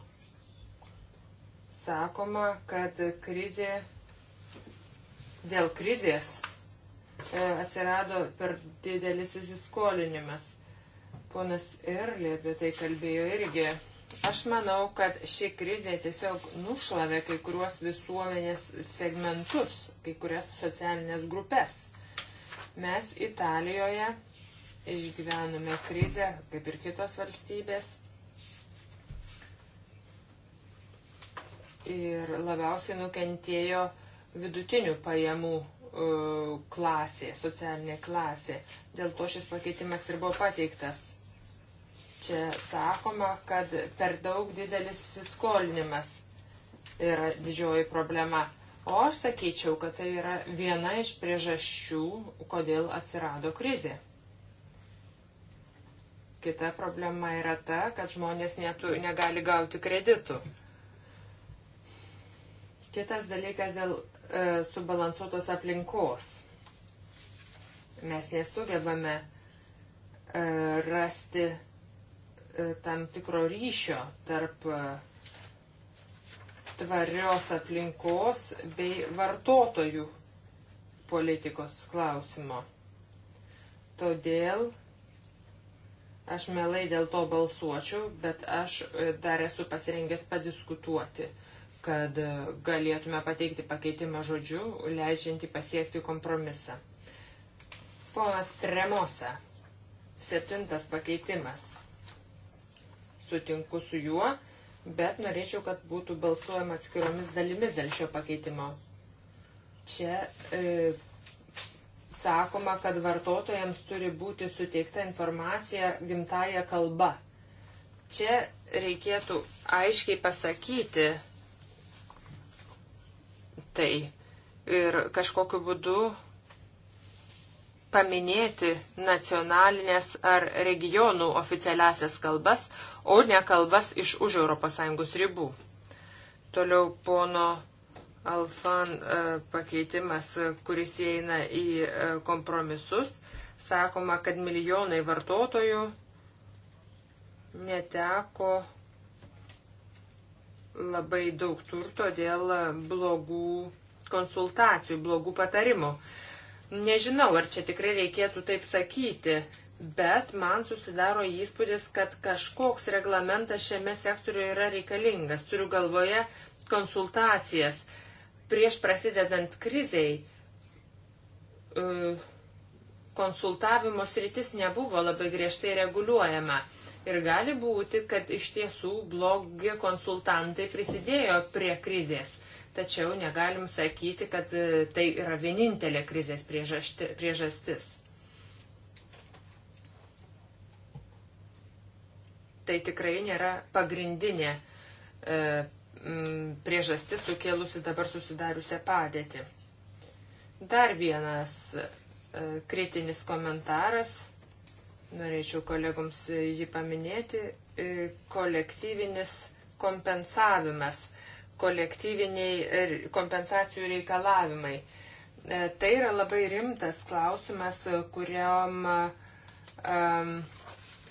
sakoma, kad krizė dėl krizės e, atsirado per didelis įsiskolinimas. Ponas Irlė apie tai kalbėjo irgi. Aš manau, kad ši krizė tiesiog nušlavė kai kuriuos visuomenės segmentus, kai kurias socialinės grupės. Mes Italijoje išgyvenome krizę, kaip ir kitos valstybės. Ir labiausiai nukentėjo uh, vidutinių pajamų e, klasė, socialinė klasė. Dėl to šis pakeitimas ir buvo pateiktas. Čia sakoma, kad per daug didelis skolinimas yra didžioji problema. O aš sakyčiau, kad tai yra viena iš priežasčių, kodėl atsirado krizė. Kita problema yra ta, kad žmonės netu, negali gauti kreditų. Kitas dalykas dėl E, subalansuotos aplinkos. Mes nesugebame e, rasti e, tam tikro ryšio tarp tvarios aplinkos bei vartotojų politikos klausimo. Todėl aš mielai dėl to balsuočiau, bet aš dar esu pasirengęs padiskutuoti kad galėtume pateikti pakeitimą žodžiu, leidžiantį pasiekti kompromisą. Ponas Tremosa, septintas pakeitimas. Sutinku su juo, bet norėčiau, kad būtų balsuojama atskiromis dalimis dėl šio pakeitimo. Čia e, sakoma, kad vartotojams turi būti suteikta informacija gimtaja kalba. Čia reikėtų aiškiai pasakyti, tai ir kažkokiu būdu paminėti nacionalinės ar regionų oficialiasias kalbas, o ne kalbas iš už ES ribų. Toliau pono Alfan e, pakeitimas, kuris įeina į e, kompromisus. Sakoma, kad milijonai vartotojų neteko labai daug turto dėl blogų konsultacijų, blogų patarimų. Nežinau, ar čia tikrai reikėtų taip sakyti, bet man susidaro įspūdis, kad kažkoks reglamentas šiame sektoriuje yra reikalingas. Turiu galvoje konsultacijas prieš prasidedant kriziai. E, konsultavimo sritis nebuvo labai griežtai reguliuojama. Ir gali būti, kad iš tiesų blogi konsultantai prisidėjo prie krizės. Tačiau negalim sakyti, kad e, tai yra vienintelė krizės priežastis. Tai tikrai nėra pagrindinė e, priežastis sukėlusi dabar susidariusią padėtį. Dar vienas e, kritinis komentaras norėčiau kolegoms e, jį paminėti, e, kolektyvinis kompensavimas, kolektyviniai er, kompensacijų reikalavimai. E, tai yra labai rimtas klausimas, kuriam um,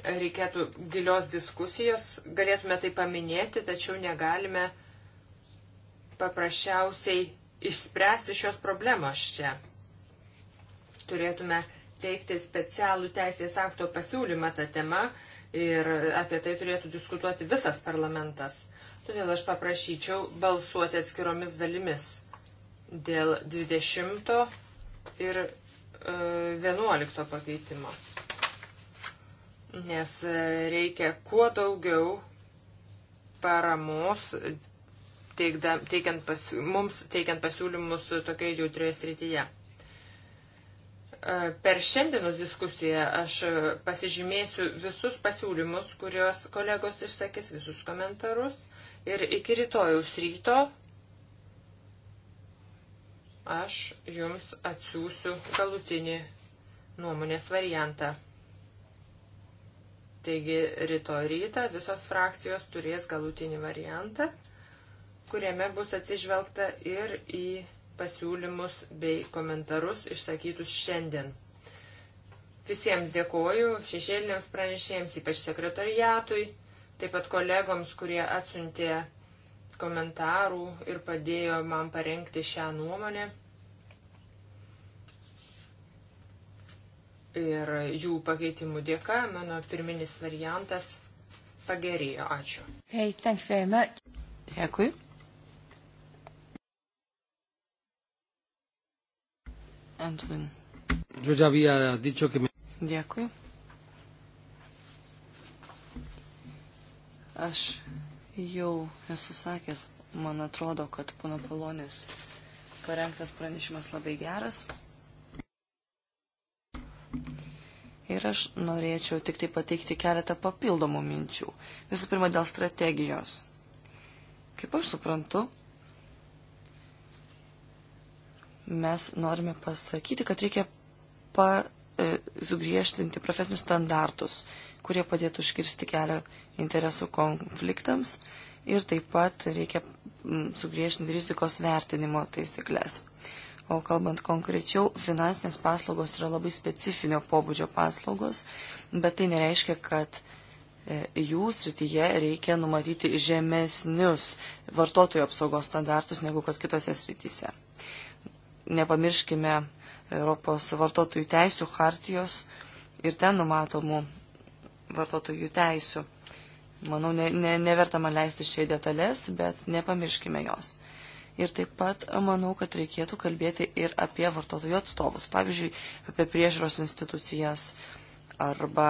reikėtų gilios diskusijos, galėtume tai paminėti, tačiau negalime paprasčiausiai išspręsti šios problemos čia. Turėtume teikti specialų teisės akto pasiūlymą tą temą ir apie tai turėtų diskutuoti visas parlamentas. Todėl aš paprašyčiau balsuoti atskiromis dalimis dėl 20 ir 11 e, pakeitimo. Nes e, reikia kuo daugiau paramos teikda, teikiant pas, mums teikiant pasiūlymus tokioje jautrioje srityje. Per šiandienos diskusiją aš pasižymėsiu visus pasiūlymus, kuriuos kolegos išsakys, visus komentarus. Ir iki rytojaus ryto aš jums atsiųsiu galutinį nuomonės variantą. Taigi rytoj rytą visos frakcijos turės galutinį variantą, kuriame bus atsižvelgta ir į pasiūlymus bei komentarus išsakytus šiandien. Visiems dėkoju, šešėliniams pranešėjams, ypač sekretariatui, taip pat kolegoms, kurie atsiuntė komentarų ir padėjo man parengti šią nuomonę. Ir jų pakeitimų dėka mano pirminis variantas pagerėjo. Ačiū. Hey, Dėkui. Antwin. Dėkui. Aš jau esu sakęs, man atrodo, kad pono Polonės parengtas pranešimas labai geras. Ir aš norėčiau tik tai pateikti keletą papildomų minčių. Visų pirma, dėl strategijos. Kaip aš suprantu, mes norime pasakyti, kad reikia pa, e, sugriežtinti profesinius standartus, kurie padėtų užkirsti kelią interesų konfliktams ir taip pat reikia sugriežtinti rizikos vertinimo taisyklės. O kalbant konkrečiau, finansinės paslaugos yra labai specifinio pobūdžio paslaugos, bet tai nereiškia, kad e, jų srityje reikia numatyti žemesnius vartotojų apsaugos standartus negu kad kitose srityse nepamirškime Europos vartotojų teisų hartijos ir ten numatomų vartotojų teisų. Manau, ne, ne, neverta man leisti šiai detalės, bet nepamirškime jos. Ir taip pat manau, kad reikėtų kalbėti ir apie vartotojų atstovus, pavyzdžiui, apie priežiūros institucijas arba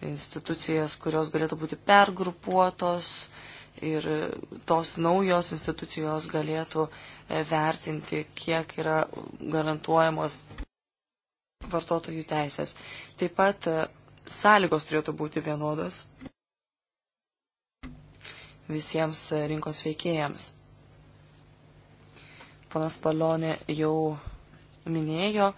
institucijas, kurios galėtų būti pergrupuotos, uh, ir e, tos naujos institucijos galėtų e, vertinti, kiek yra garantuojamos vartotojų teisės. Taip pat e, sąlygos turėtų būti vienodos visiems rinkos veikėjams. Ponas Palonė jau minėjo,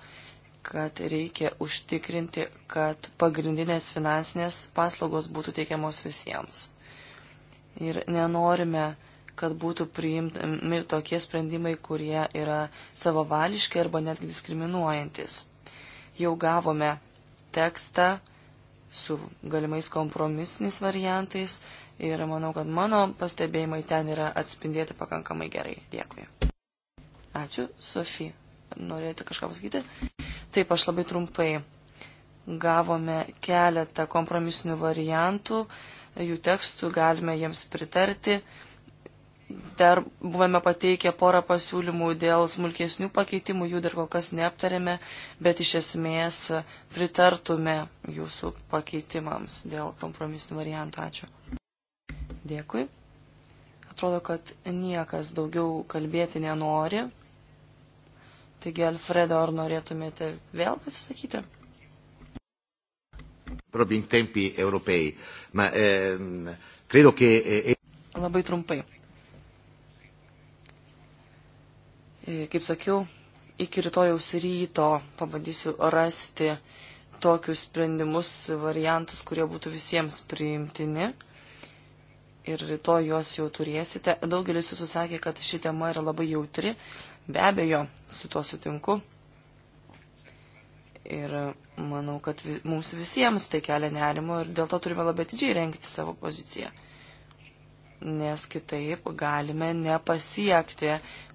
kad reikia užtikrinti, kad pagrindinės finansinės paslaugos būtų teikiamos visiems ir nenorime, kad būtų priimtami tokie sprendimai, kurie yra savavališki arba netgi diskriminuojantis. Jau gavome tekstą su galimais kompromisiniais variantais ir manau, kad mano pastebėjimai ten yra atspindėti pakankamai gerai. Dėkui. Ačiū, Sofija. Norėjote kažką pasakyti? Taip, aš labai trumpai. Gavome keletą kompromisinių variantų jų tekstų, galime jiems pritarti. Dar buvome pateikę porą pasiūlymų dėl smulkesnių pakeitimų, jų dar kol kas neaptarėme, bet iš esmės pritartume jūsų pakeitimams dėl kompromisinių variantų. Ačiū. Dėkui. Atrodo, kad niekas daugiau kalbėti nenori. Taigi, Alfredo, ar norėtumėte vėl pasisakyti? proprio in tempi europei, ma ehm, credo che... Eh, Labai trumpai. E, kaip sakiau, iki rytojaus ryto pabandysiu rasti tokius sprendimus, variantus, kurie būtų visiems priimtini. Ir rytoj juos jau turėsite. Daugelis jūsų sakė, kad ši tema yra labai jautri. Be abejo, su tuo sutinku. Ir e, manau, kad vi, mums visiems tai kelia nerimo ir dėl to turime labai didžiai renkti savo poziciją. Nes kitaip galime nepasiekti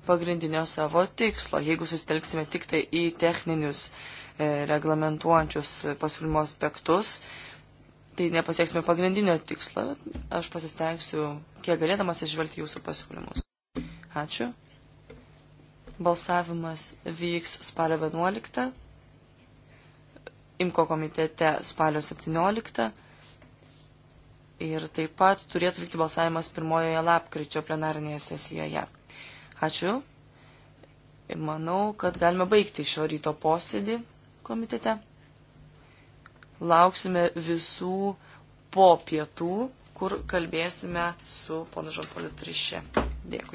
pagrindinio savo tikslo, jeigu susitelksime tik tai į techninius e, reglamentuojančius pasiūlymo aspektus. Tai nepasieksime pagrindinio tikslo, aš pasistengsiu, kiek galėdamas išvelgti jūsų pasiūlymus. Ačiū. Balsavimas vyks spalio 11. IMKO komitete spalio 17 ir taip pat turėtų vykti balsavimas pirmojoje lapkričio plenarinėje sesijoje. Ačiū. Ir manau, kad galime baigti šio ryto posėdį komitete. Lauksime visų po pietų, kur kalbėsime su ponu Žopoliu Trišė. Dėkui.